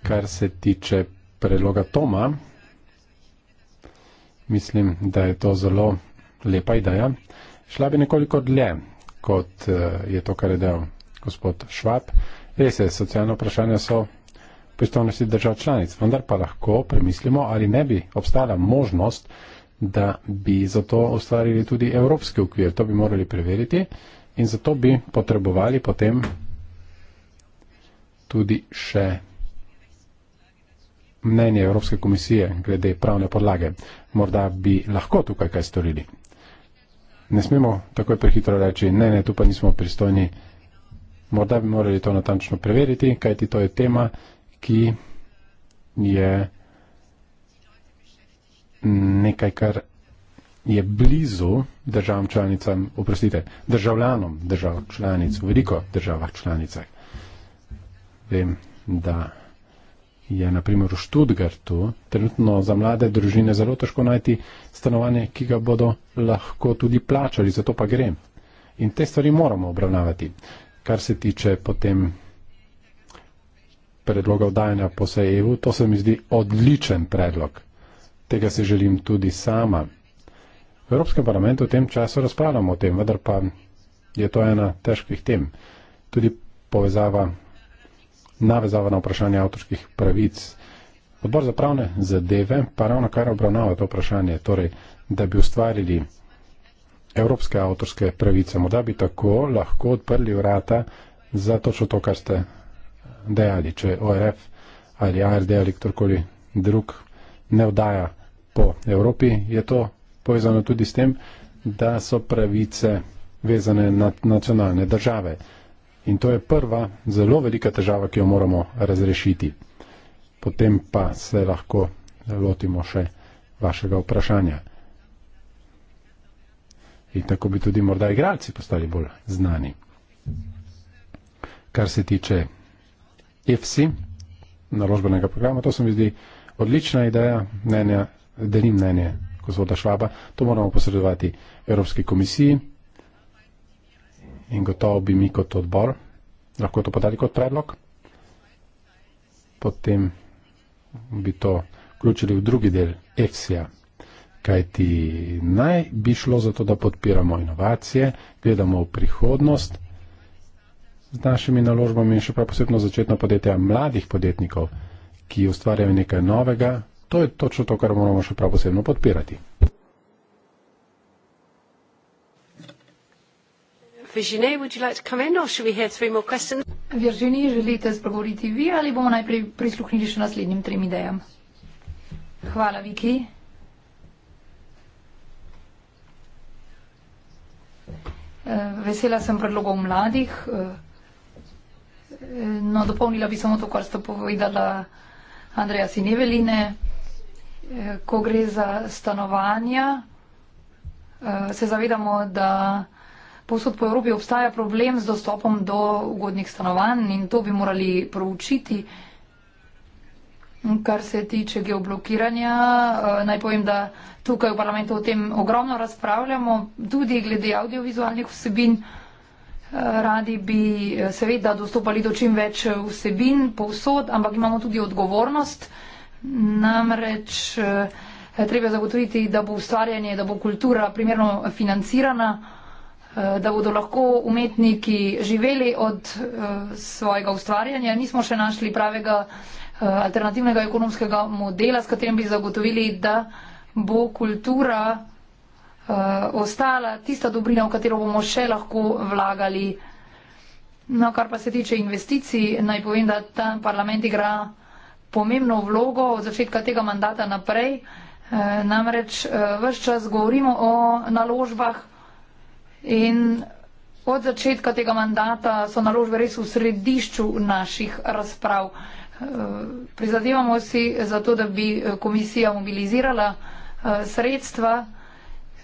Kar se tiče predloga Toma, mislim, da je to zelo lepa ideja. Šla bi nekoliko dlje kot eh, je to, kar je del gospod Švab. Res je, socijalno vprašanje so pristojnosti držav članic, vendar pa lahko premislimo, ali ne bi obstala možnost, da bi za to ustvarili tudi evropski okvir. To bi morali preveriti in zato bi potrebovali potem tudi še mnenje Evropske komisije glede pravne podlage. Morda bi lahko tukaj kaj storili ne smemo takoj prehitro reči, ne, ne, tu pa nismo pristojni. Morda bi morali to natančno preveriti, kajti to je tema, ki je nekaj, kar je blizu državam članicam, oprostite, državljanom držav članic, v veliko državah članicah. Vem, da je na primer v Študgartu trenutno za mlade družine zelo težko najti stanovanje, ki ga bodo lahko tudi plačali, zato pa gre. In te stvari moramo obravnavati. Kar se tiče potem predloga vdajanja po vsej EU, to se mi zdi odličen predlog. Tega se želim tudi sama. V Evropskem parlamentu v tem času razpravljamo o tem, vendar pa je to ena težkih tem. Tudi povezava navezava na vprašanje avtorskih pravic. Odbor za pravne zadeve pa ravno kar obravnava to vprašanje, torej, da bi ustvarili evropske avtorske pravice, morda bi tako lahko odprli vrata za točno to, kar ste dejali, če ORF ali ARD ali ktorkoli drug ne vdaja po Evropi, je to povezano tudi s tem, da so pravice vezane na nacionalne države. In to je prva zelo velika težava, ki jo moramo razrešiti. Potem pa se lahko lotimo še vašega vprašanja. In tako bi tudi morda igralci postali bolj znani. Kar se tiče EFSI, naložbenega programa, to se mi zdi odlična ideja, mnenja, delim mnenje gospoda Švaba, to moramo posredovati Evropski komisiji in gotovo bi mi kot odbor lahko to podali kot predlog. Potem bi to vključili v drugi del EFSI-ja, kajti naj bi šlo za to, da podpiramo inovacije, gledamo v prihodnost z našimi naložbami in še prav posebno začetno podjetja mladih podjetnikov, ki ustvarjajo nekaj novega. To je točno to, kar moramo še prav posebno podpirati. Virginie, would you like to come in or should we hear three more questions? Virginie, želite spregovoriti vi ali bomo najprej prisluhnili še naslednjim trem idejam? Hvala, Viki. Eh, vesela sem predlogov mladih. Eh, no, dopolnila bi samo to, kar ste povedala Andreja Sineveline. Eh, ko gre za stanovanja, se zavedamo, da posod po Evropi obstaja problem z dostopom do ugodnih stanovanj in to bi morali proučiti. Kar se tiče geoblokiranja, eh, naj povem, da tukaj v parlamentu o tem ogromno razpravljamo, tudi glede audiovizualnih vsebin. Eh, radi bi eh, seveda dostopali do čim več vsebin povsod, ampak imamo tudi odgovornost. Namreč treba zagotoviti, da bo ustvarjanje, da bo kultura primerno financirana. Eh, da bodo lahko umetniki živeli od eh, svojega ustvarjanja. Nismo še našli pravega eh, alternativnega ekonomskega modela, s katerim bi zagotovili, da bo kultura ostala tista dobrina, v katero bomo še lahko vlagali. No, kar pa se tiče investicij, naj povem, da ta parlament igra pomembno vlogo od začetka tega mandata naprej. Namreč vse čas govorimo o naložbah In od začetka tega mandata so naložbe res v središču naših razprav. Eh, prizadevamo si za to, da bi komisija mobilizirala eh, sredstva,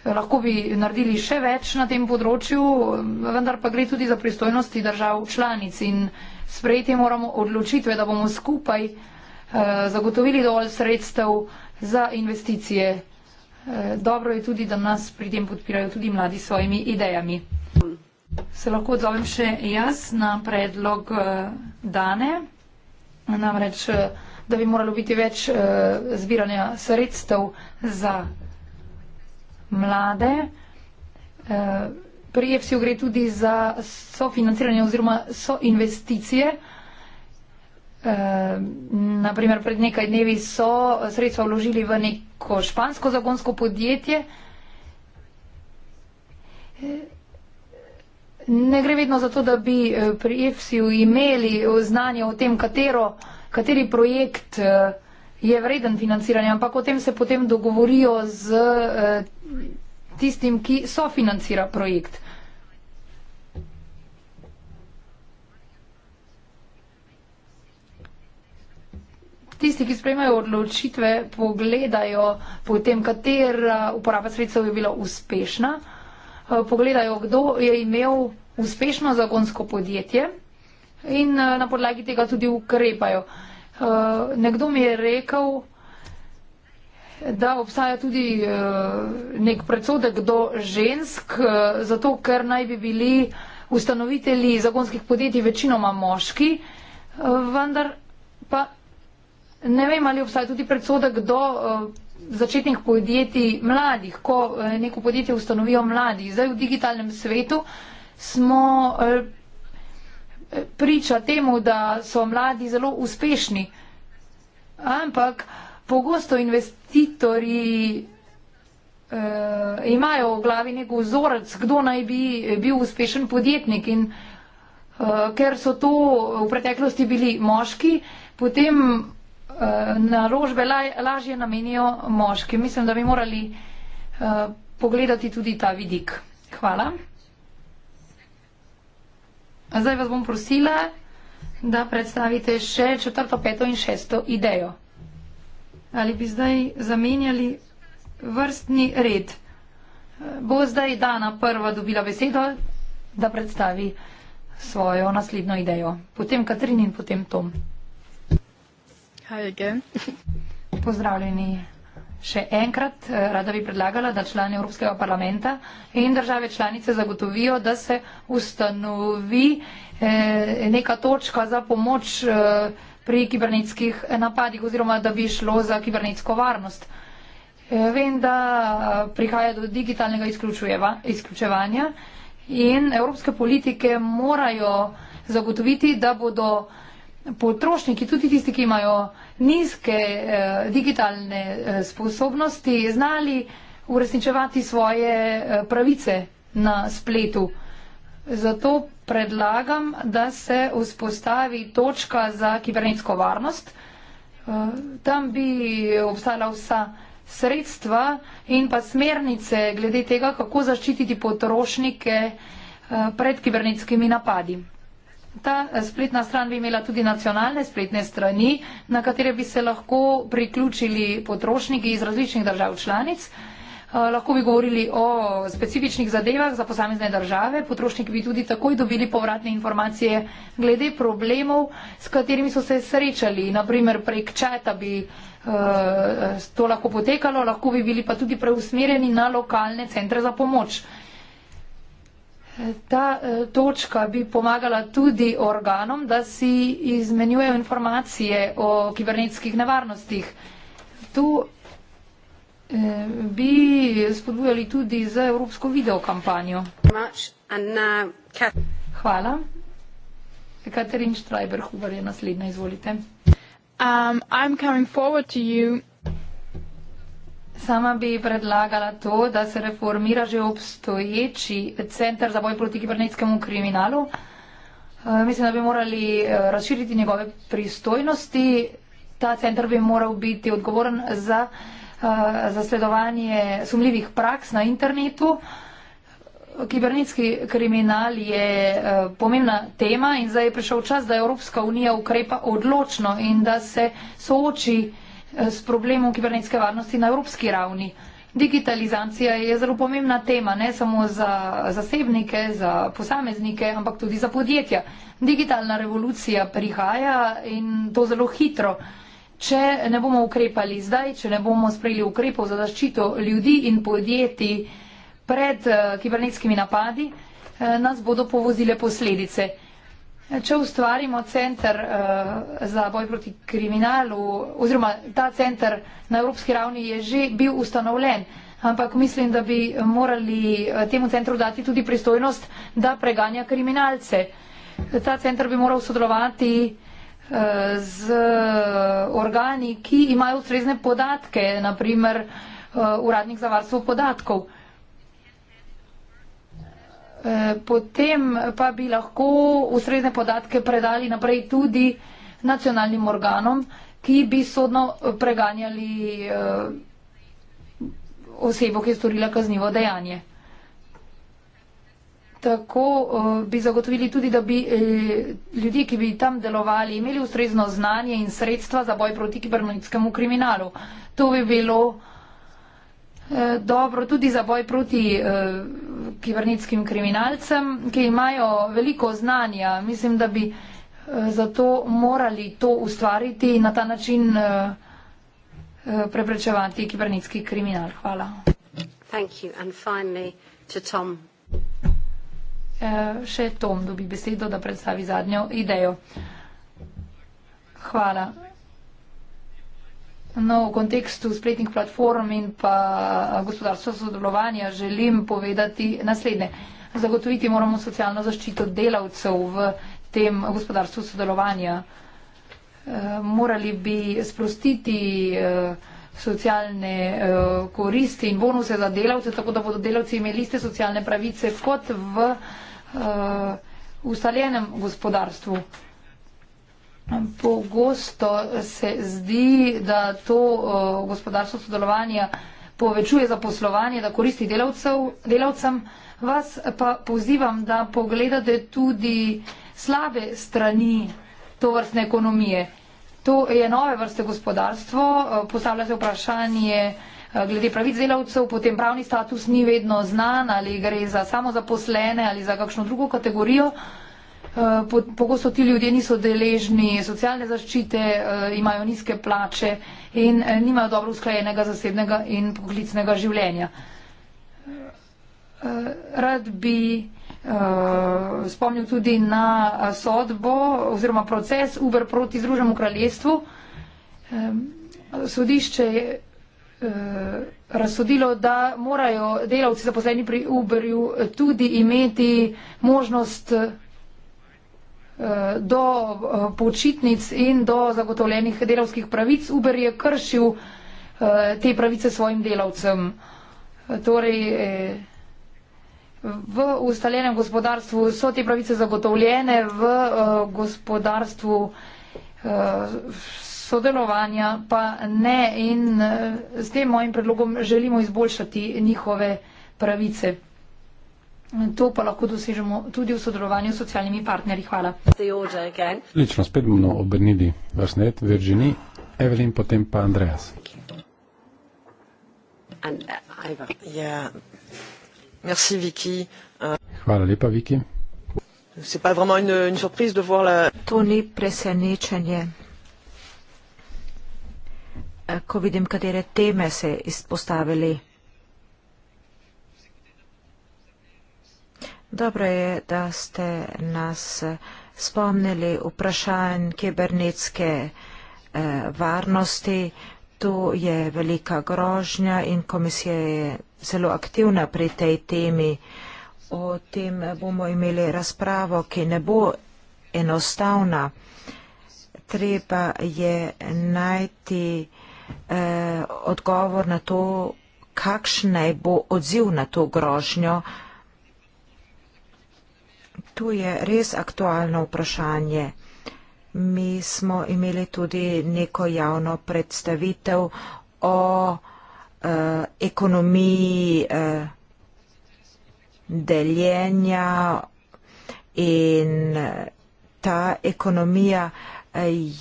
lahko bi naredili še več na tem področju, vendar pa gre tudi za pristojnosti držav članic in sprejeti moramo odločitve, da bomo skupaj eh, zagotovili dovolj sredstev za investicije Eh, dobro je tudi, da nas pri tem podpirajo tudi mladi s svojimi idejami. Se lahko odzovem še jaz na predlog eh, Dane, namreč, eh, da bi moralo biti več zbiranja sredstev za mlade. Pri EFSI-u gre tudi za sofinanciranje oziroma soinvesticije. Eh, naprimer pred nekaj dnevi so sredstva vložili v neko špansko zagonsko podjetje. Eh, ne gre vedno za to, da bi eh, pri EFSI-ju imeli znanje o tem, katero, kateri projekt je vreden financiranja, ampak o tem se potem dogovorijo z tistim, ki sofinancira projekt. tisti, ki sprejmajo odločitve, pogledajo potem, katera uporaba sredstev je bila uspešna, eh, pogledajo, kdo je imel uspešno zagonsko podjetje in eh, na podlagi tega tudi ukrepajo. Eh, nekdo mi je rekel, da obstaja tudi nek predsodek do žensk, zato ker naj bi bili ustanoviteli zagonskih podjetij večinoma moški, vendar pa Ne vem, ali obstaja tudi predsodek do eh, začetnih podjetij mladih, ko eh, neko podjetje ustanovijo mladi. Zdaj v digitalnem svetu smo eh, priča temu, da so mladi zelo uspešni, ampak pogosto investitorji eh, imajo v glavi nek vzorec, kdo naj bi bil uspešen podjetnik in eh, ker so to v preteklosti bili moški, potem Eh, narožbe lažje namenijo moški. Mislim, da bi morali eh, pogledati tudi ta vidik. Hvala. Zdaj vas bom prosila, da predstavite še četrto, peto in šesto idejo. Ali bi zdaj zamenjali vrstni red? Eh, bo zdaj Dana prva dobila besedo, da predstavi svojo naslednjo idejo. Potem Katrin in potem Tom. Pozdravljeni še enkrat. Eh, rada bi predlagala, da člani Evropskega parlamenta in države članice zagotovijo, da se ustanovi eh, neka točka za pomoč eh, pri kibernetskih napadih oziroma da bi šlo za kibernetsko varnost. Vem, da prihaja do digitalnega izključevanja in evropske politike morajo zagotoviti, da bodo potrošniki, tudi tisti, ki imajo nizke eh, digitalne eh, sposobnosti, znali uresničevati svoje eh, pravice na spletu. Zato predlagam, da se vzpostavi točka za kibernetsko varnost. Eh, tam bi obstala vsa sredstva in pa smernice glede tega, kako zaščititi potrošnike eh, pred kibernetskimi napadi. Ta eh, spletna stran bi imela tudi nacionalne spletne strani, na katere bi se lahko priključili potrošniki iz različnih držav članic. Eh, lahko bi govorili o specifičnih zadevah za posamezne države, potrošniki bi tudi takoj dobili povratne informacije glede problemov, s katerimi so se srečali. Naprimer, prek četa bi uh, to lahko potekalo, lahko bi bili pa tudi preusmerjeni na lokalne centre za pomoč. Uh, Ta eh, točka bi pomagala tudi organom, da si izmenjujejo informacije o kibernetskih nevarnostih. Tu eh, bi spodbujali tudi za evropsko videokampanjo. Hvala. Katerin Štrajber-Huber je naslednja, izvolite. Um, I'm coming forward to you Sama bi predlagala to, da se reformira že obstoječi centr za boj proti kibernetskemu kriminalu. E, mislim, da bi morali e, razširiti njegove pristojnosti. Ta centr bi moral biti odgovoren za e, zasledovanje sumljivih praks na internetu. Kibernetski kriminal je pomembna tema in zdaj je prišel čas, da Evropska unija ukrepa odločno in da se sooči s problemom kibernetske varnosti na evropski ravni. Digitalizacija je zelo pomembna tema, ne samo za zasebnike, za posameznike, ampak tudi za podjetja. Digitalna revolucija prihaja in to zelo hitro. Če ne bomo ukrepali zdaj, če ne bomo sprejeli ukrepov za zaščito ljudi in podjetij pred eh, kibernetskimi napadi, eh, nas bodo povozile posledice. Če ustvarimo centr uh, eh, za boj proti kriminalu, oziroma ta centr na evropski ravni je že bil ustanovljen, ampak mislim, da bi morali eh, temu centru dati tudi pristojnost, da preganja kriminalce. Ta centr bi moral sodelovati uh, z organi, ki imajo ustrezne podatke, naprimer uh, uradnik za varstvo podatkov. Eh, potem pa bi lahko ustrezne podatke predali naprej tudi nacionalnim organom, ki bi sodno preganjali eh, osebo, ki je storila kaznivo dejanje. Tako eh, bi zagotovili tudi, da bi ljudje, ki bi tam delovali, imeli ustrezno znanje in sredstva za boj proti kibernetskemu kriminalu. To bi bilo Eh, dobro tudi za boj proti eh, kibernetskim kriminalcem, ki imajo veliko znanja. Mislim, da bi eh, zato morali to ustvariti in na ta način preprečevati kibernetski kriminal. Hvala. Še Tom dobi besedo, da predstavi zadnjo idejo. Hvala. No, v kontekstu spletnih platform in pa eh, gospodarstva sodelovanja želim povedati naslednje. Zagotoviti moramo socialno zaščito delavcev v tem gospodarstvu sodelovanja. Eh, morali bi sprostiti eh, socialne koristi in bonuse za delavce, tako da bodo delavci imeli iste socialne pravice kot v ustaljenem gospodarstvu. Pogosto se zdi, da to eh, gospodarstvo sodelovanja povečuje zaposlovanje, da koristi delavcev, delavcem. Vas pa pozivam, da pogledate tudi slabe strani to vrstne ekonomije. To je nove vrste gospodarstvo, eh, postavlja se vprašanje eh, glede pravic delavcev, potem pravni status ni vedno znan, ali gre za samozaposlene ali za kakšno drugo kategorijo. Eh, pogosto ti ljudje niso deležni socialne zaščite, eh, imajo nizke plače in eh, nimajo dobro usklajenega zasebnega in poklicnega življenja. Rad bi spomnil tudi na sodbo oziroma proces Uber proti Združenemu kraljestvu. Sodišče je razsodilo, da morajo delavci zaposleni pri Uberju tudi imeti možnost do eh, počitnic in do zagotovljenih delavskih pravic. Uber je kršil eh, te pravice svojim delavcem. Eh, torej, v ustaljenem gospodarstvu so te pravice zagotovljene, v gospodarstvu sodelovanja pa ne in s tem mojim predlogom želimo izboljšati njihove pravice. To pa lahko dosežemo tudi v sodelovanju s socialnimi partnerji. Hvala. Lično spet bomo obrnili vrsnet, Virgini, Evelin, potem pa Andreas. Uh, uh, Hvala lepa, Viki. To ni presenečenje, eh, ko vidim, katere teme se izpostavili. Dobro je, da ste nas spomnili vprašanj kibernetske eh, varnosti. To je velika grožnja in komisija je zelo aktivna pri tej temi. O tem bomo imeli razpravo, ki ne bo enostavna. Treba je najti eh, odgovor na to, kakšen naj bo odziv na to grožnjo. Eh, tu je res aktualno vprašanje. Mi smo imeli tudi neko javno predstavitev o uh, ekonomiji uh, deljenja in eh, ta ekonomija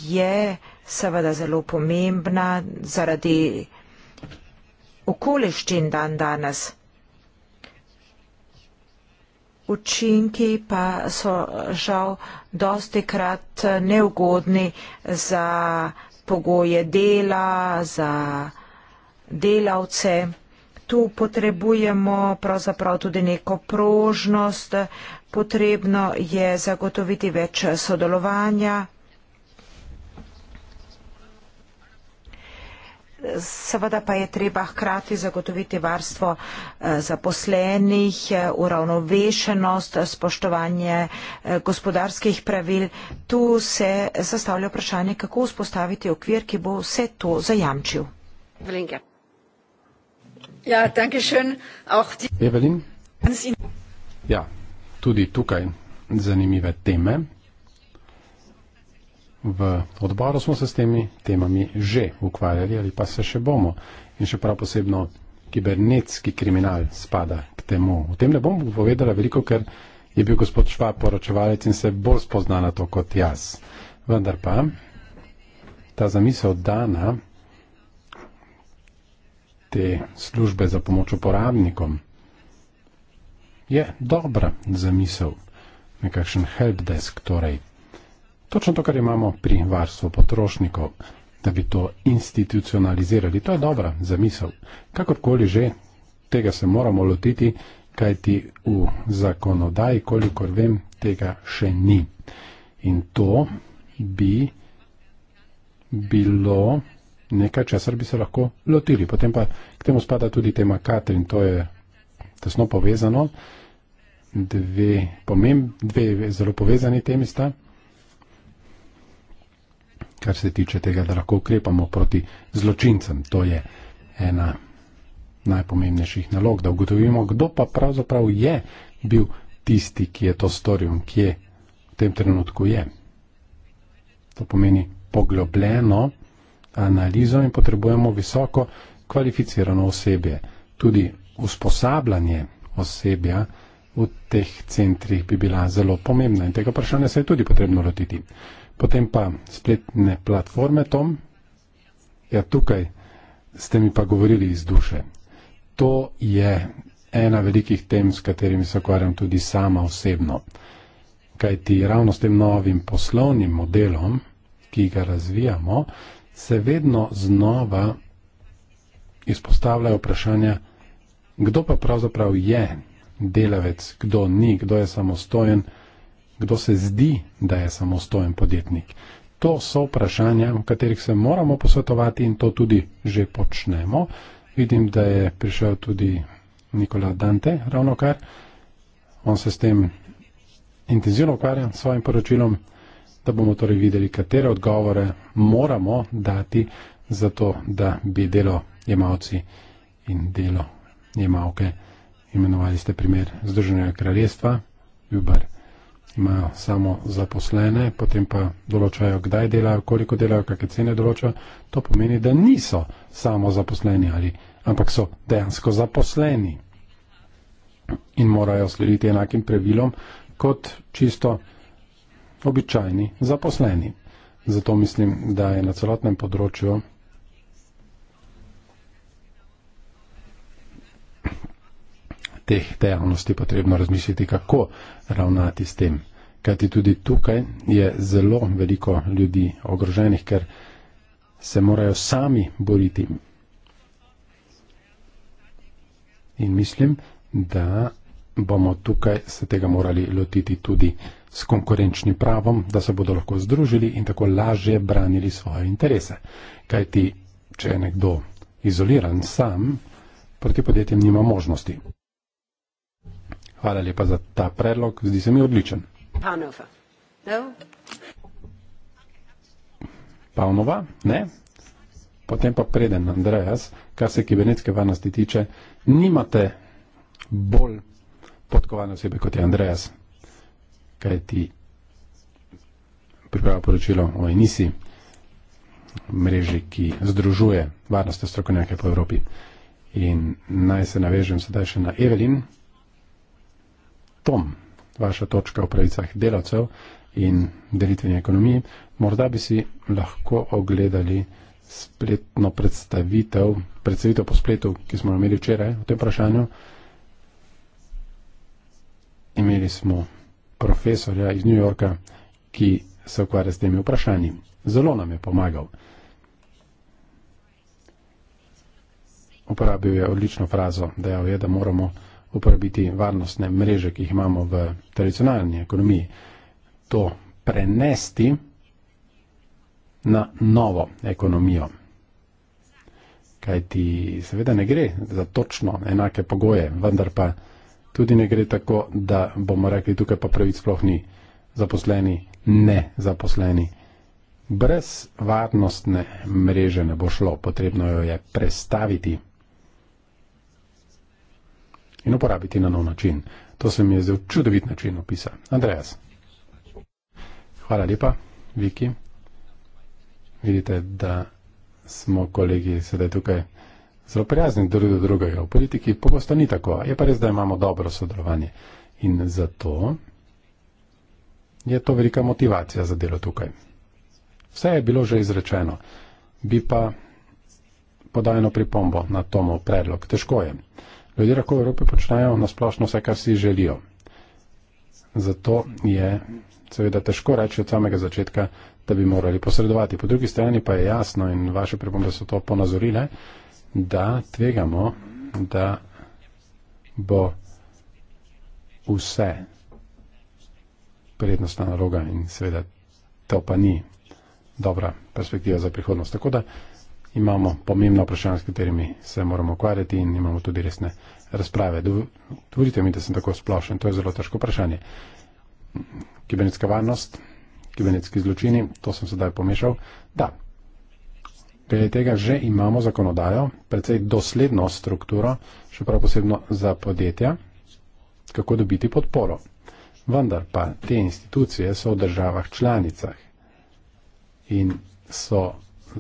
je seveda zelo pomembna zaradi okoliščin dan danes učinki pa so žal dosti krat eh, neugodni za pogoje dela, za delavce. Tu potrebujemo pravzaprav tudi neko prožnost, potrebno je zagotoviti več sodelovanja Seveda pa je treba hkrati zagotoviti varstvo eh, zaposlenih, eh, uravnovešenost, spoštovanje eh, gospodarskih pravil. Tu se zastavlja vprašanje, kako vzpostaviti okvir, ki bo vse to zajamčil. Ja, schön, Evelin. Ja, tudi tukaj zanimive teme. V odboru smo se s temi temami že ukvarjali ali pa se še bomo. In še prav posebno kibernetski kriminal spada k temu. O tem ne bom povedala veliko, ker je bil gospod Šva poročevalec in se bolj spozna na to kot jaz. Vendar pa ta zamisel dana te službe za pomoč uporabnikom je dobra zamisel. Nekakšen helpdesk torej točno to, kar imamo pri varstvu potrošnikov, da bi to institucionalizirali. To je dobra zamisel. Kakorkoli že, tega se moramo lotiti, kaj ti v zakonodaji, kolikor vem, tega še ni. In to bi bilo nekaj, česar bi se lahko lotili. Potem pa k temu spada tudi tema Katrin, to je tesno povezano. Dve, pomemb, dve zelo povezani temi sta kar se tiče tega, da lahko ukrepamo proti zločincem. To je ena najpomembnejših nalog, da ugotovimo, kdo pa pravzaprav je bil tisti, ki je to storil in kje v tem trenutku je. To pomeni poglobljeno analizo in potrebujemo visoko kvalificirano osebje. Tudi usposabljanje osebja v teh centrih bi bila zelo pomembna in tega vprašanja se je tudi potrebno lotiti. Potem pa spletne platforme Tom. Ja, tukaj ste mi pa govorili iz duše. To je ena velikih tem, s katerimi se ukvarjam tudi sama osebno. Kaj ti ravno s tem novim poslovnim modelom, ki ga razvijamo, se vedno znova izpostavljajo vprašanja, kdo pa pravzaprav je delavec, kdo ni, kdo je samostojen kdo se zdi, da je samostojen podjetnik. To so vprašanja, o katerih se moramo posvetovati in to tudi že počnemo. Vidim, da je prišel tudi Nikola Dante ravno kar. On se s tem intenzivno ukvarja s svojim poročilom, da bomo torej videli, katere odgovore moramo dati za to, da bi delo jemalci in delo jemalke imenovali ste primer Združenega kraljestva, Ljubar imajo samo zaposlene, potem pa določajo, kdaj delajo, koliko delajo, kakšne cene določajo. To pomeni, da niso samo zaposleni, ali, ampak so dejansko zaposleni in morajo slediti enakim pravilom kot čisto običajni zaposleni. Zato mislim, da je na celotnem področju teh dejavnosti potrebno razmisliti, kako ravnati s tem. Kajti tudi tukaj je zelo veliko ljudi ogroženih, ker se morajo sami boriti. In mislim, da bomo tukaj se tega morali lotiti tudi s konkurenčnim pravom, da se bodo lahko združili in tako lažje branili svoje interese. Kajti, če je nekdo izoliran sam, proti podjetjem nima možnosti. Hvala lepa za ta predlog, zdi se mi odličen. No? Pavnova, ne? Potem pa preden, Andrejas, kar se kibernetske varnosti tiče, nimate bolj podkovane osebe kot je Andrejas, kaj ti pripravlja poročilo o ENISI, mreži, ki združuje varnostne strokovnjake po Evropi. In naj se navežem sedaj še na Evelin. Atom, vaša točka o pravicah delavcev in delitveni ekonomiji, morda bi si lahko ogledali spletno predstavitev, predstavitev po spletu, ki smo jo imeli včeraj v tem vprašanju. Imeli smo profesorja iz New Yorka, ki se ukvarja s temi vprašanji. Zelo nam je pomagal. Uporabil je odlično frazo, dejal je, da moramo uporabiti varnostne mreže, ki jih imamo v tradicionalni ekonomiji, to prenesti na novo ekonomijo. Kaj ti seveda ne gre za točno enake pogoje, vendar pa tudi ne gre tako, da bomo rekli, tukaj pa pravic sploh ni zaposleni, ne zaposleni. Brez varnostne mreže ne bo šlo, potrebno jo je prestaviti in uporabiti na nov način. To se mi je zelo čudovit način opisa. Andreas. Hvala lepa, Viki. Vidite, da smo kolegi sedaj tukaj zelo prijazni drug do drugega. V politiki pogosto ni tako. Je pa res, da imamo dobro sodelovanje. In zato je to velika motivacija za delo tukaj. Vse je bilo že izrečeno. Bi pa podajeno pripombo na tomu predlog. Težko je. Ljudje lahko v Evropi počnejo nasplošno vse, kar si želijo. Zato je seveda težko reči od samega začetka, da bi morali posredovati. Po drugi strani pa je jasno in vaše pripombe so to ponazorile, da tvegamo, da bo vse prednostna naloga in seveda to pa ni dobra perspektiva za prihodnost. Tako da imamo pomembno vprašanje, s katerimi se moramo ukvarjati in imamo tudi resne razprave. Dovolite mi, da sem tako splošen, to je zelo težko vprašanje. Kibernetska varnost, kibernetski zločini, to sem sedaj pomešal. Da, glede tega že imamo zakonodajo, predvsej dosledno strukturo, še prav posebno za podjetja, kako dobiti podporo. Vendar pa te institucije so v državah članicah in so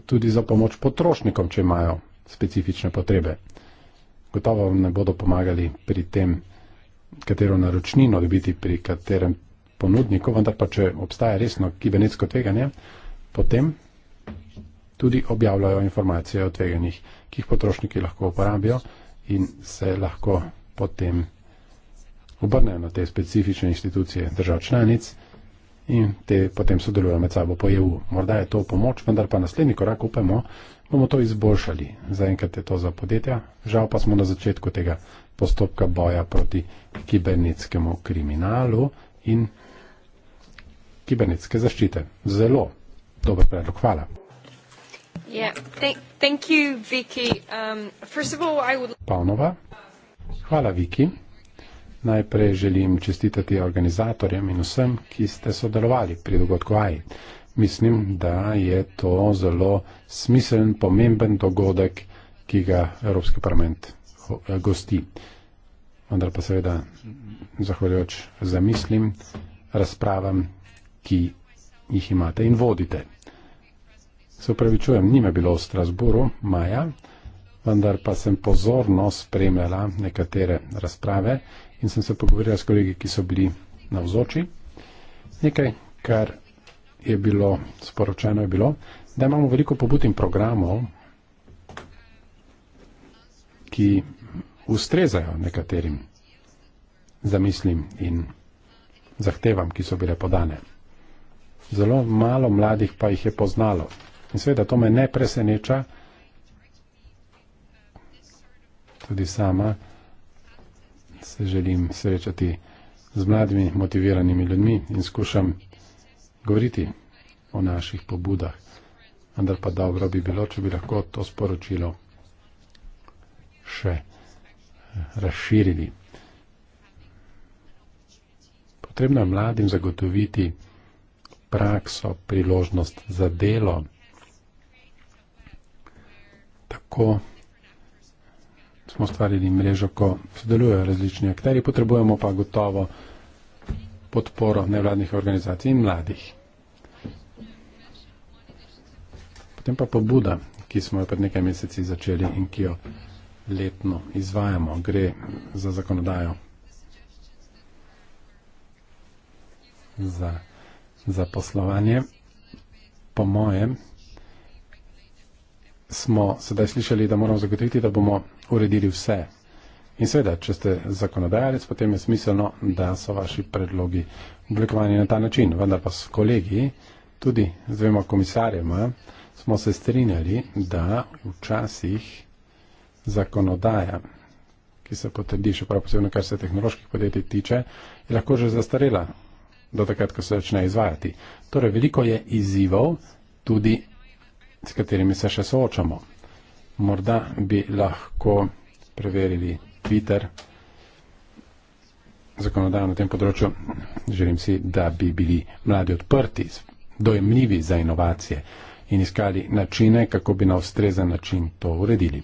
tudi za pomoč potrošnikom, če imajo specifične potrebe. Gotovo vam ne bodo pomagali pri tem, katero naročnino dobiti pri katerem ponudniku, vendar pa če obstaja resno kibernetsko tveganje, potem tudi objavljajo informacije o tveganjih, ki jih potrošniki lahko uporabijo in se lahko potem obrnejo na te specifične institucije držav članic in te potem sodelujejo med sabo po EU. Morda je to pomoč, vendar pa naslednji korak upemo, bomo to izboljšali. Zaenkrat je to za podjetja, žal pa smo na začetku tega postopka boja proti kibernetskemu kriminalu in kibernetske zaščite. Zelo dober predlog. Hvala. Yeah, thank, thank you, um, all, would... Pavnova. Hvala, Viki. Najprej želim čestitati organizatorjem in vsem, ki ste sodelovali pri dogodku AI. Mislim, da je to zelo smiseln, pomemben dogodek, ki ga Evropski parlament eh, gosti. Vendar pa seveda zahvaljujoč zamislim, razpravam, ki jih imate in vodite. Se upravičujem, nime bilo v Strasburu maja, vendar pa sem pozorno spremljala nekatere razprave in sem se pogovarjal s kolegi, ki so bili navzoči. Nekaj, kar je bilo sporočeno, je bilo, da imamo veliko pobud in programov, ki ustrezajo nekaterim zamislim in zahtevam, ki so bile podane. Zelo malo mladih pa jih je poznalo. In seveda to me ne preseneča, tudi sama, se želim srečati z mladimi, motiviranimi ljudmi in skušam govoriti o naših pobudah. Vendar pa dobro bi bilo, če bi lahko to sporočilo še eh, razširili. Potrebno je mladim zagotoviti prakso, priložnost za delo. Tako smo ustvarili mrežo, ko sodelujejo različni akteri, potrebujemo pa gotovo podporo nevladnih organizacij in mladih. Potem pa pobuda, ki smo jo pred nekaj meseci začeli in ki jo letno izvajamo, gre za zakonodajo. Za zaposlovanje. Po mojem smo sedaj slišali, da moramo zagotoviti, da bomo uredili vse. In seveda, če ste zakonodajalec, potem je smiselno, da so vaši predlogi oblikovani na ta način. Vendar pa s kolegi, tudi z dvema komisarjema, smo se strinjali, da včasih zakonodaja, ki se potrdi, še prav posebno, kar se tehnoloških podjetij tiče, je lahko že zastarela do takrat, ko se začne izvajati. Torej, veliko je izzivov, tudi s katerimi se še soočamo. Morda bi lahko preverili Twitter, zakonodajno na tem področju. Želim si, da bi bili mladi odprti, dojemljivi za inovacije in iskali načine, kako bi na ustrezen način to uredili.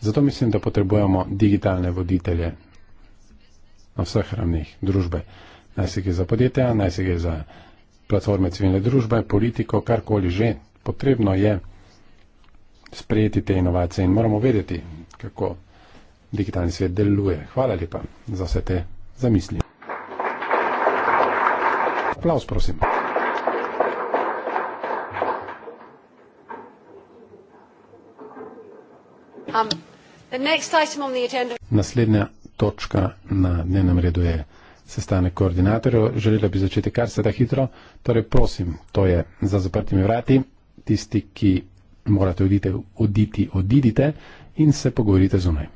Zato mislim, da potrebujemo digitalne voditelje na vseh ravnih družbe. Naj se gre za podjetja, naj se gre za platforme civilne družbe, politiko, karkoli že. Potrebno je sprejeti te inovacije in moramo vedeti, kako digitalni svet deluje. Hvala lepa za vse te zamisli. Aplaus, prosim. Um, Naslednja točka na dnevnem redu je sestanek koordinatorjev. Želela bi začeti kar se da hitro. Torej, prosim, to je za zaprtimi vrati. Tisti, ki morate odite, oditi, odidite in se pogovorite zunaj.